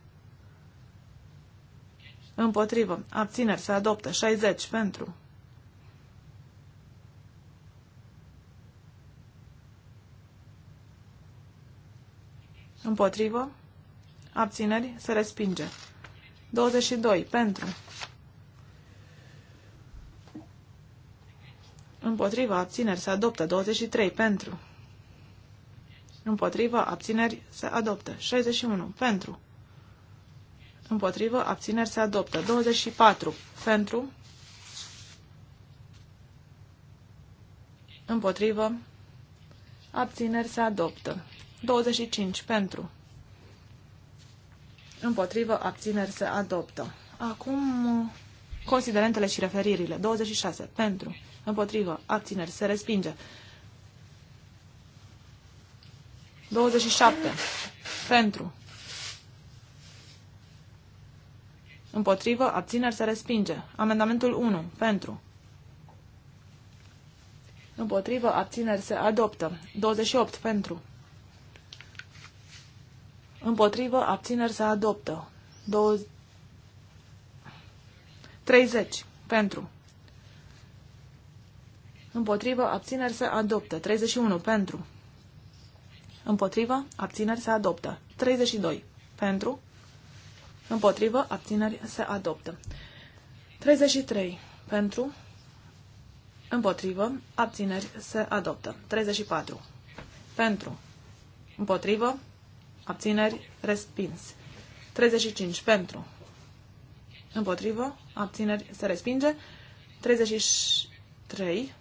Împotrivă, abțineri, se adoptă. 60. Pentru. Împotrivă. Abțineri. Se respinge. 22. Pentru. Împotrivă. Abțineri. Se adoptă. 23. Pentru. Împotrivă. Abțineri. Se adoptă. 61. Pentru. Împotrivă. Abțineri. Se adoptă. 24. Pentru. Împotrivă. Abțineri se adoptă. 25 pentru. Împotrivă, abțineri se adoptă. Acum considerentele și referirile. 26 pentru. Împotrivă, abțineri se respinge. 27 pentru. Împotrivă, abțineri se respinge. Amendamentul 1 pentru. Împotrivă, abțineri se adoptă. 28 pentru. Împotrivă, abțineri se adoptă. 20. 30. Pentru. Împotrivă, abțineri se adoptă. 31. Pentru. Împotrivă, abțineri se adoptă. 32. Pentru. Împotrivă, abțineri se adoptă. 33. Pentru. Împotrivă, abțineri se adoptă. 34. Pentru. Împotrivă, abțineri, respins. 35 pentru, împotrivă, abțineri, se respinge. 33,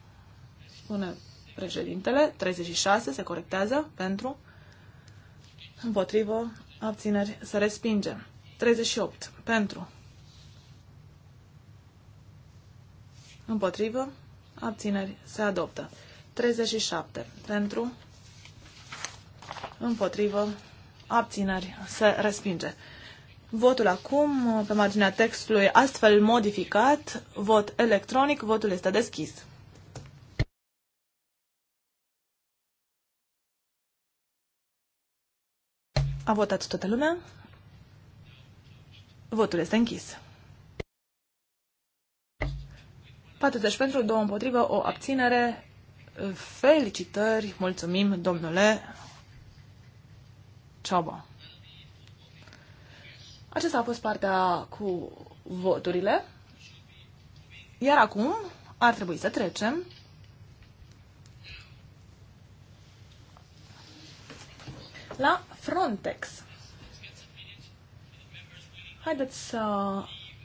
spune președintele, 36, se corectează, pentru, împotrivă, abțineri, se respinge. 38, pentru, împotrivă, abțineri, se adoptă. 37, pentru, împotrivă, abțineri, se respinge. Votul acum, pe marginea textului astfel modificat, vot electronic, votul este deschis. A votat toată lumea? Votul este închis. 40 pentru, 2 împotrivă, o abținere. Felicitări, mulțumim, domnule Ciobo. Acesta a fost partea cu voturile. Iar acum ar trebui să trecem la Frontex. Haideți să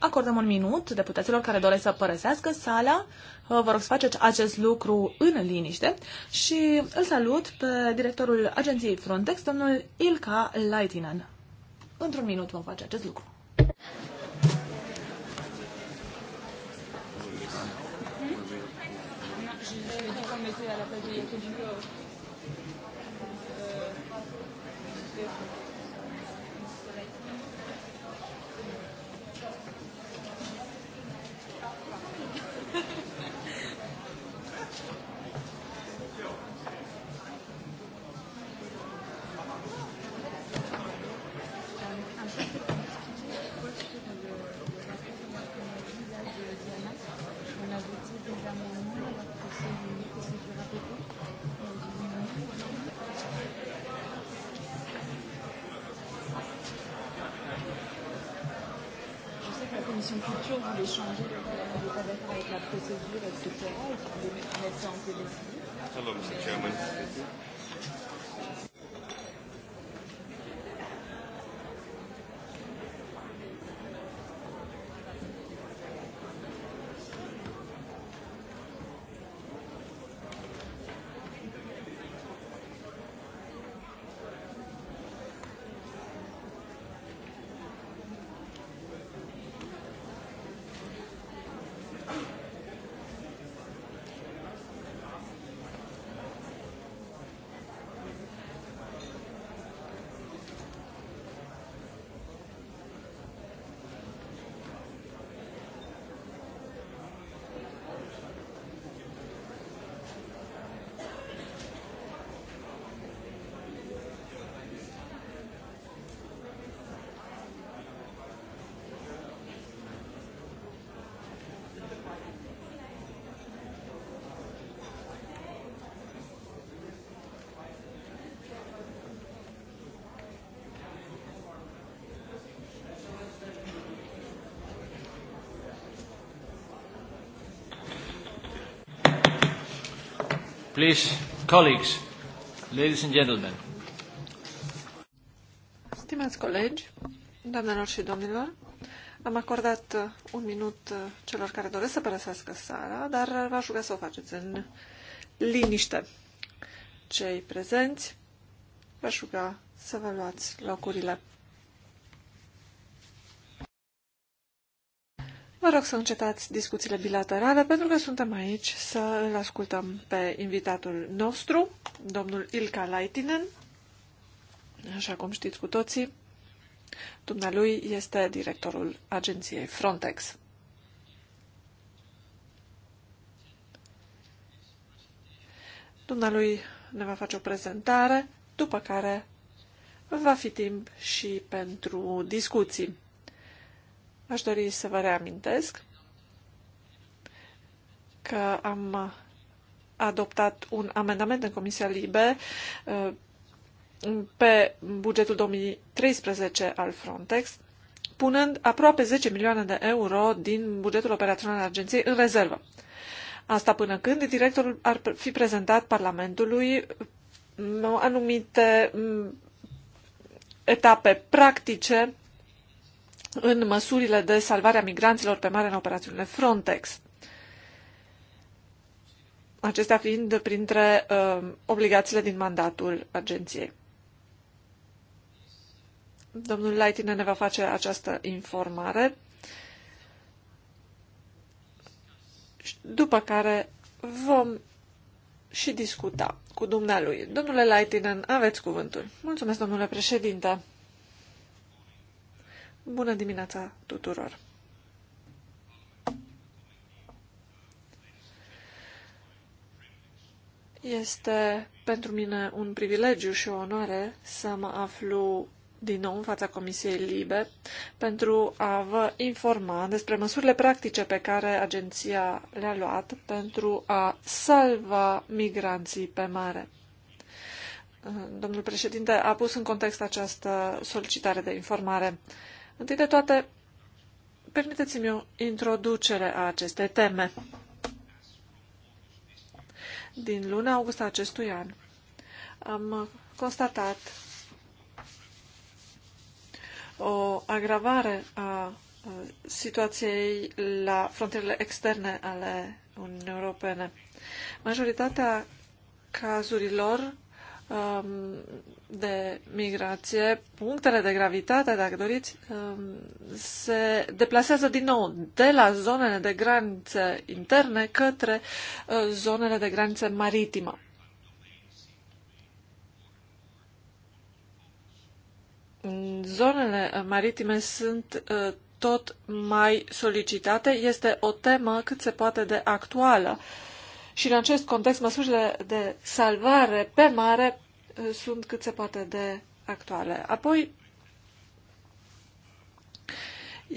acordăm un minut deputaților care doresc să părăsească sala. Vă rog să faceți acest lucru în liniște și îl salut pe directorul agenției Frontex, domnul Ilka Laitinen. Într-un minut vom face acest lucru. Hmm? Please, colleagues, ladies and gentlemen. Stimați colegi, doamnelor și domnilor, am acordat uh, un minut uh, celor care doresc să părăsească sala, dar uh, v-aș ruga să o faceți în liniște. Cei prezenți, v-aș ruga să vă luați locurile. rog să încetați discuțiile bilaterale, pentru că suntem aici să îl ascultăm pe invitatul nostru, domnul Ilka Laitinen. Așa cum știți cu toții, dumnealui este directorul agenției Frontex. Dumnealui ne va face o prezentare, după care va fi timp și pentru discuții. Aș dori să vă reamintesc că am adoptat un amendament în Comisia Libe uh, pe bugetul 2013 al Frontex, punând aproape 10 milioane de euro din bugetul operațional al agenției în rezervă. Asta până când directorul ar fi prezentat Parlamentului anumite etape practice în măsurile de salvare a migranților pe mare în operațiunile Frontex. Acestea fiind printre uh, obligațiile din mandatul agenției. Domnul Laitine ne va face această informare, după care vom și discuta cu dumnealui. Domnule Laitinen, aveți cuvântul. Mulțumesc, domnule președinte. Bună dimineața tuturor! Este pentru mine un privilegiu și o onoare să mă aflu din nou în fața Comisiei Libe pentru a vă informa despre măsurile practice pe care agenția le-a luat pentru a salva migranții pe mare. Domnul președinte a pus în context această solicitare de informare. Întâi de toate, permiteți-mi o introducere a acestei teme. Din luna august acestui an am constatat o agravare a situației la frontierele externe ale Uniunii Europene. Majoritatea cazurilor Um, de migrație, punctele de gravitate, dacă doriți, um, se deplasează din nou de la zonele de granițe interne către uh, zonele de granițe maritimă. Zonele uh, maritime sunt uh, tot mai solicitate, este o temă cât se poate de actuală. Și în acest context, măsurile de salvare pe mare sunt cât se poate de actuale. Apoi,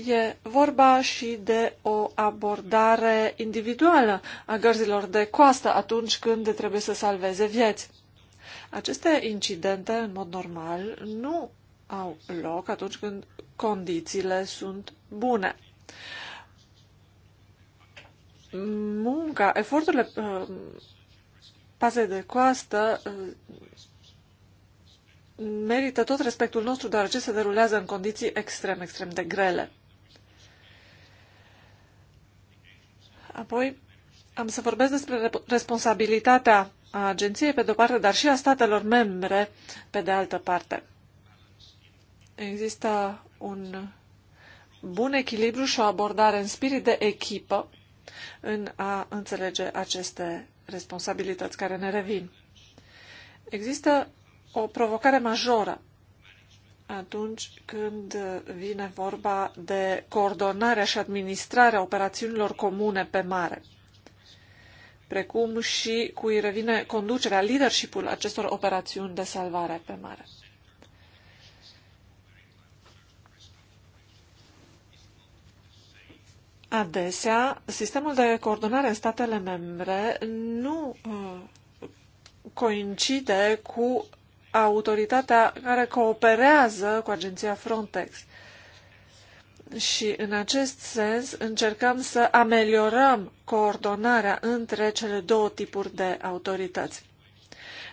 e vorba și de o abordare individuală a gărzilor de coastă atunci când trebuie să salveze vieți. Aceste incidente, în mod normal, nu au loc atunci când condițiile sunt bune. Munca, eforturile uh, pazei de coastă uh, merită tot respectul nostru, deoarece se derulează în condiții extrem, extrem de grele. Apoi, am să vorbesc despre responsabilitatea a agenției pe de-o parte, dar și a statelor membre pe de altă parte. Există un bun echilibru și o abordare în spirit de echipă în a înțelege aceste responsabilități care ne revin. Există o provocare majoră atunci când vine vorba de coordonarea și administrarea operațiunilor comune pe mare, precum și cui revine conducerea, leadership-ul acestor operațiuni de salvare pe mare. Adesea, sistemul de coordonare în statele membre nu uh, coincide cu autoritatea care cooperează cu agenția Frontex. Și în acest sens încercăm să ameliorăm coordonarea între cele două tipuri de autorități.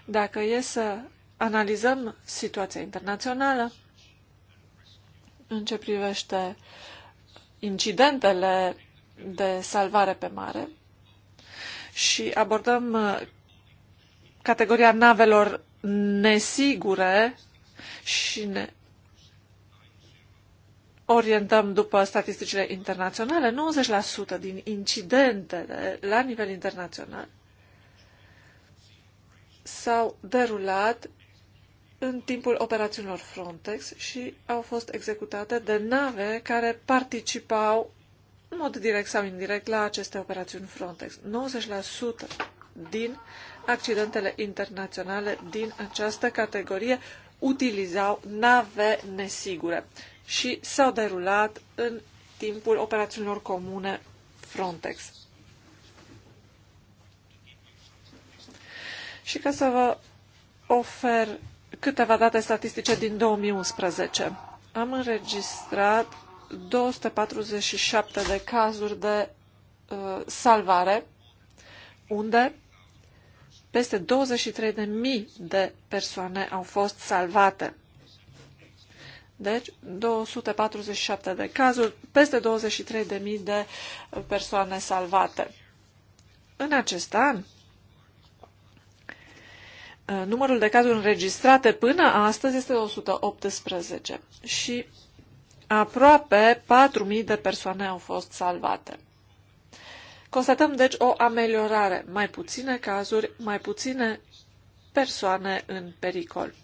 Dacă e să analizăm situația internațională în ce privește incidentele de salvare pe mare și abordăm uh, categoria navelor nesigure și ne orientăm după statisticile internaționale, 90% din incidentele la nivel internațional s-au derulat în timpul operațiunilor Frontex și au fost executate de nave care participau în mod direct sau indirect la aceste operațiuni Frontex. 90% din accidentele internaționale din această categorie utilizau nave nesigure și s-au derulat în timpul operațiunilor comune Frontex. Și ca să vă ofer câteva date statistice din 2011. Am înregistrat 247 de cazuri de uh, salvare unde peste 23.000 de persoane au fost salvate. Deci, 247 de cazuri, peste 23.000 de persoane salvate. În acest an, numărul de cazuri înregistrate până astăzi este 118 și aproape 4.000 de persoane au fost salvate. Constatăm, deci, o ameliorare. Mai puține cazuri, mai puține persoane în pericol.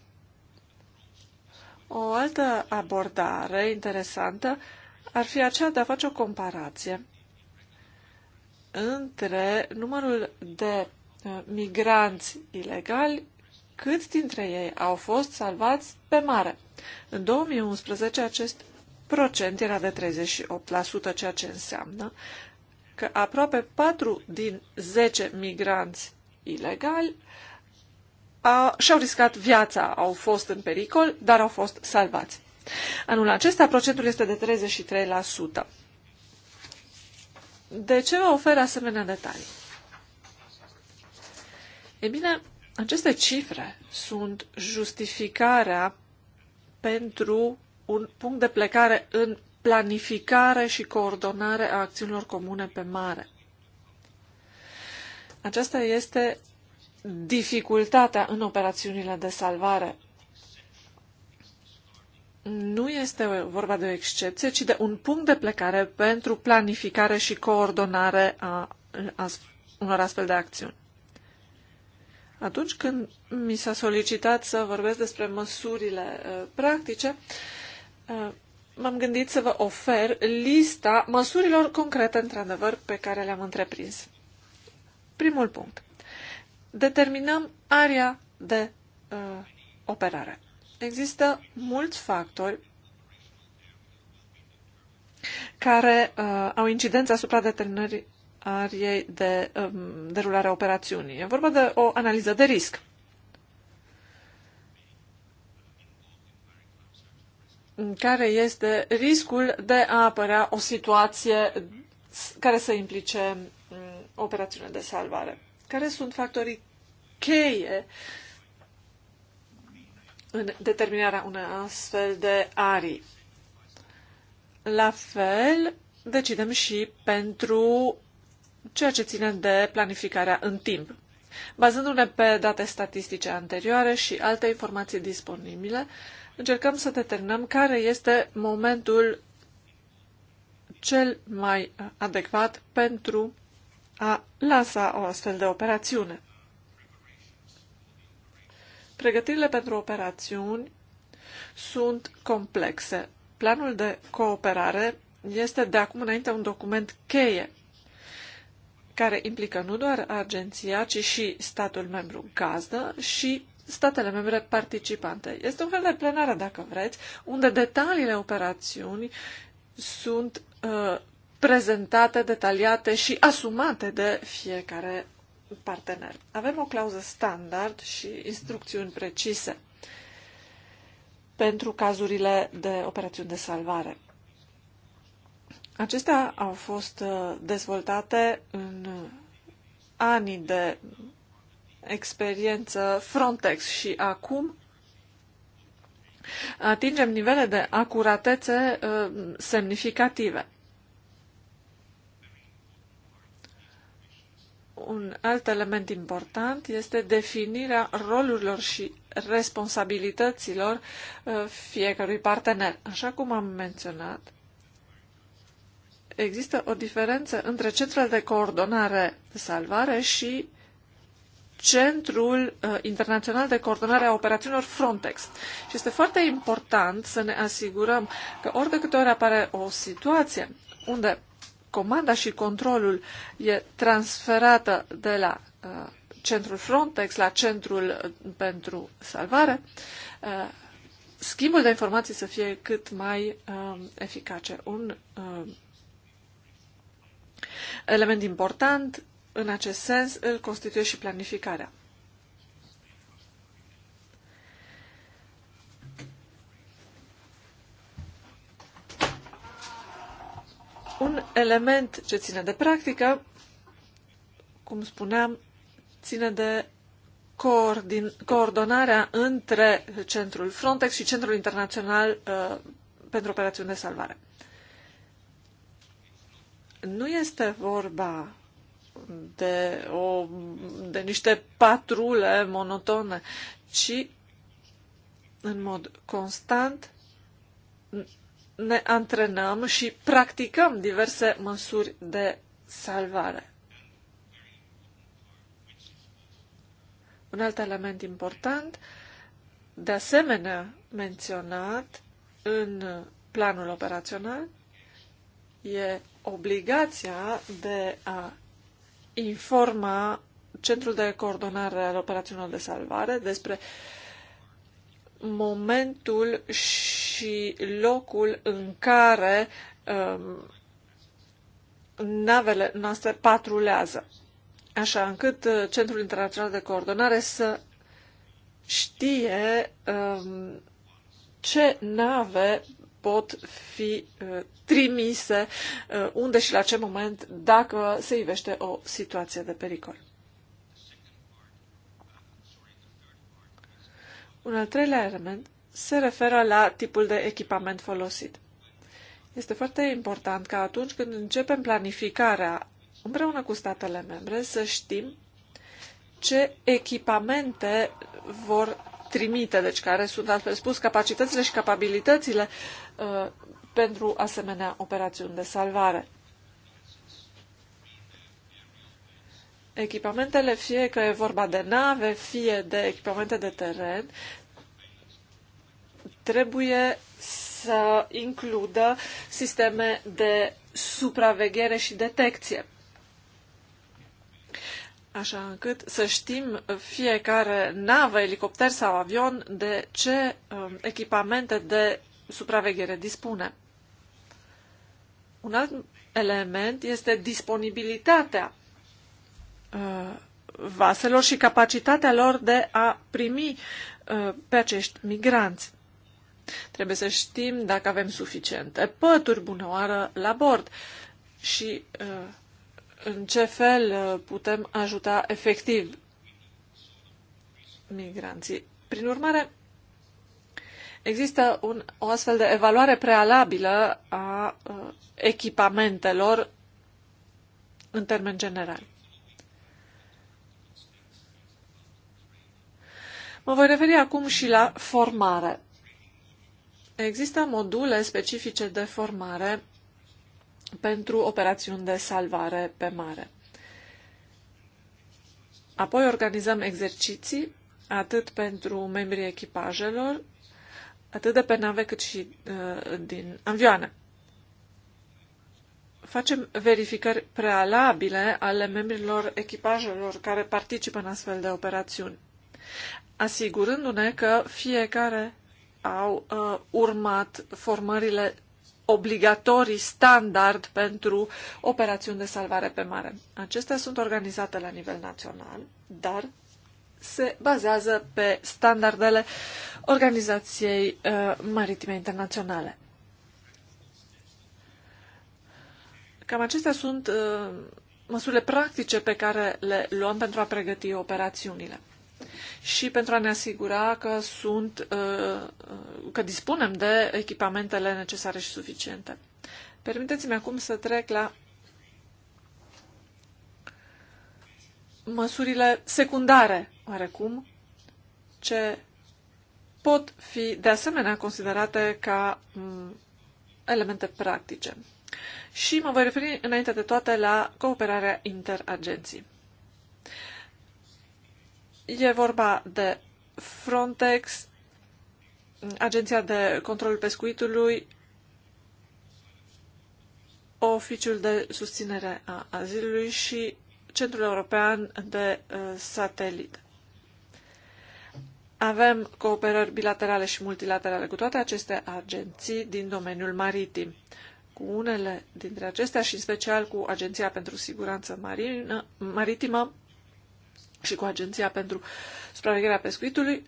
O altă abordare interesantă ar fi aceea de a face o comparație între numărul de uh, migranți ilegali, câți dintre ei au fost salvați pe mare. În 2011 acest procent era de 38%, ceea ce înseamnă că aproape 4 din 10 migranți ilegali și-au riscat viața, au fost în pericol, dar au fost salvați. Anul acesta procentul este de 33%. De ce vă ofer asemenea detalii? E bine, aceste cifre sunt justificarea pentru un punct de plecare în planificare și coordonare a acțiunilor comune pe mare. Aceasta este dificultatea în operațiunile de salvare. Nu este vorba de o excepție, ci de un punct de plecare pentru planificare și coordonare a, a unor astfel de acțiuni. Atunci când mi s-a solicitat să vorbesc despre măsurile uh, practice, uh, m-am gândit să vă ofer lista măsurilor concrete, într-adevăr, pe care le-am întreprins. Primul punct. Determinăm area de uh, operare. Există mulți factori care uh, au incidență asupra determinării ariei de uh, derulare a operațiunii. E vorba de o analiză de risc. care este riscul de a apărea o situație care să implice mm, operațiune de salvare. Care sunt factorii cheie în determinarea unei astfel de arii? La fel, decidem și pentru ceea ce ține de planificarea în timp. Bazându-ne pe date statistice anterioare și alte informații disponibile, încercăm să determinăm care este momentul cel mai adecvat pentru a lansa o astfel de operațiune. Pregătirile pentru operațiuni sunt complexe. Planul de cooperare este de acum înainte un document cheie care implică nu doar agenția, ci și statul membru gazdă și statele membre participante. Este un fel de plenară, dacă vreți, unde detaliile operațiuni sunt uh, prezentate, detaliate și asumate de fiecare partener. Avem o clauză standard și instrucțiuni precise pentru cazurile de operațiuni de salvare. Acestea au fost uh, dezvoltate în uh, ani de experiență Frontex și acum atingem nivele de acuratețe uh, semnificative. Un alt element important este definirea rolurilor și responsabilităților fiecărui partener. Așa cum am menționat, există o diferență între centrul de coordonare de salvare și Centrul uh, Internațional de Coordonare a Operațiunilor Frontex. Și este foarte important să ne asigurăm că ori de câte ori apare o situație unde comanda și controlul e transferată de la uh, centrul Frontex la centrul uh, pentru salvare, uh, schimbul de informații să fie cât mai uh, eficace. Un uh, element important în acest sens îl constituie și planificarea. Un element ce ține de practică, cum spuneam, ține de coordonarea între centrul Frontex și Centrul Internațional uh, pentru Operațiuni de Salvare nu este vorba de, o, de niște patrule monotone, ci în mod constant ne antrenăm și practicăm diverse măsuri de salvare. Un alt element important, de asemenea menționat în planul operațional, e obligația de a informa Centrul de Coordonare al Operațiunilor de Salvare despre momentul și locul în care um, navele noastre patrulează, așa încât uh, Centrul Internațional de Coordonare să știe um, ce nave pot fi uh, trimise uh, unde și la ce moment dacă se ivește o situație de pericol. Un al treilea element se referă la tipul de echipament folosit. Este foarte important ca atunci când începem planificarea împreună cu statele membre să știm ce echipamente vor trimite, deci care sunt, altfel spus, capacitățile și capabilitățile uh, pentru asemenea operațiuni de salvare. Echipamentele, fie că e vorba de nave, fie de echipamente de teren, trebuie să includă sisteme de supraveghere și detecție așa încât să știm fiecare navă, elicopter sau avion de ce um, echipamente de supraveghere dispune. Un alt element este disponibilitatea uh, vaselor și capacitatea lor de a primi uh, pe acești migranți. Trebuie să știm dacă avem suficiente pături bunăoară la bord și uh, în ce fel uh, putem ajuta efectiv migranții. Prin urmare, există un, o astfel de evaluare prealabilă a uh, echipamentelor în termen general. Mă voi referi acum și la formare. Există module specifice de formare pentru operațiuni de salvare pe mare. Apoi organizăm exerciții atât pentru membrii echipajelor, atât de pe nave cât și uh, din avioane. Facem verificări prealabile ale membrilor echipajelor care participă în astfel de operațiuni, asigurându-ne că fiecare au uh, urmat formările obligatorii standard pentru operațiuni de salvare pe mare. Acestea sunt organizate la nivel național, dar se bazează pe standardele Organizației uh, Maritime Internaționale. Cam acestea sunt uh, măsurile practice pe care le luăm pentru a pregăti operațiunile și pentru a ne asigura că sunt, uh, uh, că dispunem de echipamentele necesare și suficiente. Permiteți-mi acum să trec la măsurile secundare, oarecum, ce pot fi de asemenea considerate ca mm, elemente practice. Și mă voi referi înainte de toate la cooperarea interagenții. E vorba de Frontex, Agenția de Control Pescuitului, Oficiul de Susținere a Azilului și Centrul European de uh, Satelit. Avem cooperări bilaterale și multilaterale cu toate aceste agenții din domeniul maritim. Cu unele dintre acestea și în special cu Agenția pentru Siguranță Marină, Maritimă și cu Agenția pentru Supravegherea Pescuitului,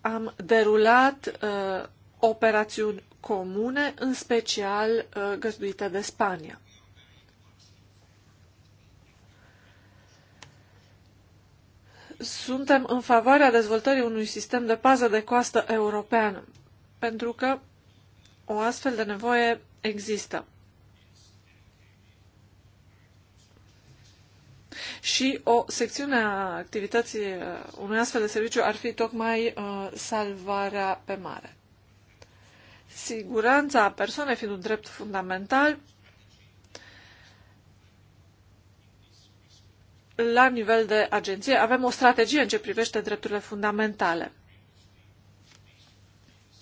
am derulat uh, operațiuni comune, în special uh, găzduite de Spania. Suntem în favoarea dezvoltării unui sistem de pază de coastă european, pentru că o astfel de nevoie există. și o secțiune a activității uh, unui astfel de serviciu ar fi tocmai uh, salvarea pe mare. Siguranța persoanei fiind un drept fundamental, la nivel de agenție avem o strategie în ce privește drepturile fundamentale.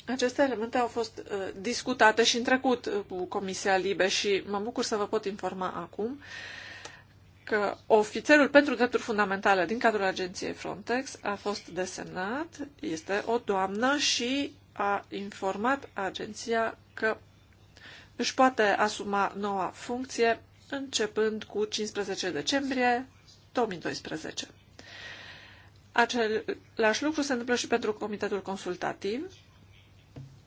Aceste elemente au fost uh, discutate și în trecut uh, cu Comisia Libe și mă bucur să vă pot informa acum că ofițerul pentru drepturi fundamentale din cadrul agenției Frontex a fost desemnat, este o doamnă și a informat agenția că își poate asuma noua funcție începând cu 15 decembrie 2012. Același lucru se întâmplă și pentru Comitetul Consultativ.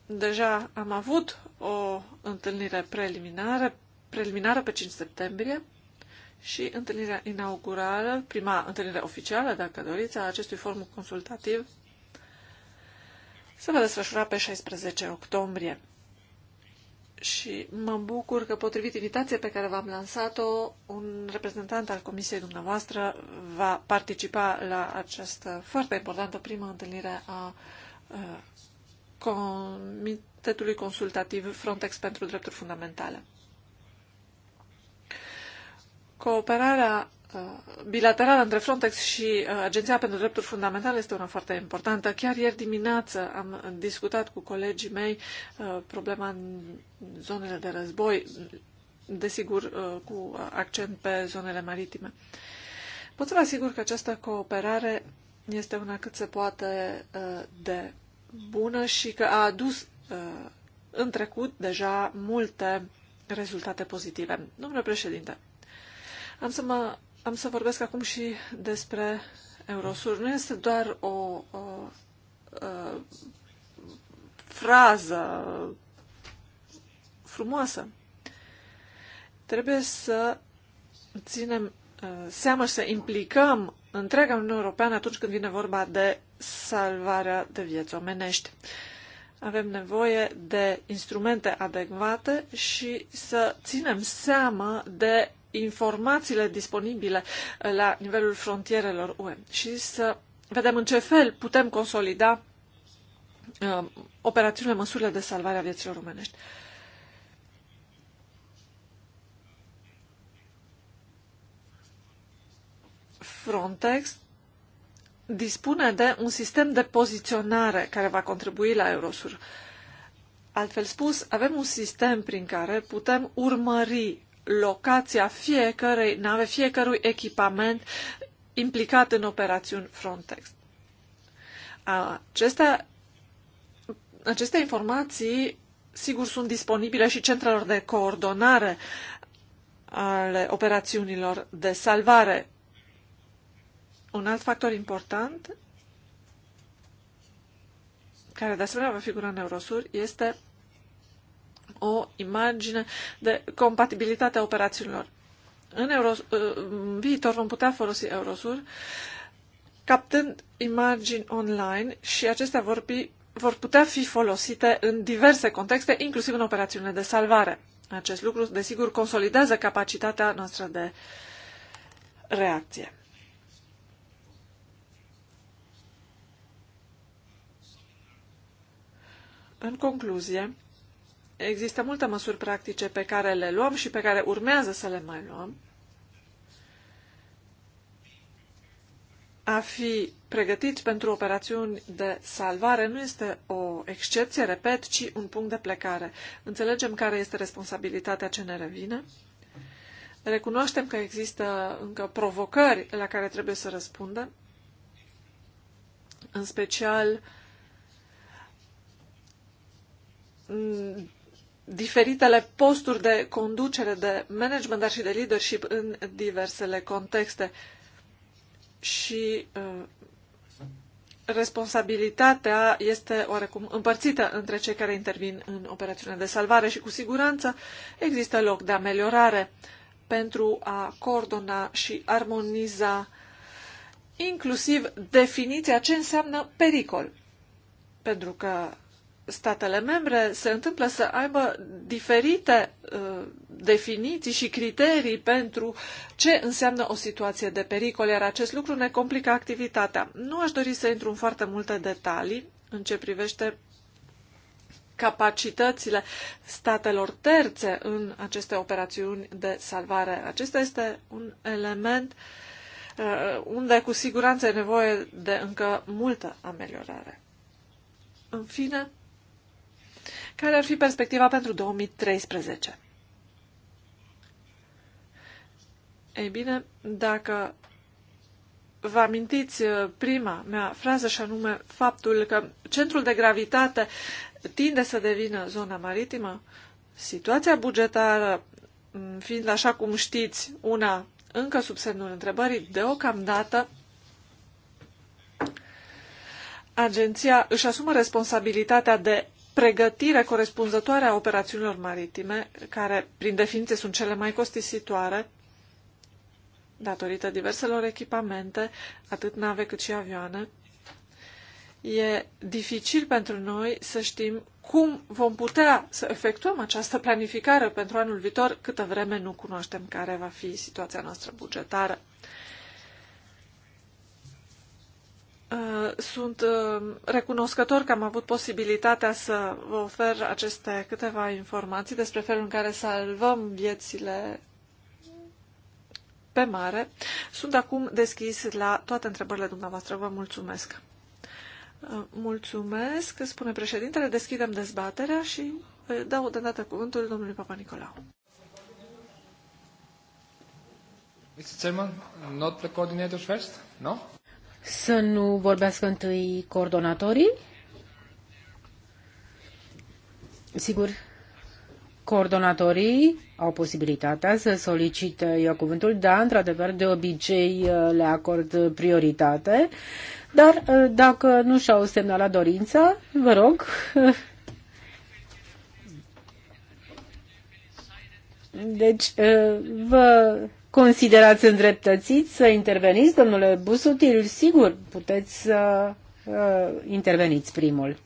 Deja am avut o întâlnire preliminară, preliminară pe 5 septembrie și întâlnirea inaugurală, prima întâlnire oficială, dacă doriți, a acestui forum consultativ se va desfășura pe 16 octombrie. Și mă bucur că, potrivit invitației pe care v-am lansat-o, un reprezentant al comisiei dumneavoastră va participa la această foarte importantă primă întâlnire a uh, Comitetului Consultativ Frontex pentru Drepturi Fundamentale. Cooperarea uh, bilaterală între Frontex și uh, Agenția pentru Drepturi Fundamentale este una foarte importantă. Chiar ieri dimineață am discutat cu colegii mei uh, problema în zonele de război, desigur cu accent pe zonele maritime. Pot să vă asigur că această cooperare este una cât se poate de bună și că a adus în trecut deja multe rezultate pozitive. Domnule președinte, am să, mă, am să vorbesc acum și despre Eurosur. Nu este doar o, o, o frază frumoasă. Trebuie să ținem uh, seama și să implicăm întreaga Uniune Europeană atunci când vine vorba de salvarea de vieți omenești. Avem nevoie de instrumente adecvate și să ținem seama de informațiile disponibile eh, la nivelul frontierelor UE și să vedem în ce fel putem consolida uh, operațiunile, măsurile de salvare a vieților omenești. Frontex dispune de un sistem de poziționare care va contribui la Eurosur. Altfel spus, avem un sistem prin care putem urmări locația fiecărei nave, fiecărui echipament implicat în operațiuni Frontex. Acestea, aceste informații, sigur, sunt disponibile și centrelor de coordonare ale operațiunilor de salvare. Un alt factor important, care de asemenea va figura în Eurosur, este o imagine de compatibilitate a operațiunilor. În, Euro, uh, în viitor vom putea folosi Eurosur captând imagini online și acestea vor, fi, vor putea fi folosite în diverse contexte, inclusiv în operațiunile de salvare. Acest lucru, desigur, consolidează capacitatea noastră de reacție. În concluzie, Există multe măsuri practice pe care le luăm și pe care urmează să le mai luăm. A fi pregătiți pentru operațiuni de salvare nu este o excepție, repet, ci un punct de plecare. Înțelegem care este responsabilitatea ce ne revine. Recunoaștem că există încă provocări la care trebuie să răspundem, în special diferitele posturi de conducere, de management, dar și de leadership în diversele contexte. Și uh, responsabilitatea este oarecum împărțită între cei care intervin în operațiunea de salvare și cu siguranță există loc de ameliorare pentru a coordona și armoniza inclusiv definiția ce înseamnă pericol. Pentru că statele membre se întâmplă să aibă diferite uh, definiții și criterii pentru ce înseamnă o situație de pericol, iar acest lucru ne complică activitatea. Nu aș dori să intru în foarte multe detalii în ce privește capacitățile statelor terțe în aceste operațiuni de salvare. Acesta este un element uh, unde cu siguranță e nevoie de încă multă ameliorare. În fine, care ar fi perspectiva pentru 2013? Ei bine, dacă vă amintiți uh, prima mea frază și anume faptul că centrul de gravitate tinde să devină zona maritimă, situația bugetară mm, fiind, așa cum știți, una încă sub semnul întrebării, deocamdată agenția își asumă responsabilitatea de pregătire corespunzătoare a operațiunilor maritime, care prin definiție sunt cele mai costisitoare, datorită diverselor echipamente, atât nave cât și avioane, e dificil pentru noi să știm cum vom putea să efectuăm această planificare pentru anul viitor, câtă vreme nu cunoaștem care va fi situația noastră bugetară. Uh, sunt uh, recunoscător că am avut posibilitatea să vă ofer aceste câteva informații despre felul în care salvăm viețile pe mare. Sunt acum deschis la toate întrebările dumneavoastră. Vă mulțumesc. Uh, mulțumesc, spune președintele. Deschidem dezbaterea și dau de dată cuvântul domnului Papa Nicolau. Mr. Chairman, not the coordinator first? No? să nu vorbească întâi coordonatorii? Sigur, coordonatorii au posibilitatea să solicite eu cuvântul, da, într-adevăr, de obicei uh, le acord prioritate, dar uh, dacă nu și-au semnalat dorința, vă rog, deci uh, vă Considerați îndreptățit să interveniți, domnule Busutil? Sigur, puteți să uh, interveniți primul.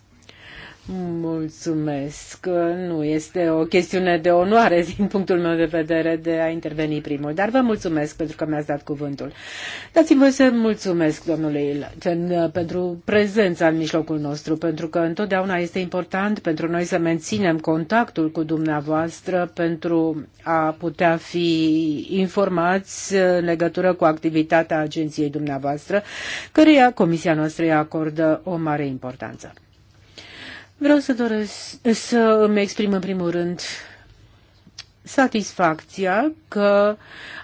Mulțumesc. Nu este o chestiune de onoare din punctul meu de vedere de a interveni primul, dar vă mulțumesc pentru că mi-ați dat cuvântul. Dați-mi să mulțumesc domnului uh, pentru prezența în mijlocul nostru, pentru că întotdeauna este important pentru noi să menținem contactul cu dumneavoastră pentru a putea fi informați în legătură cu activitatea agenției dumneavoastră, căreia comisia noastră îi acordă o mare importanță. Vreau să doresc să îmi exprim în primul rând satisfacția că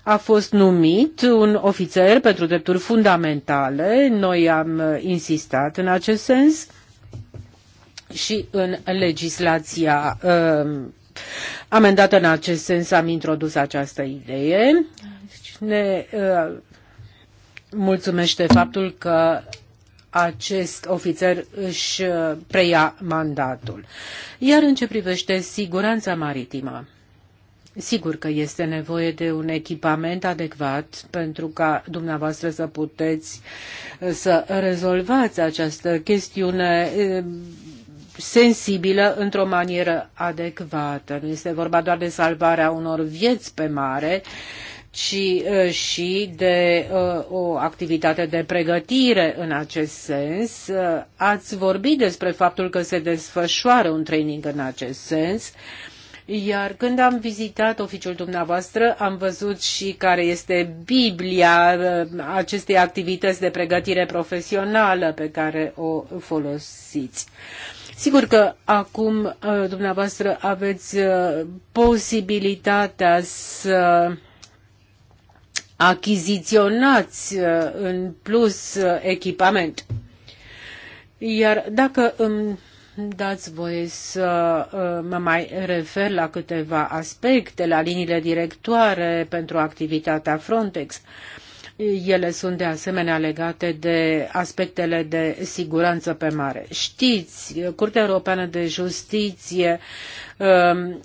a fost numit un ofițer pentru drepturi fundamentale. Noi am insistat în acest sens și în legislația uh, amendată în acest sens am introdus această idee. Deci ne uh, mulțumește faptul că acest ofițer își uh, preia mandatul. Iar în ce privește siguranța maritimă, Sigur că este nevoie de un echipament adecvat pentru ca dumneavoastră să puteți uh, să rezolvați această chestiune uh, sensibilă într-o manieră adecvată. Nu este vorba doar de salvarea unor vieți pe mare, ci ă, și de ă, o activitate de pregătire în acest sens. Ă, ați vorbit despre faptul că se desfășoară un training în acest sens. Iar când am vizitat oficiul dumneavoastră, am văzut și care este Biblia acestei activități de pregătire profesională pe care o folosiți. Sigur că acum dumneavoastră aveți posibilitatea să achiziționați uh, în plus uh, echipament. Iar dacă îmi dați voie să uh, mă mai refer la câteva aspecte, la liniile directoare pentru activitatea Frontex, ele sunt de asemenea legate de aspectele de siguranță pe mare. Știți, Curtea Europeană de Justiție um,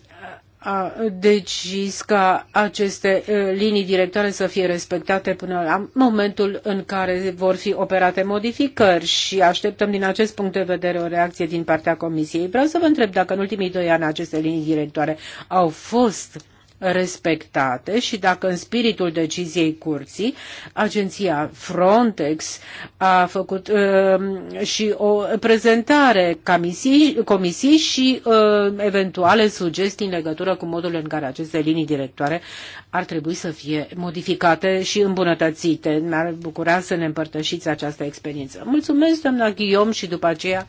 a decis ca aceste linii directoare să fie respectate până la momentul în care vor fi operate modificări și așteptăm din acest punct de vedere o reacție din partea Comisiei. Vreau să vă întreb dacă în ultimii doi ani aceste linii directoare au fost respectate și dacă în spiritul deciziei curții agenția Frontex a făcut uh, și o prezentare comisiei, comisiei și uh, eventuale sugestii în legătură cu modul în care aceste linii directoare ar trebui să fie modificate și îmbunătățite. Mi-ar bucura să ne împărtășiți această experiență. Mulțumesc, doamna Ghiom și după aceea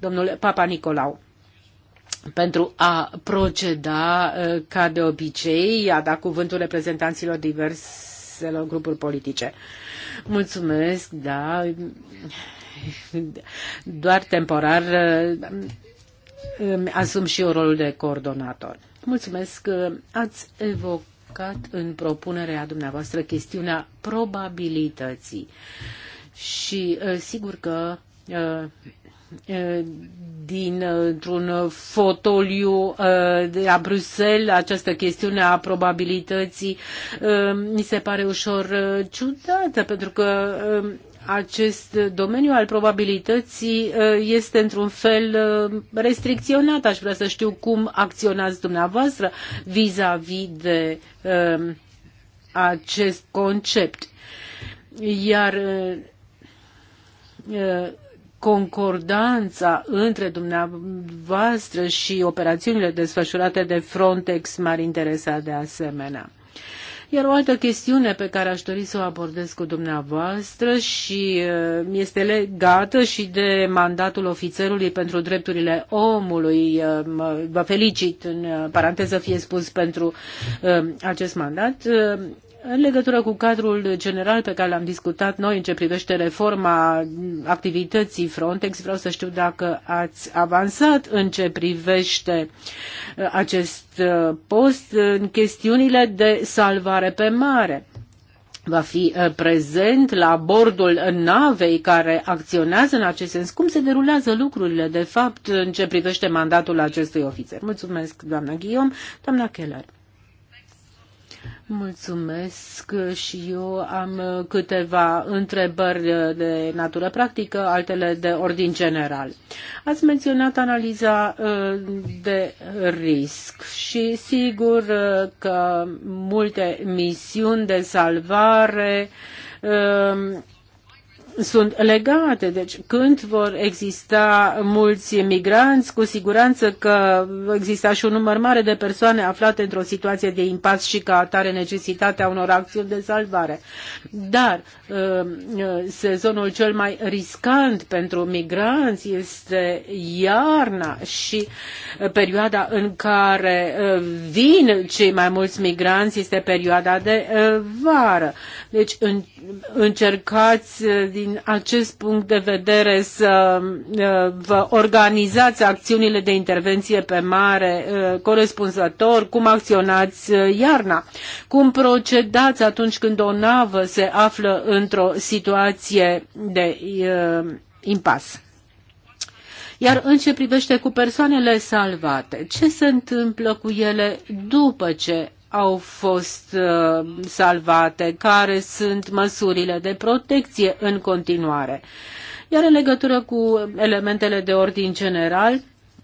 domnul Papa Nicolau pentru a proceda ca de obicei, a da cuvântul reprezentanților diverselor grupuri politice. Mulțumesc, da, doar temporar îmi asum și eu rolul de coordonator. Mulțumesc că ați evocat în propunerea dumneavoastră chestiunea probabilității și sigur că dintr-un fotoliu de la Bruxelles această chestiune a probabilității mi se pare ușor ciudată pentru că acest domeniu al probabilității este într-un fel restricționat. Aș vrea să știu cum acționați dumneavoastră vis a -vis de acest concept. Iar concordanța între dumneavoastră și operațiunile desfășurate de Frontex m-ar interesa de asemenea. Iar o altă chestiune pe care aș dori să o abordez cu dumneavoastră și uh, este legată și de mandatul ofițerului pentru drepturile omului. Uh, vă felicit în paranteză fie spus pentru uh, acest mandat. În legătură cu cadrul general pe care l-am discutat noi în ce privește reforma activității Frontex, vreau să știu dacă ați avansat în ce privește uh, acest uh, post în chestiunile de salvare pe mare va fi uh, prezent la bordul navei care acționează în acest sens. Cum se derulează lucrurile, de fapt, în ce privește mandatul acestui ofițer? Mulțumesc, doamna Ghiom, doamna Keller. Mulțumesc și eu am câteva întrebări de natură practică, altele de ordin general. Ați menționat analiza uh, de risc și sigur uh, că multe misiuni de salvare uh, sunt legate. Deci când vor exista mulți migranți, cu siguranță că exista și un număr mare de persoane aflate într-o situație de impas și ca atare necesitatea unor acțiuni de salvare. Dar uh, uh, sezonul cel mai riscant pentru migranți este iarna și uh, perioada în care vin cei mai mulți migranți este perioada de vară. Deci încercați din acest punct de vedere să uh, vă organizați acțiunile de intervenție pe mare uh, corespunzător, cum acționați uh, iarna, cum procedați atunci când o navă se află într-o situație de impas. Iar în ce privește cu persoanele salvate, ce se întâmplă cu ele după ce au fost uh, salvate, care sunt măsurile de protecție în continuare. Iar în legătură cu elementele de ordin general,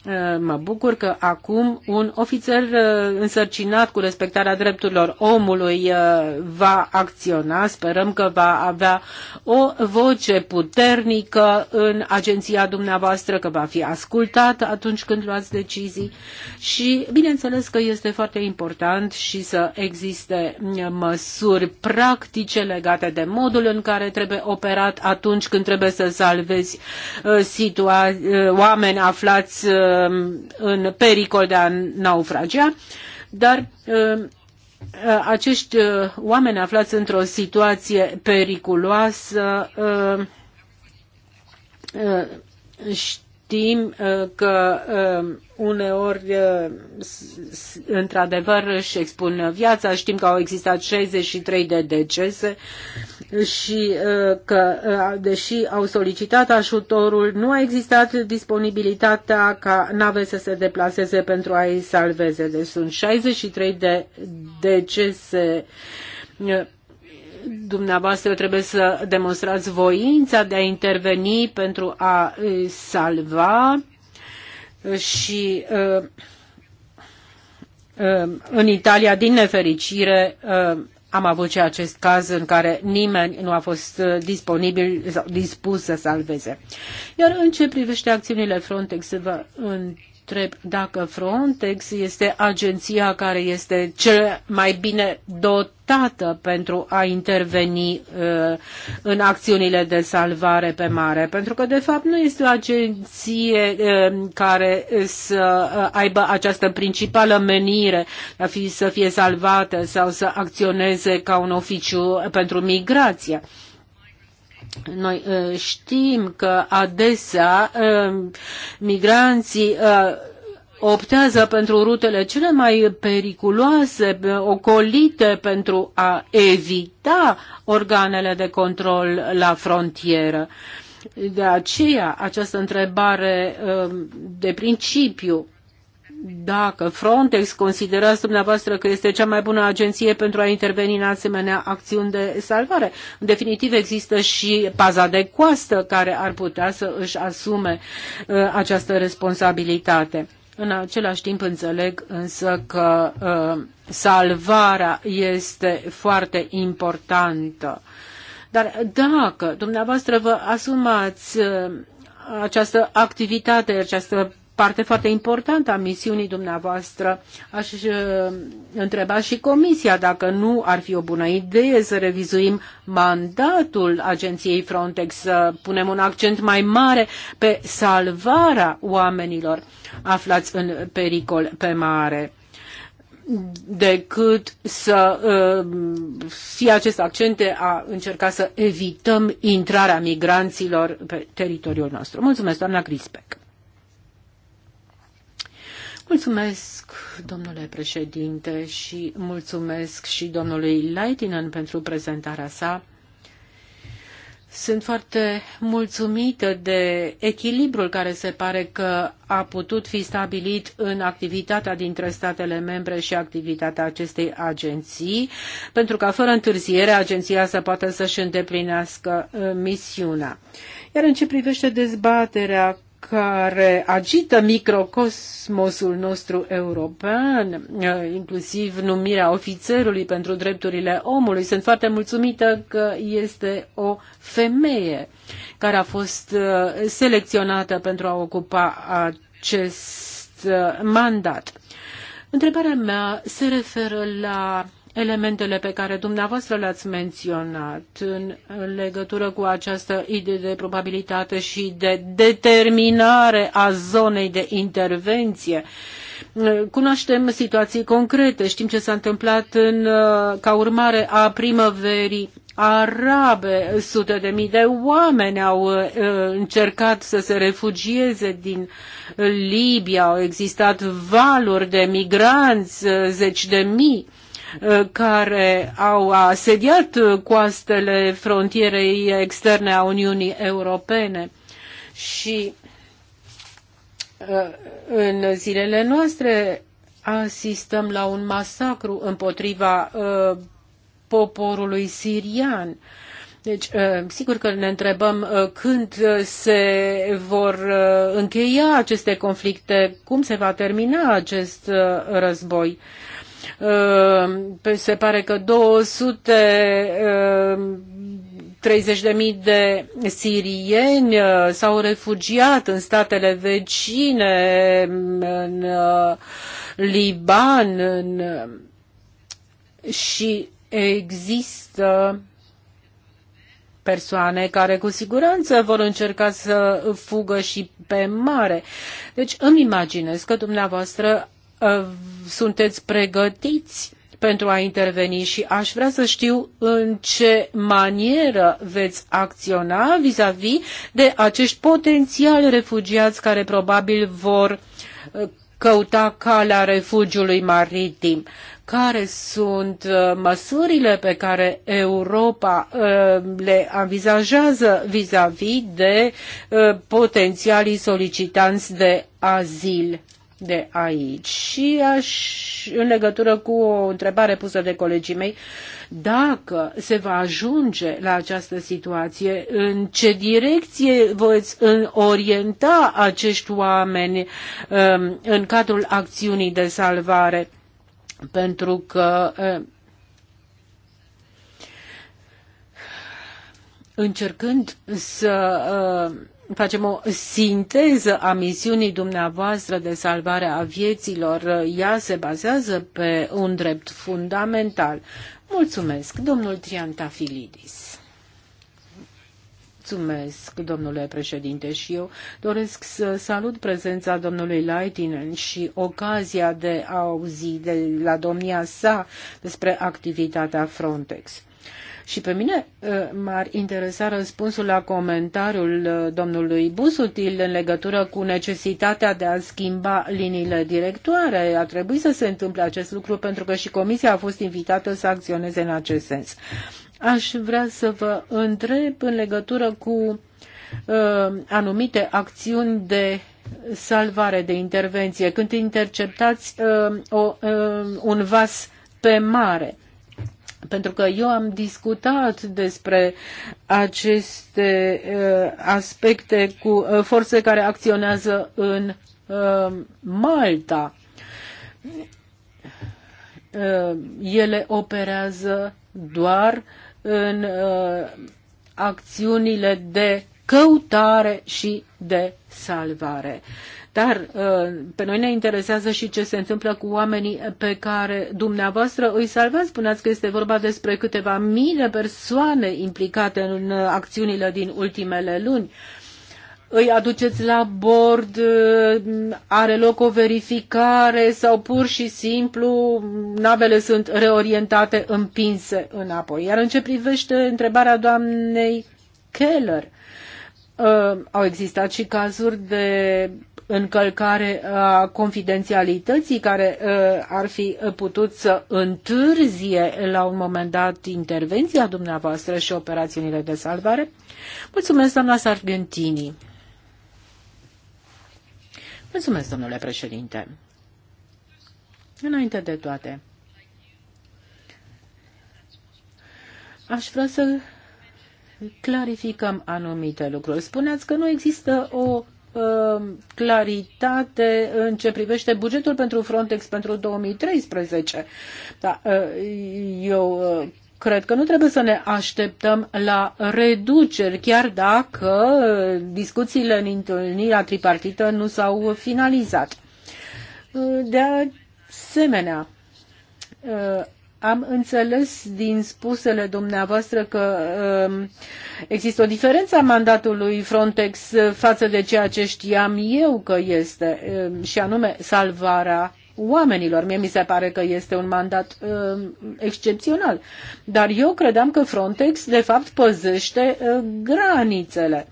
Uh, mă bucur că acum un ofițer uh, însărcinat cu respectarea drepturilor omului uh, va acționa. Sperăm că va avea o voce puternică în agenția dumneavoastră, că va fi ascultat atunci când luați decizii și bineînțeles că este foarte important și să existe măsuri practice legate de modul în care trebuie operat atunci când trebuie să salvezi situa- oameni aflați Um, în pericol de a naufragia, dar um, uh, acești uh, oameni aflați într-o situație periculoasă uh, știm uh, că uh, uneori uh, într-adevăr își expun viața, știm că au existat 63 de decese și că deși au solicitat ajutorul, nu a existat disponibilitatea ca nave să se deplaseze pentru a-i salveze. Deci sunt 63 de decese dumneavoastră trebuie să demonstrați voința de a interveni pentru a salva și uh, uh, în Italia, din nefericire, uh, am avut și acest caz în care nimeni nu a fost disponibil sau dispus să salveze. Iar în ce privește acțiunile Frontex, vă întreb întreb dacă Frontex este agenția care este cel mai bine dotată pentru a interveni uh, în acțiunile de salvare pe mare, pentru că de fapt nu este o agenție uh, care să uh, aibă această principală menire a fi, să fie salvată sau să acționeze ca un oficiu pentru migrație. Noi uh, știm că adesea uh, migranții uh, optează pentru rutele cele mai periculoase, ocolite pentru a evita organele de control la frontieră. De aceea, această întrebare de principiu dacă Frontex considerați dumneavoastră că este cea mai bună agenție pentru a interveni în asemenea acțiuni de salvare. În definitiv există și paza de coastă care ar putea să își asume uh, această responsabilitate. În același timp înțeleg însă că uh, salvarea este foarte importantă. Dar dacă dumneavoastră vă asumați uh, această activitate, această parte foarte importantă a misiunii dumneavoastră. Aș uh, întreba și Comisia dacă nu ar fi o bună idee să revizuim mandatul agenției Frontex, să punem un accent mai mare pe salvarea oamenilor aflați în pericol pe mare decât să uh, fie acest accent de a încerca să evităm intrarea migranților pe teritoriul nostru. Mulțumesc, doamna Crispec. Mulțumesc, domnule președinte, și mulțumesc și domnului Leitinen pentru prezentarea sa. Sunt foarte mulțumită de echilibrul care se pare că a putut fi stabilit în activitatea dintre statele membre și activitatea acestei agenții, pentru ca fără întârziere agenția să poată să-și îndeplinească uh, misiunea. Iar în ce privește dezbaterea care agită microcosmosul nostru european, eh, inclusiv numirea ofițerului pentru drepturile omului. Sunt foarte mulțumită că este o femeie care a fost eh, selecționată pentru a ocupa acest eh, mandat. Întrebarea mea se referă la elementele pe care dumneavoastră le-ați menționat în legătură cu această idee de probabilitate și de determinare a zonei de intervenție. Cunoaștem situații concrete, știm ce s-a întâmplat în, uh, ca urmare a primăverii arabe, sute de mii de oameni au uh, încercat să se refugieze din Libia, au existat valuri de migranți, uh, zeci de mii care au asediat coastele frontierei externe a Uniunii Europene și uh, în zilele noastre asistăm la un masacru împotriva uh, poporului sirian. Deci, uh, sigur că ne întrebăm când se vor încheia aceste conflicte, cum se va termina acest război. Se pare că 230.000 uh, de sirieni uh, s-au refugiat în statele vecine, în uh, Liban, în... și există persoane care cu siguranță vor încerca să fugă și pe mare. Deci îmi imaginez că dumneavoastră Uh, sunteți pregătiți pentru a interveni și aș vrea să știu în ce manieră veți acționa vis-a-vis -vis de acești potențiali refugiați care probabil vor uh, căuta calea refugiului maritim. Care sunt uh, măsurile pe care Europa le avizajează vis-a-vis -vis de potențialii solicitanți de azil? de aici. Și aș, în legătură cu o întrebare pusă de colegii mei, dacă se va ajunge la această situație, în ce direcție voți orienta acești oameni um, în cadrul acțiunii de salvare? Pentru că um, încercând să um, facem o sinteză a misiunii dumneavoastră de salvare a vieților. Ea se bazează pe un drept fundamental. Mulțumesc, domnul Triantafilidis. Mulțumesc, domnule președinte, și eu doresc să salut prezența domnului Leitinen și ocazia de a auzi de la domnia sa despre activitatea Frontex. Și pe mine uh, m-ar interesa răspunsul la comentariul uh, domnului Busutil în legătură cu necesitatea de a schimba liniile directoare. A trebuit să se întâmple acest lucru pentru că și Comisia a fost invitată să acționeze în acest sens. Aș vrea să vă întreb în legătură cu uh, anumite acțiuni de salvare, de intervenție, când interceptați uh, o, uh, un vas pe mare pentru că eu am discutat despre aceste uh, aspecte cu uh, forțe care acționează în uh, Malta. Uh, ele operează doar în uh, acțiunile de căutare și de salvare. Dar uh, pe noi ne interesează și ce se întâmplă cu oamenii pe care dumneavoastră îi salvați. Spuneați că este vorba despre câteva mii de persoane implicate în uh, acțiunile din ultimele luni îi aduceți la bord, uh, are loc o verificare sau pur și simplu navele sunt reorientate, împinse înapoi. Iar în ce privește întrebarea doamnei Keller, au existat și cazuri de încălcare a confidențialității care uh, ar fi putut să întârzie la un moment dat intervenția dumneavoastră și operațiunile de salvare? Mulțumesc, doamna Sargentini. Mulțumesc, domnule președinte. Înainte de toate, aș vrea să clarificăm anumite lucruri. Spuneați că nu există o Um, claritate în ce privește bugetul pentru Frontex pentru 2013. Da, uh, eu uh, cred că nu trebuie să ne așteptăm la reduceri, chiar dacă uh, discuțiile în întâlnirea tripartită nu s-au finalizat. De asemenea, am înțeles din spusele dumneavoastră că um, există o diferență a mandatului Frontex față de ceea ce știam eu că este, um, și anume salvarea oamenilor. Mie mi se pare că este un mandat um, excepțional. Dar eu credeam că Frontex, de fapt, păzește uh, granițele.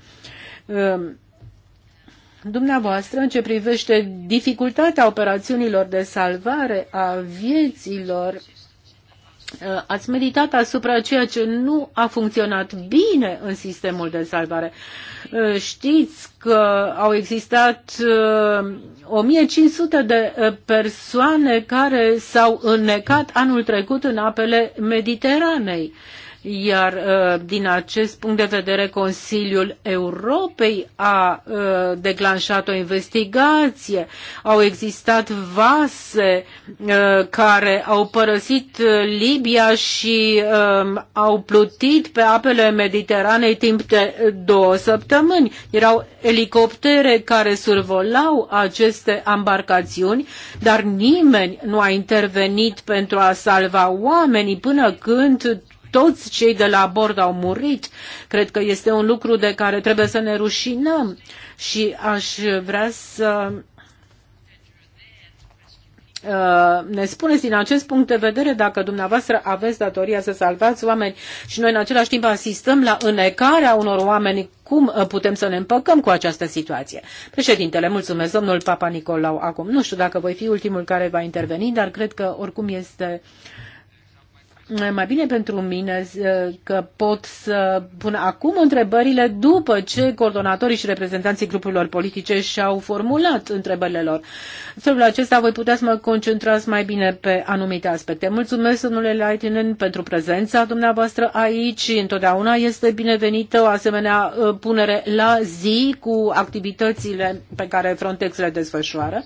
dumneavoastră în ce privește dificultatea operațiunilor de salvare a vieților Uh, ați meditat asupra ceea ce nu a funcționat bine în sistemul de salvare. Uh, știți că au existat 1500 uh, de persoane care s-au înnecat anul trecut în apele Mediteranei iar uh, din acest punct de vedere, Consiliul Europei a uh, declanșat o investigație. Au existat vase uh, care au părăsit Libia și um, au plutit pe apele Mediteranei timp de două săptămâni. Erau elicoptere care survolau aceste ambarcațiuni, dar nimeni nu a intervenit pentru a salva oamenii până când toți cei de la bord au murit. Cred că este un lucru de care trebuie să ne rușinăm și aș vrea să uh, ne spuneți din acest punct de vedere dacă dumneavoastră aveți datoria să salvați oameni și noi în același timp asistăm la înecarea unor oameni, cum uh, putem să ne împăcăm cu această situație? Președintele, mulțumesc, domnul Papa Nicolau, acum. Nu știu dacă voi fi ultimul care va interveni, dar cred că oricum este uh, mai bine pentru mine eh, că pot să pun acum întrebările după ce coordonatorii și reprezentanții grupurilor politice și-au formulat întrebările lor. În felul acesta voi putea să mă concentrați mai bine pe anumite aspecte. Mulțumesc, domnule Leitinen, pentru prezența dumneavoastră aici. Întotdeauna este binevenită o asemenea eh, punere la zi cu activitățile pe care Frontex le desfășoară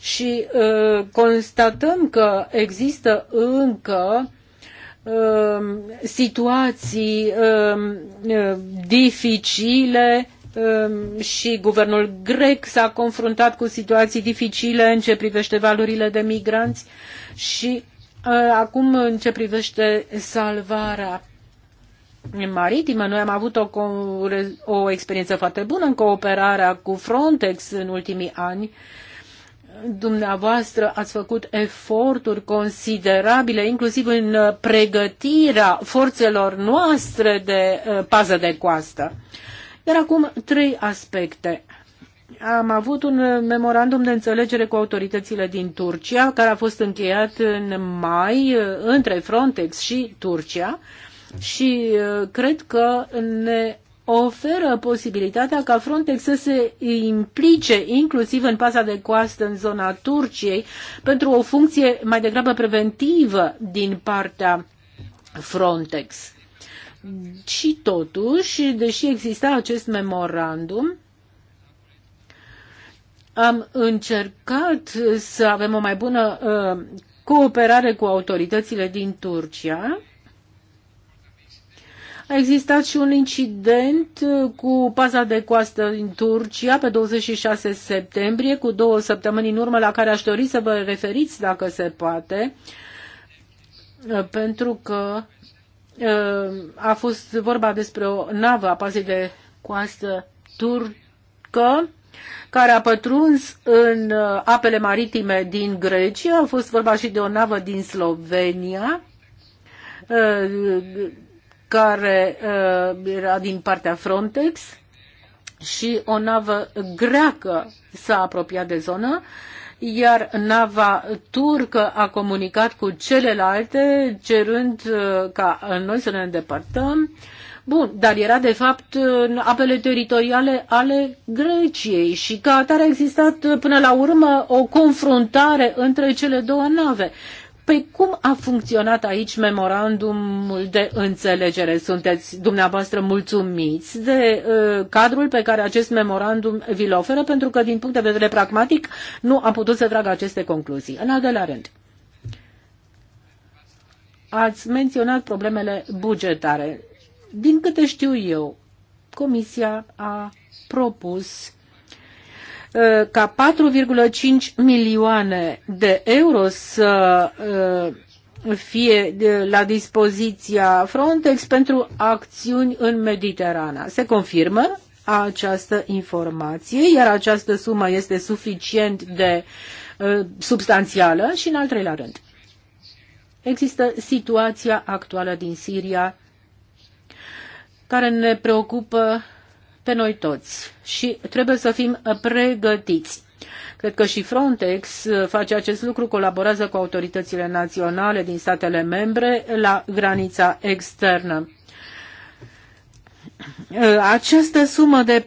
și uh, constatăm că există încă Um, situații um, uh, dificile um, și guvernul grec s-a confruntat cu situații dificile în ce privește valurile de migranți și uh, acum în ce privește salvarea maritimă. Noi am avut o, o experiență foarte bună în cooperarea cu Frontex în ultimii ani dumneavoastră ați făcut eforturi considerabile, inclusiv în uh, pregătirea forțelor noastre de uh, pază de coastă. Iar acum trei aspecte. Am avut un uh, memorandum de înțelegere cu autoritățile din Turcia, care a fost încheiat în mai între Frontex și Turcia și cred că ne oferă posibilitatea ca Frontex să se implice inclusiv în paza de coastă în zona Turciei pentru o funcție mai degrabă preventivă din partea Frontex. Și totuși, deși exista acest memorandum, am încercat să avem o mai bună uh, cooperare cu autoritățile din Turcia a existat și un incident uh, cu paza de coastă în Turcia pe 26 septembrie, cu două săptămâni în urmă, la care aș dori să vă referiți, dacă se poate, uh, pentru că uh, a fost vorba despre o navă a pazei de coastă turcă care a pătruns în apele maritime din Grecia. A fost vorba și de o navă din Slovenia care uh, era din partea Frontex și o navă greacă s-a apropiat de zonă, iar nava turcă a comunicat cu celelalte cerând uh, ca noi să ne îndepărtăm. Bun, dar era de fapt în apele teritoriale ale Greciei și ca atare a existat uh, până la urmă o confruntare între cele două nave. Păi cum a funcționat aici memorandumul de înțelegere? Sunteți dumneavoastră mulțumiți de uh, cadrul pe care acest memorandum vi-l oferă? Pentru că, din punct de vedere pragmatic, nu am putut să trag aceste concluzii. În al doilea rând, ați menționat problemele bugetare. Din câte știu eu, Comisia a propus Uh, ca 4,5 milioane de euro să uh, fie uh, la dispoziția Frontex pentru acțiuni în Mediterana. Se confirmă această informație, iar această sumă este suficient de substanțială și în al treilea rând. Există situația actuală din Siria care ne preocupă pe noi toți și trebuie să fim uh, pregătiți. Cred că și Frontex uh, face acest lucru, colaborează cu autoritățile naționale din statele membre la granița externă. Uh, această sumă de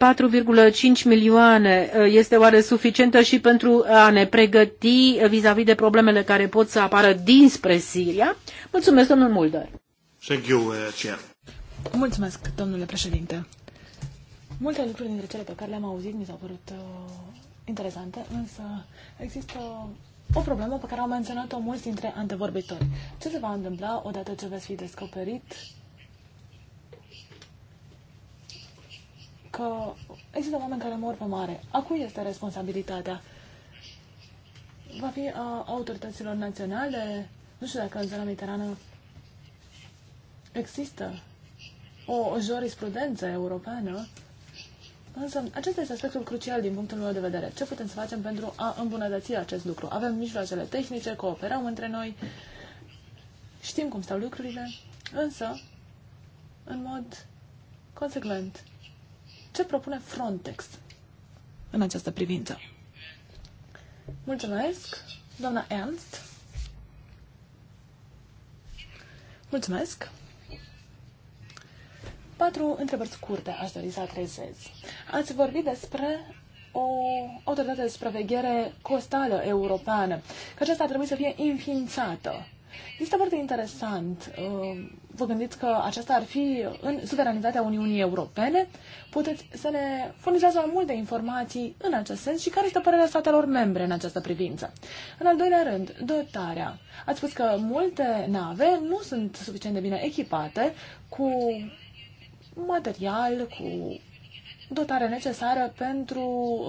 4,5 milioane este oare suficientă și pentru a ne pregăti vis-a-vis -vis de problemele care pot să apară dinspre Siria? Mulțumesc, domnul Mulder. Mulțumesc, domnule președinte. Multe lucruri dintre cele pe care le-am auzit mi s-au părut uh, interesante, însă există o problemă pe care au menționat-o mulți dintre antevorbitori. Ce se va întâmpla odată ce veți fi descoperit că există oameni care mor pe mare? A cui este responsabilitatea? Va fi a autorităților naționale? Nu știu dacă în zona mediterană există o jurisprudență europeană Însă, acesta este aspectul crucial din punctul meu de vedere. Ce putem să facem pentru a îmbunătăți acest lucru? Avem mijloacele tehnice, cooperăm între noi, știm cum stau lucrurile, însă, în mod consecvent, ce propune Frontex în această privință? Mulțumesc, doamna Ernst. Mulțumesc. Patru întrebări scurte aș dori să adresez. Ați vorbit despre o autoritate de supraveghere costală europeană, că aceasta ar trebui să fie înființată. Este foarte interesant. Um, vă gândiți că aceasta ar fi în suveranitatea Uniunii Europene? Puteți să ne furnizați mai multe informații în acest sens și care este părerea statelor membre în această privință? În al doilea rând, dotarea. Ați spus că multe nave nu sunt suficient de bine echipate cu material, cu dotare necesară pentru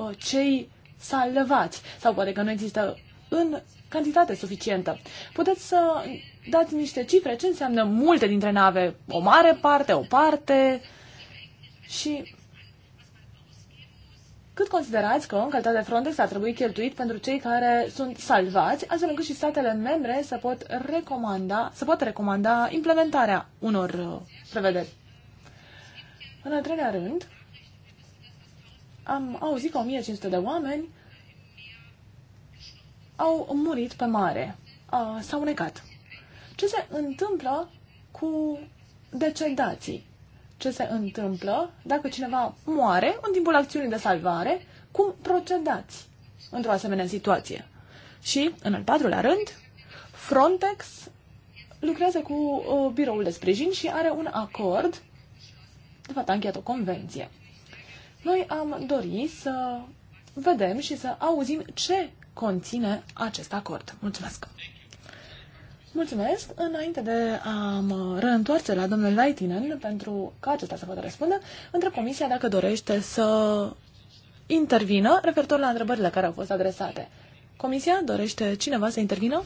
uh, cei salvați. Sau poate că nu există în cantitate suficientă. Puteți să dați niște cifre, ce înseamnă multe dintre nave, o mare parte, o parte și cât considerați că în calitate de Frontex a trebuit cheltuit pentru cei care sunt salvați, astfel încât și statele membre să pot recomanda, să pot recomanda implementarea unor uh, prevederi. În al treilea rând, am auzit că 1500 de oameni au murit pe mare, s-au necat. Ce se întâmplă cu decedații? Ce se întâmplă dacă cineva moare în timpul acțiunii de salvare? Cum procedați într-o asemenea situație? Și, în al patrulea rând, Frontex lucrează cu uh, biroul de sprijin și are un acord de fapt, a încheiat o convenție. Noi am dorit să vedem și să auzim ce conține acest acord. Mulțumesc! Mulțumesc! Înainte de a mă reîntoarce la domnul Leitinen, pentru ca acesta să vă răspundă, întreb comisia dacă dorește să intervină referitor la întrebările care au fost adresate. Comisia dorește cineva să intervină?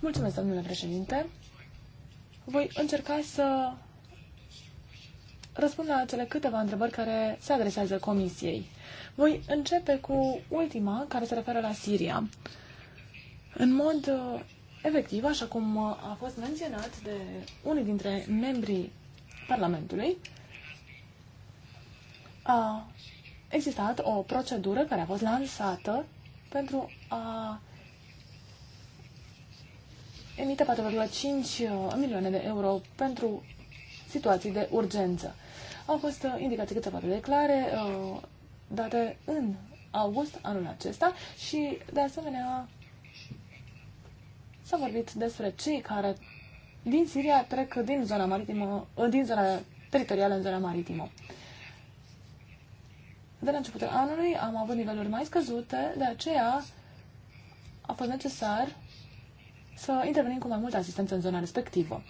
Mulțumesc, domnule președinte voi încerca să răspund la acele câteva întrebări care se adresează Comisiei. Voi începe cu ultima, care se referă la Siria. În mod uh, efectiv, așa cum uh, a fost menționat de unii dintre membrii Parlamentului, a existat o procedură care a fost lansată pentru a emite 4,5 uh, milioane de euro pentru situații de urgență. Au fost uh, indicate câteva de clare uh, date în august anul acesta și, de asemenea, s-a vorbit despre cei care din Siria trec din zona maritimă, din zona teritorială în zona maritimă. De la începutul anului am avut niveluri mai scăzute, de aceea a fost necesar să intervenim cu mai multă asistență în zona respectivă.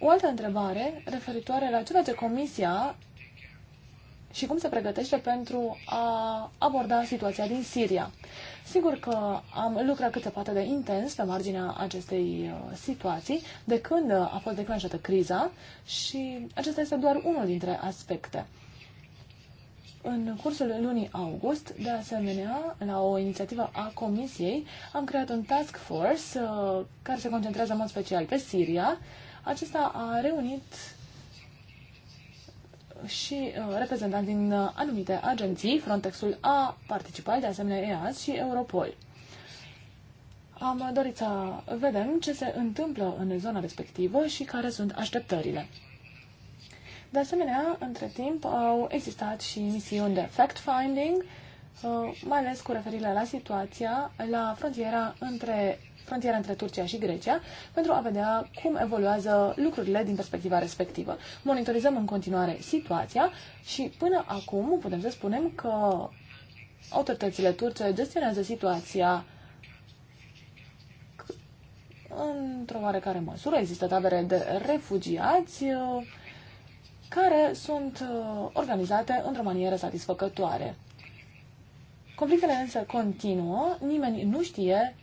O altă întrebare referitoare la ce face Comisia și cum se pregătește pentru a aborda situația din Siria. Sigur că am lucrat cât se poate de intens pe marginea acestei uh, situații de când a fost declanșată criza și acesta este doar unul dintre aspecte. În cursul lunii august, de asemenea, la o inițiativă a Comisiei, am creat un task force uh, care se concentrează în mod special pe Siria. Acesta a reunit și uh, reprezentanți din uh, anumite agenții. Frontexul a participat, de asemenea EAS și Europol. Am dorit să vedem ce se întâmplă în zona respectivă și care sunt așteptările. De asemenea, între timp au existat și misiuni de fact-finding, uh, mai ales cu referire la situația la frontiera între frontiera între Turcia și Grecia, pentru a vedea cum evoluează lucrurile din perspectiva respectivă. Monitorizăm în continuare situația și până acum putem să spunem că autoritățile turce gestionează situația într-o oarecare măsură. Există tabere de refugiați uh, care sunt uh, organizate într-o manieră satisfăcătoare. Conflictele însă continuă, nimeni nu știe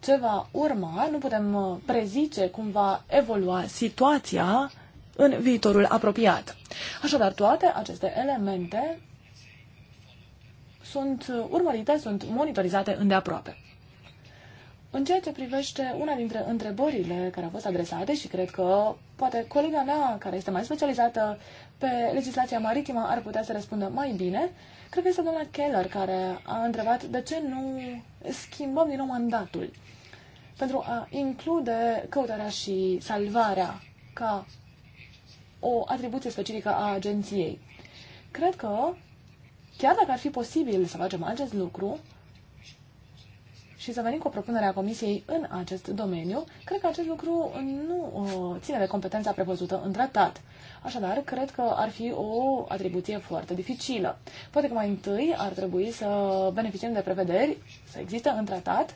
ce va urma, nu putem uh, prezice cum va evolua situația în viitorul apropiat. Așadar, toate aceste elemente sunt uh, urmărite, sunt monitorizate îndeaproape. În ceea ce privește una dintre întrebările care au fost adresate și cred că poate colega mea, care este mai specializată pe legislația maritimă, ar putea să răspundă mai bine, cred că este doamna Keller care a întrebat de ce nu schimbăm din nou mandatul pentru a include căutarea și salvarea ca o atribuție specifică a agenției. Cred că, chiar dacă ar fi posibil să facem acest lucru, și să venim cu o propunere a Comisiei în acest domeniu, cred că acest lucru nu uh, ține de competența prevăzută în tratat. Așadar, cred că ar fi o atribuție foarte dificilă. Poate că mai întâi ar trebui să beneficiem de prevederi, să există în tratat,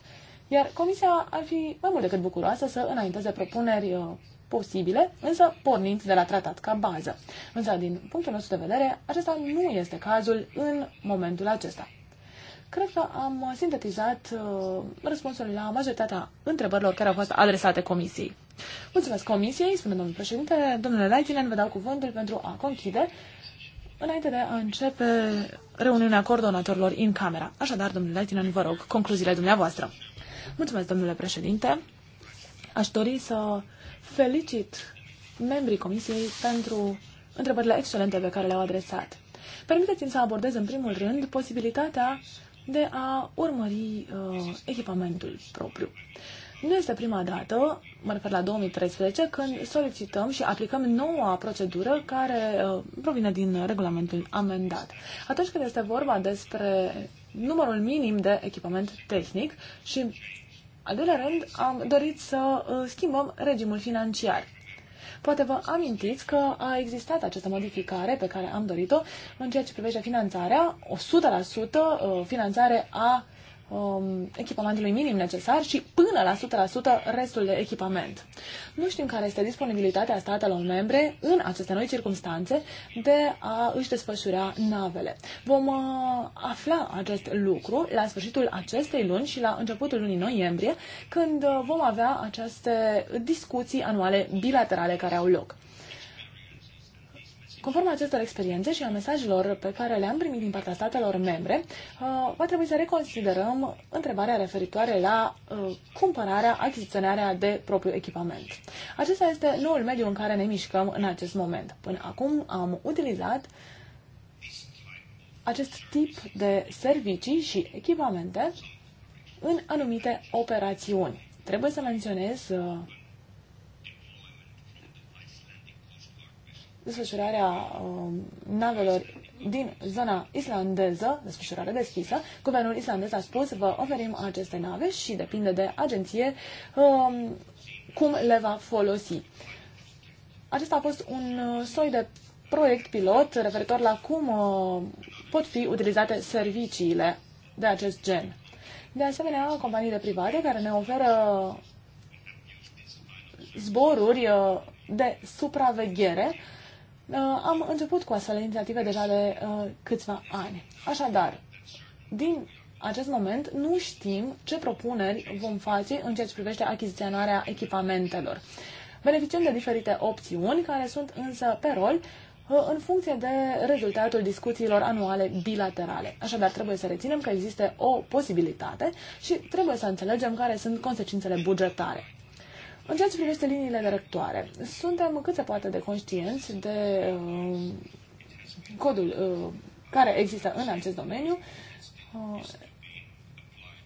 iar Comisia ar fi mai mult decât bucuroasă să înainteze propuneri uh, posibile, însă pornind de la tratat ca bază. Însă, din punctul nostru de vedere, acesta nu este cazul în momentul acesta. Cred că am sintetizat uh, răspunsul la majoritatea întrebărilor care au fost adresate comisiei. Mulțumesc comisiei, spune domnul președinte. Domnule Leitinen, vă dau cuvântul pentru a conchide înainte de a începe reuniunea coordonatorilor în camera. Așadar, domnule Leitinen, vă rog, concluziile dumneavoastră. Mulțumesc, domnule președinte. Aș dori să felicit membrii comisiei pentru întrebările excelente pe care le-au adresat. Permiteți-mi să abordez în primul rând posibilitatea de a urmări uh, echipamentul propriu. Nu este prima dată, mă refer la 2013, când solicităm și aplicăm noua procedură care uh, provine din regulamentul amendat. Atunci când este vorba despre numărul minim de echipament tehnic și, al doilea rând, am dorit să uh, schimbăm regimul financiar. Poate vă amintiți că a existat această modificare pe care am dorit-o în ceea ce privește finanțarea, 100% uh, finanțare a um, echipamentului minim necesar și până la 100% restul de echipament. Nu știm care este disponibilitatea statelor membre în aceste noi circunstanțe de a își desfășura navele. Vom uh, afla acest lucru la sfârșitul acestei luni și la începutul lunii noiembrie, când uh, vom avea aceste discuții anuale bilaterale care au loc. Conform acestor experiențe și a mesajelor pe care le-am primit din partea statelor membre, uh, va trebui să reconsiderăm întrebarea referitoare la uh, cumpărarea, achiziționarea de propriu echipament. Acesta este noul mediu în care ne mișcăm în acest moment. Până acum am utilizat acest tip de servicii și echipamente în anumite operațiuni. Trebuie să menționez uh, desfășurarea uh, navelor din zona islandeză, desfășurare deschisă. Guvernul islandez a spus, vă oferim aceste nave și depinde de agenție uh, cum le va folosi. Acesta a fost un uh, soi de proiect pilot referitor la cum uh, pot fi utilizate serviciile de acest gen. De asemenea, de private care ne oferă zboruri uh, de supraveghere Uh, am început cu astfel inițiative deja de uh, câțiva ani. Așadar, din acest moment nu știm ce propuneri vom face în ceea ce privește achiziționarea echipamentelor. Beneficiem de diferite opțiuni care sunt însă pe rol uh, în funcție de rezultatul discuțiilor anuale bilaterale. Așadar, trebuie să reținem că există o posibilitate și trebuie să înțelegem care sunt consecințele bugetare. În ceea ce privește liniile directoare, suntem cât se poate de conștienți de uh, codul uh, care există în acest domeniu. Uh,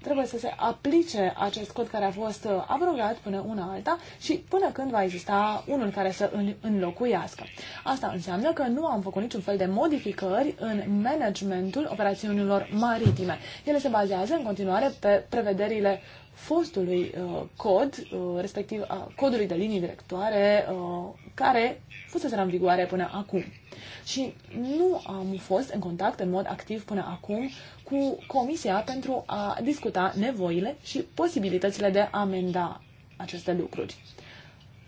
trebuie să se aplice acest cod care a fost uh, abrogat până una alta și până când va exista unul care să îl înlocuiască. Asta înseamnă că nu am făcut niciun fel de modificări în managementul operațiunilor maritime. Ele se bazează în continuare pe prevederile fostului uh, cod, uh, respectiv a codului de linii directoare, uh, care fusese în vigoare până acum. Și nu am fost în contact în mod activ până acum cu Comisia pentru a discuta nevoile și posibilitățile de a amenda aceste lucruri.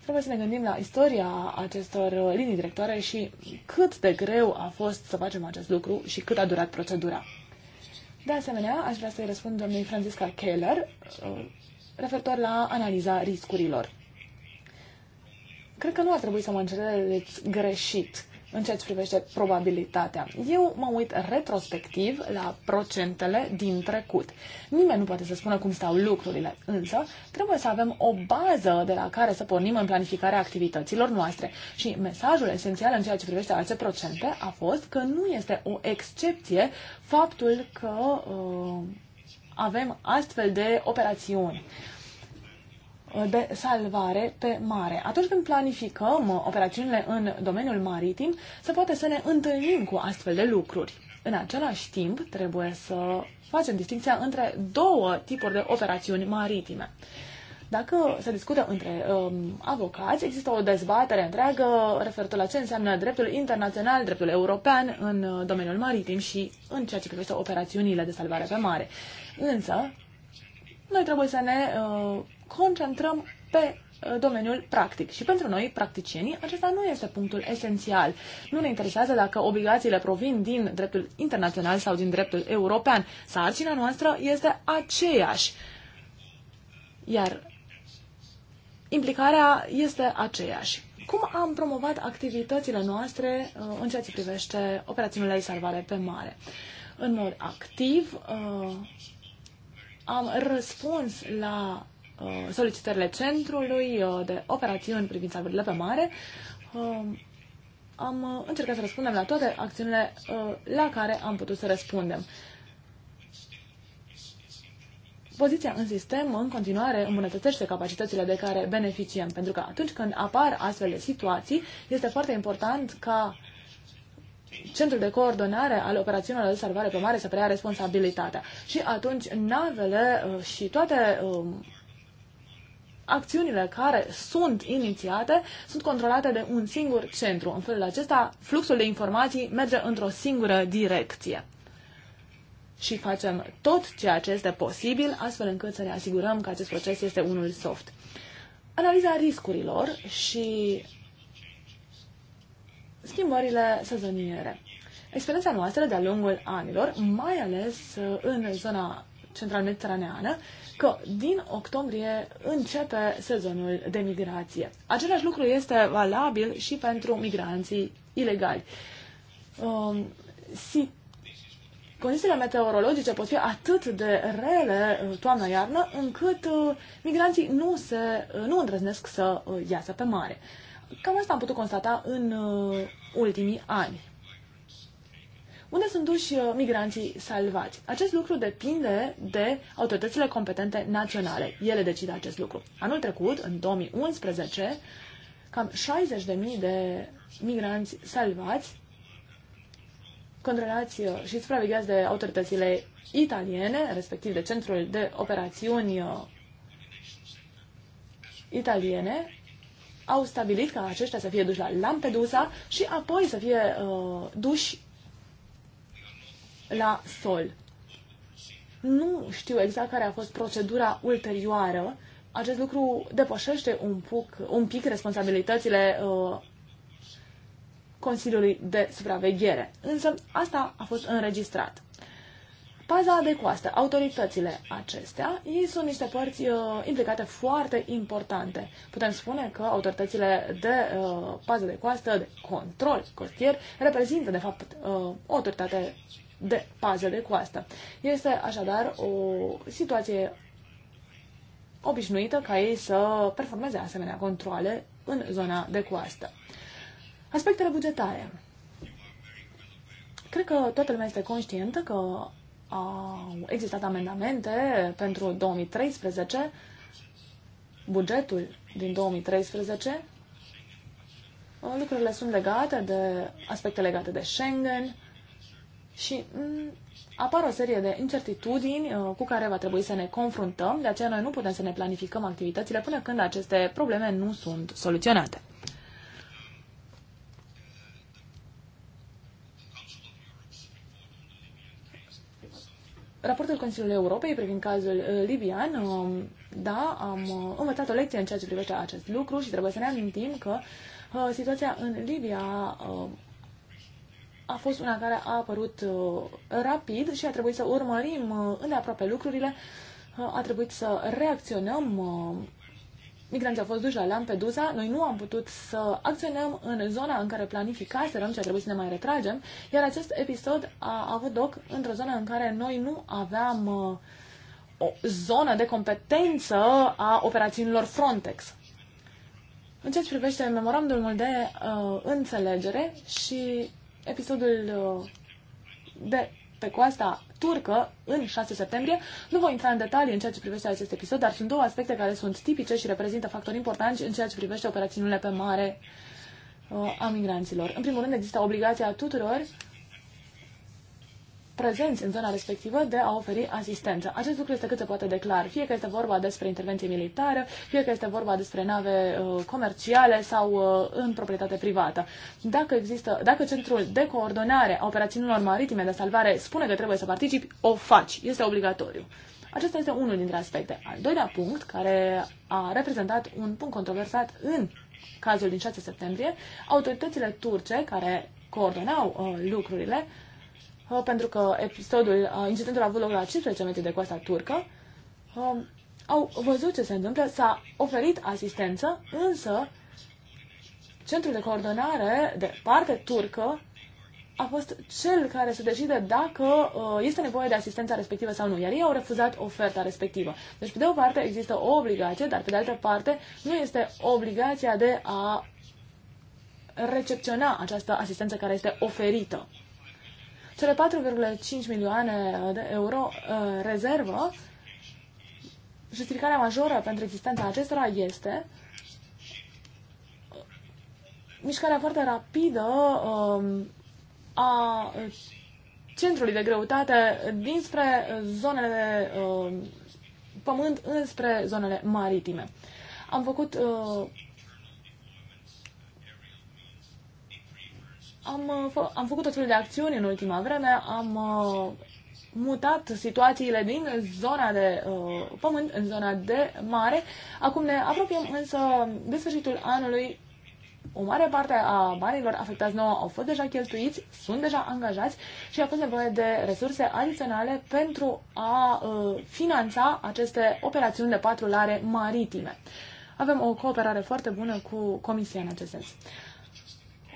Trebuie să ne gândim la istoria acestor uh, linii directoare și cât de greu a fost să facem acest lucru și cât a durat procedura. De asemenea, aș vrea să-i răspund doamnei Francisca Keller referitor la analiza riscurilor. Cred că nu ar trebui să mă înțelegeți greșit în ceea ce privește probabilitatea. Eu mă uit retrospectiv la procentele din trecut. Nimeni nu poate să spună cum stau lucrurile, însă trebuie să avem o bază de la care să pornim în planificarea activităților noastre. Și mesajul esențial în ceea ce privește alte procente a fost că nu este o excepție faptul că uh, avem astfel de operațiuni de salvare pe mare. Atunci când planificăm operațiunile în domeniul maritim, se poate să ne întâlnim cu astfel de lucruri. În același timp, trebuie să facem distinția între două tipuri de operațiuni maritime. Dacă se discută între um, avocați, există o dezbatere întreagă referitor la ce înseamnă dreptul internațional, dreptul european în uh, domeniul maritim și în ceea ce privește operațiunile de salvare pe mare. Însă, noi trebuie să ne uh, concentrăm pe uh, domeniul practic. Și pentru noi, practicienii, acesta nu este punctul esențial. Nu ne interesează dacă obligațiile provin din dreptul internațional sau din dreptul european. Sarcina noastră este aceeași. Iar implicarea este aceeași. Cum am promovat activitățile noastre uh, în ceea ce privește operațiunile de salvare pe mare? În mod activ, uh, am răspuns la Uh, solicitările centrului uh, de operațiuni în privința verilor pe mare, um, am uh, încercat să răspundem la toate acțiunile la care am putut să răspundem. Poziția în sistem în continuare îmbunătățește capacitățile de care beneficiem, pentru că atunci când apar astfel de situații, este foarte important ca centrul de coordonare al operațiunilor de salvare pe mare să preia responsabilitatea. Și atunci navele și toate um, acțiunile care sunt inițiate sunt controlate de un singur centru. În felul acesta, fluxul de informații merge într-o singură direcție. Și facem tot ceea ce este posibil, astfel încât să ne asigurăm că acest proces este unul soft. Analiza riscurilor și schimbările sezoniere. Experiența noastră de-a lungul anilor, mai ales uh, în zona central-mediteraneană, că din octombrie începe sezonul de migrație. Același lucru este valabil și pentru migranții ilegali. Um, si condițiile meteorologice pot fi atât de rele uh, toamnă-iarnă, încât uh, migranții nu, se, uh, nu îndrăznesc să iasă pe mare. Cam asta am putut constata în ultimii ani unde sunt duși uh, migranții salvați. Acest lucru depinde de autoritățile competente naționale. Ele decid acest lucru. Anul trecut, în 2011, cam 60.000 de migranți salvați, controlați uh, și supravegheați de autoritățile italiene, respectiv de Centrul de Operațiuni uh, Italiene, au stabilit ca aceștia să fie duși la Lampedusa și apoi să fie uh, duși la sol. Nu știu exact care a fost procedura ulterioară. Acest lucru depășește un pic, un pic responsabilitățile uh, Consiliului de Supraveghere. Însă asta a fost înregistrat. Paza de coastă, autoritățile acestea, ei sunt niște părți uh, implicate foarte importante. Putem spune că autoritățile de uh, pază de coastă, de control costier, reprezintă, de fapt, uh, o autoritate de pază de coastă. Este așadar o situație obișnuită ca ei să performeze asemenea controle în zona de coastă. Aspectele bugetare. Cred că toată lumea este conștientă că au existat amendamente pentru 2013. Bugetul din 2013 lucrurile sunt legate de aspecte legate de Schengen, și mm, apar o serie de incertitudini uh, cu care va trebui să ne confruntăm, de aceea noi nu putem să ne planificăm activitățile până când aceste probleme nu sunt soluționate. Raportul Consiliului Europei privind cazul uh, libian, um, da, am uh, învățat o lecție în ceea ce privește acest lucru și trebuie să ne amintim că situația în Libia a fost una care a apărut uh, rapid și a trebuit să urmărim uh, îndeaproape lucrurile. Uh, a trebuit să reacționăm. Migranții au fost duși la Lampedusa. Noi nu am putut să acționăm în zona în care planificaserăm ce a trebuit să ne mai retragem, iar acest episod a avut loc într-o zonă în care noi nu aveam o zonă de competență a operațiunilor Frontex. În ceea ce privește memorandumul de uh, înțelegere și episodul uh, de pe coasta turcă în 6 septembrie. Nu voi intra în detalii în ceea ce privește acest episod, dar sunt două aspecte care sunt tipice și reprezintă factori importanți în ceea ce privește operațiunile pe mare uh, a migranților. În primul rând, există obligația tuturor prezenți în zona respectivă de a oferi asistență. Acest lucru este cât se poate declar, fie că este vorba despre intervenție militară, fie că este vorba despre nave uh, comerciale sau uh, în proprietate privată. Dacă, există, dacă centrul de coordonare a operațiunilor maritime de salvare spune că trebuie să participi, o faci. Este obligatoriu. Acesta este unul dintre aspecte. Al doilea punct, care a reprezentat un punct controversat în cazul din 6 septembrie, autoritățile turce care coordonau uh, lucrurile, uh, Oh, pentru că episodul, uh, incidentul a avut loc la 15 metri de coasta turcă, um, au văzut ce se întâmplă, s-a oferit asistență, însă centrul de coordonare de parte turcă a fost cel care să decide dacă uh, este nevoie de asistența respectivă sau nu, iar ei au refuzat oferta respectivă. Deci, pe de o parte, există o obligație, dar pe de altă parte, nu este obligația de a recepționa această asistență care este oferită. Cele 4,5 milioane de euro uh, rezervă, justificarea majoră pentru existența acestora este uh, mișcarea foarte rapidă uh, a centrului de greutate dinspre zonele de um, uh, pământ înspre zonele maritime. Am făcut uh, Am, uh, am făcut tot felul de acțiuni în ultima vreme, am uh, mutat situațiile din zona de uh, pământ în zona de mare. Acum ne apropiem însă de sfârșitul anului. O mare parte a banilor afectați nouă au fost deja cheltuiți, sunt deja angajați și a fost nevoie de resurse adiționale pentru a uh, finanța aceste operațiuni de patrulare maritime. Avem o cooperare foarte bună cu Comisia în acest sens.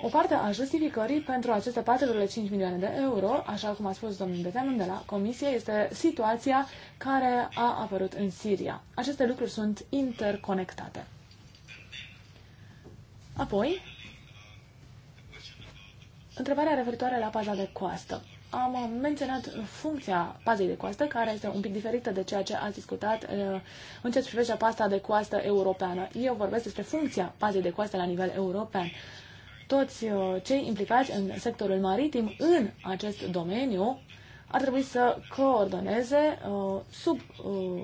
O parte a justificării pentru aceste 4,5 milioane de euro, așa cum a spus domnul Betemun de la Comisie, este situația care a apărut în Siria. Aceste lucruri sunt interconectate. Apoi, întrebarea referitoare la paza de coastă. Am menționat funcția pazei de coastă, care este un pic diferită de ceea ce ați discutat uh, în ceea ce privește pasta de coastă europeană. Eu vorbesc despre funcția pazei de coastă la nivel european toți uh, cei implicați în sectorul maritim în acest domeniu ar trebui să coordoneze uh, sub uh,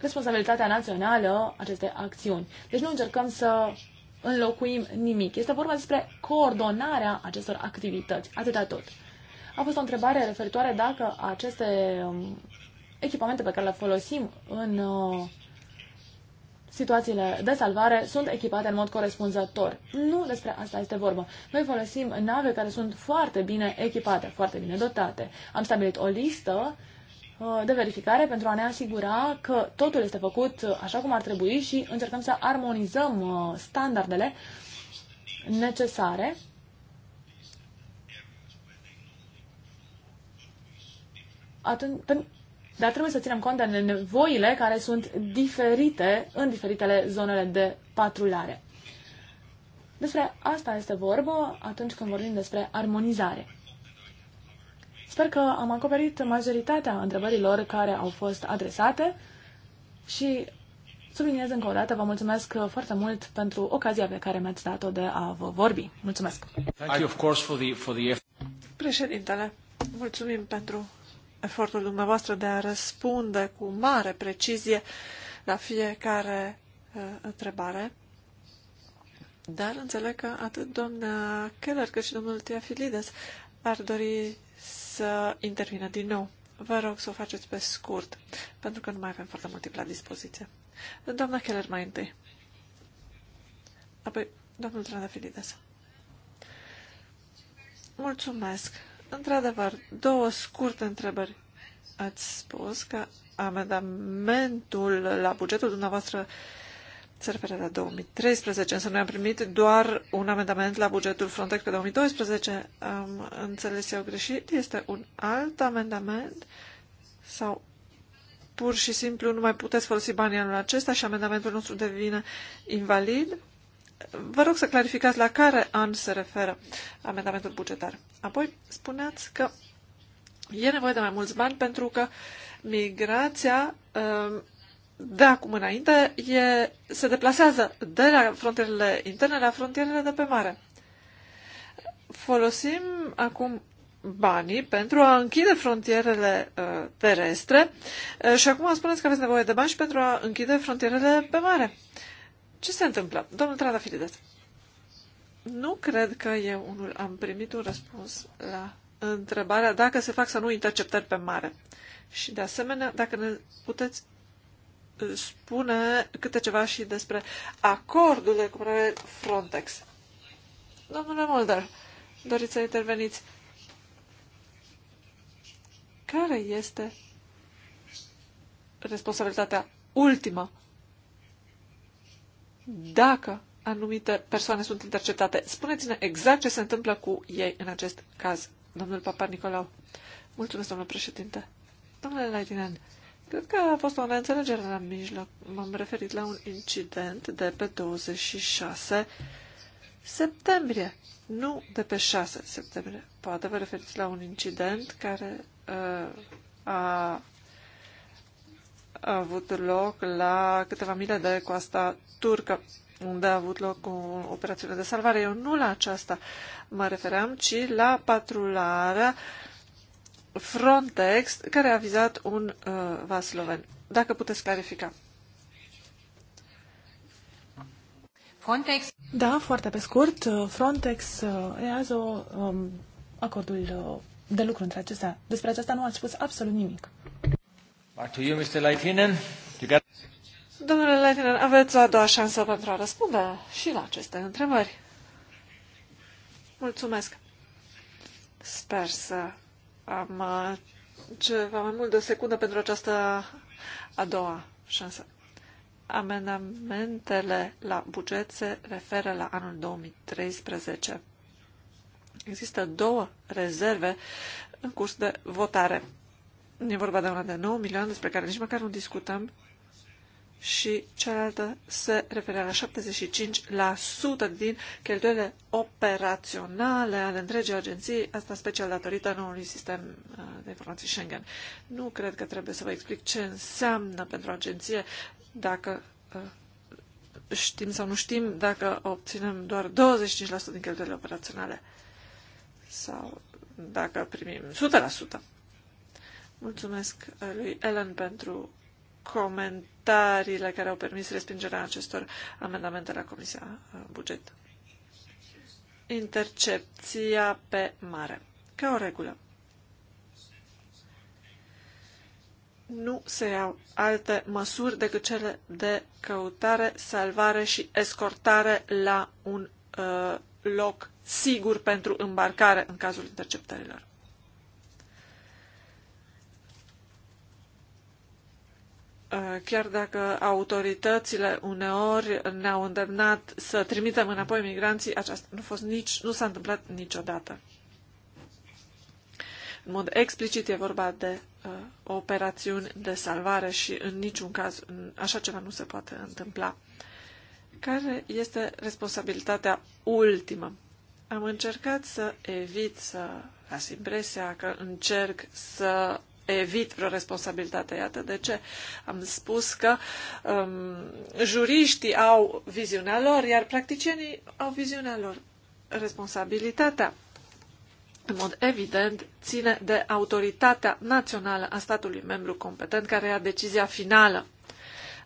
responsabilitatea națională aceste acțiuni. Deci nu încercăm să înlocuim nimic. Este vorba despre coordonarea acestor activități. Atâta tot. A fost o întrebare referitoare dacă aceste um, echipamente pe care le folosim în situațiile de salvare sunt echipate în mod corespunzător. Nu despre asta este vorba. Noi folosim nave care sunt foarte bine echipate, foarte bine dotate. Am stabilit o listă uh, de verificare pentru a ne asigura că totul este făcut uh, așa cum ar trebui și încercăm să armonizăm uh, standardele necesare atunci, dar trebuie să ținem cont de nevoile care sunt diferite în diferitele zonele de patrulare. Despre asta este vorba atunci când vorbim despre armonizare. Sper că am acoperit majoritatea întrebărilor care au fost adresate și subliniez încă o dată, vă mulțumesc foarte mult pentru ocazia pe care mi-ați dat-o de a vă vorbi. Mulțumesc! Thank you, of course, for the, for the... Președintele, mulțumim pentru efortul dumneavoastră de a răspunde cu mare precizie la fiecare uh, întrebare. Dar înțeleg că atât doamna Keller cât și domnul Tiafilides ar dori să intervină din nou. Vă rog să o faceți pe scurt, pentru că nu mai avem foarte mult timp la dispoziție. Doamna Keller mai întâi. Apoi, domnul Trandafilides. Mulțumesc. Într-adevăr, două scurte întrebări. Ați spus că amendamentul la bugetul dumneavoastră se referă la 2013, însă noi am primit doar un amendament la bugetul Frontex pe 2012. Am înțeles eu greșit? Este un alt amendament sau pur și simplu nu mai puteți folosi banii anul acesta și amendamentul nostru devine invalid? Vă rog să clarificați la care an se referă amendamentul bugetar. Apoi, spuneați că e nevoie de mai mulți bani pentru că migrația um, de acum înainte e, se deplasează de la frontierele interne la frontierele de pe mare. Folosim acum banii pentru a închide frontierele uh, terestre uh, și acum spuneți că aveți nevoie de bani și pentru a închide frontierele pe mare. Ce se întâmplă? Domnul Tradafilides, nu cred că eu unul am primit un răspuns la întrebarea dacă se fac sau nu interceptări pe mare. Și de asemenea, dacă ne puteți uh, spune câte ceva și despre acordul de cumpărare Frontex. Domnule Mulder, doriți să interveniți? Care este responsabilitatea ultimă dacă anumite persoane sunt interceptate. Spuneți-ne exact ce se întâmplă cu ei în acest caz, domnul papa Nicolau. Mulțumesc, domnul președinte. Domnule Laitinen, cred că a fost o neînțelegere la mijloc. M-am referit la un incident de pe 26 septembrie, nu de pe 6 septembrie. Poate vă referiți la un incident care uh, a a avut loc la câteva mile de coasta turcă, unde a avut loc o operațiune de salvare. Eu nu la aceasta mă refeream, ci la patrularea Frontex, care a vizat un uh, vas sloven. Dacă puteți clarifica. Frontex? Da, foarte pe scurt. Uh, Frontex, uh, o, um, acordul uh, de lucru între acestea. Despre aceasta nu ați spus absolut nimic. Domnule Leitinen, aveți o a doua șansă pentru a răspunde și la aceste întrebări. Mulțumesc. Sper să am uh, ceva mai mult de o secundă pentru această a doua șansă. Amendamentele la buget se referă la anul 2013. Există două rezerve în curs de votare. E vorba de una de 9 milioane despre care nici măcar nu discutăm și cealaltă se referea la 75% din cheltuielile operaționale ale întregii agenții, asta special datorită noului sistem uh, de informații Schengen. Nu cred că trebuie să vă explic ce înseamnă pentru agenție dacă uh, știm sau nu știm dacă obținem doar 25% din cheltuielile operaționale sau dacă primim 100%. Mulțumesc uh, lui Ellen pentru comentariile care au permis respingerea acestor amendamente la Comisia uh, Buget. Intercepția pe mare. Ca o regulă. Nu se iau alte măsuri decât cele de căutare, salvare și escortare la un uh, loc sigur pentru îmbarcare în cazul interceptărilor. Uh, chiar dacă autoritățile uneori ne-au îndemnat să trimitem înapoi migranții, aceasta nu, fost nici, nu s-a întâmplat niciodată. În mod explicit e vorba de uh, operațiuni de salvare și în niciun caz în, așa ceva nu se poate întâmpla. Care este responsabilitatea ultimă? Am încercat să evit să las impresia că încerc să evit vreo responsabilitate. Iată de ce am spus că um, juriștii au viziunea lor, iar practicienii au viziunea lor. Responsabilitatea în mod evident, ține de autoritatea națională a statului membru competent care ia decizia finală.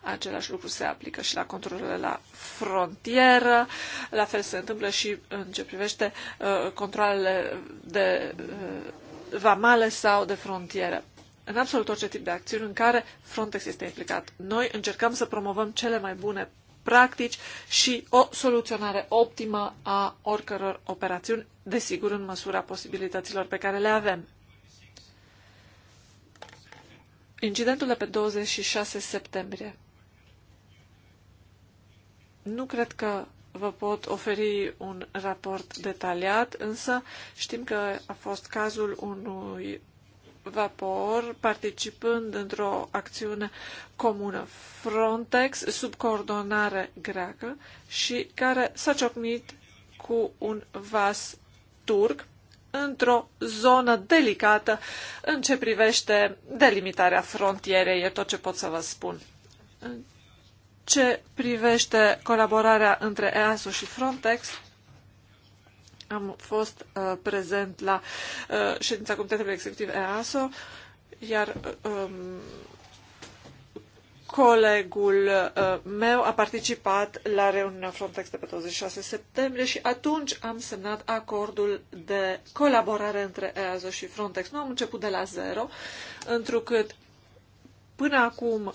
Același lucru se aplică și la controlele la frontieră, la fel se întâmplă și în ce privește uh, controlele de uh, vamale sau de frontieră în absolut orice tip de acțiuni în care Frontex este implicat. Noi încercăm să promovăm cele mai bune practici și o soluționare optimă a oricăror operațiuni, desigur în măsura posibilităților pe care le avem. Incidentul de pe 26 septembrie. Nu cred că vă pot oferi un raport detaliat, însă știm că a fost cazul unui Vapor, participând într-o acțiune comună Frontex, sub coordonare greacă și care s-a ciocnit cu un vas turc într-o zonă delicată în ce privește delimitarea frontierei, e tot ce pot să vă spun. În ce privește colaborarea între EASO și Frontex, am fost uh, prezent la uh, ședința Comitetului Executiv EASO, iar um, colegul uh, meu a participat la reuniunea Frontex de pe 26 septembrie și atunci am semnat acordul de colaborare între EASO și Frontex. Nu am început de la zero, întrucât până acum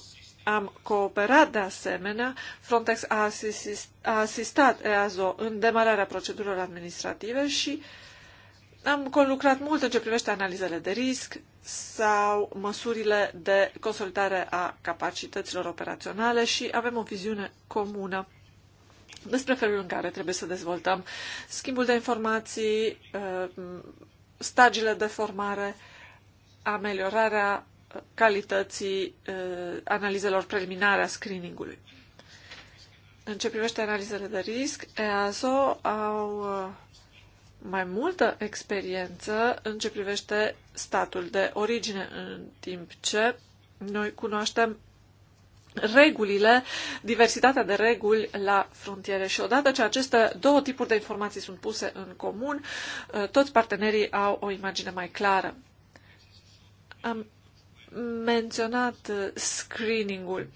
am cooperat de asemenea. Frontex a, asist, a asistat EASO în demararea procedurilor administrative și am conlucrat mult în ce privește analizele de risc sau măsurile de consolidare a capacităților operaționale și avem o viziune comună despre felul în care trebuie să dezvoltăm schimbul de informații, uh, stagiile de formare, ameliorarea calității analizelor preliminare a screeningului. În ce privește analizele de risc, EASO au mai multă experiență în ce privește statul de origine, în timp ce noi cunoaștem regulile, diversitatea de reguli la frontiere. Și odată ce aceste două tipuri de informații sunt puse în comun, toți partenerii au o imagine mai clară. Am menționat uh, screening-ul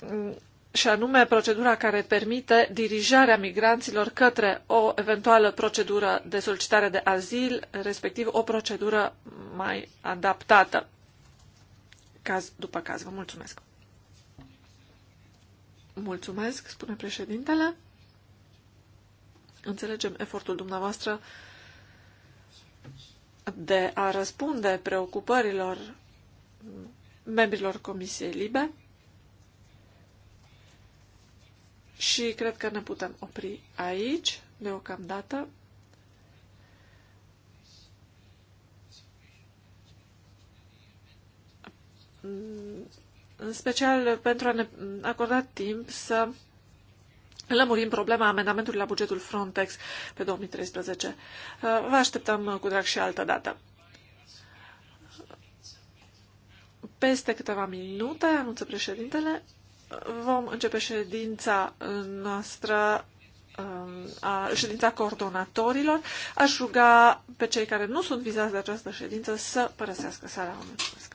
mm, și anume procedura care permite dirijarea migranților către o eventuală procedură de solicitare de azil, respectiv o procedură mai adaptată, caz după caz. Vă mulțumesc! Mulțumesc, spune președintele. Înțelegem efortul dumneavoastră de a răspunde preocupărilor membrilor Comisiei Libe și cred că ne putem opri aici deocamdată. În special pentru a ne acorda timp să lămurim problema amendamentului la bugetul Frontex pe 2013. Uh, vă așteptăm cu drag și altă dată. Peste câteva minute, anunță președintele, vom începe ședința noastră um, ședința coordonatorilor. Aș ruga pe cei care nu sunt vizați de această ședință să părăsească sala. Mulțumesc!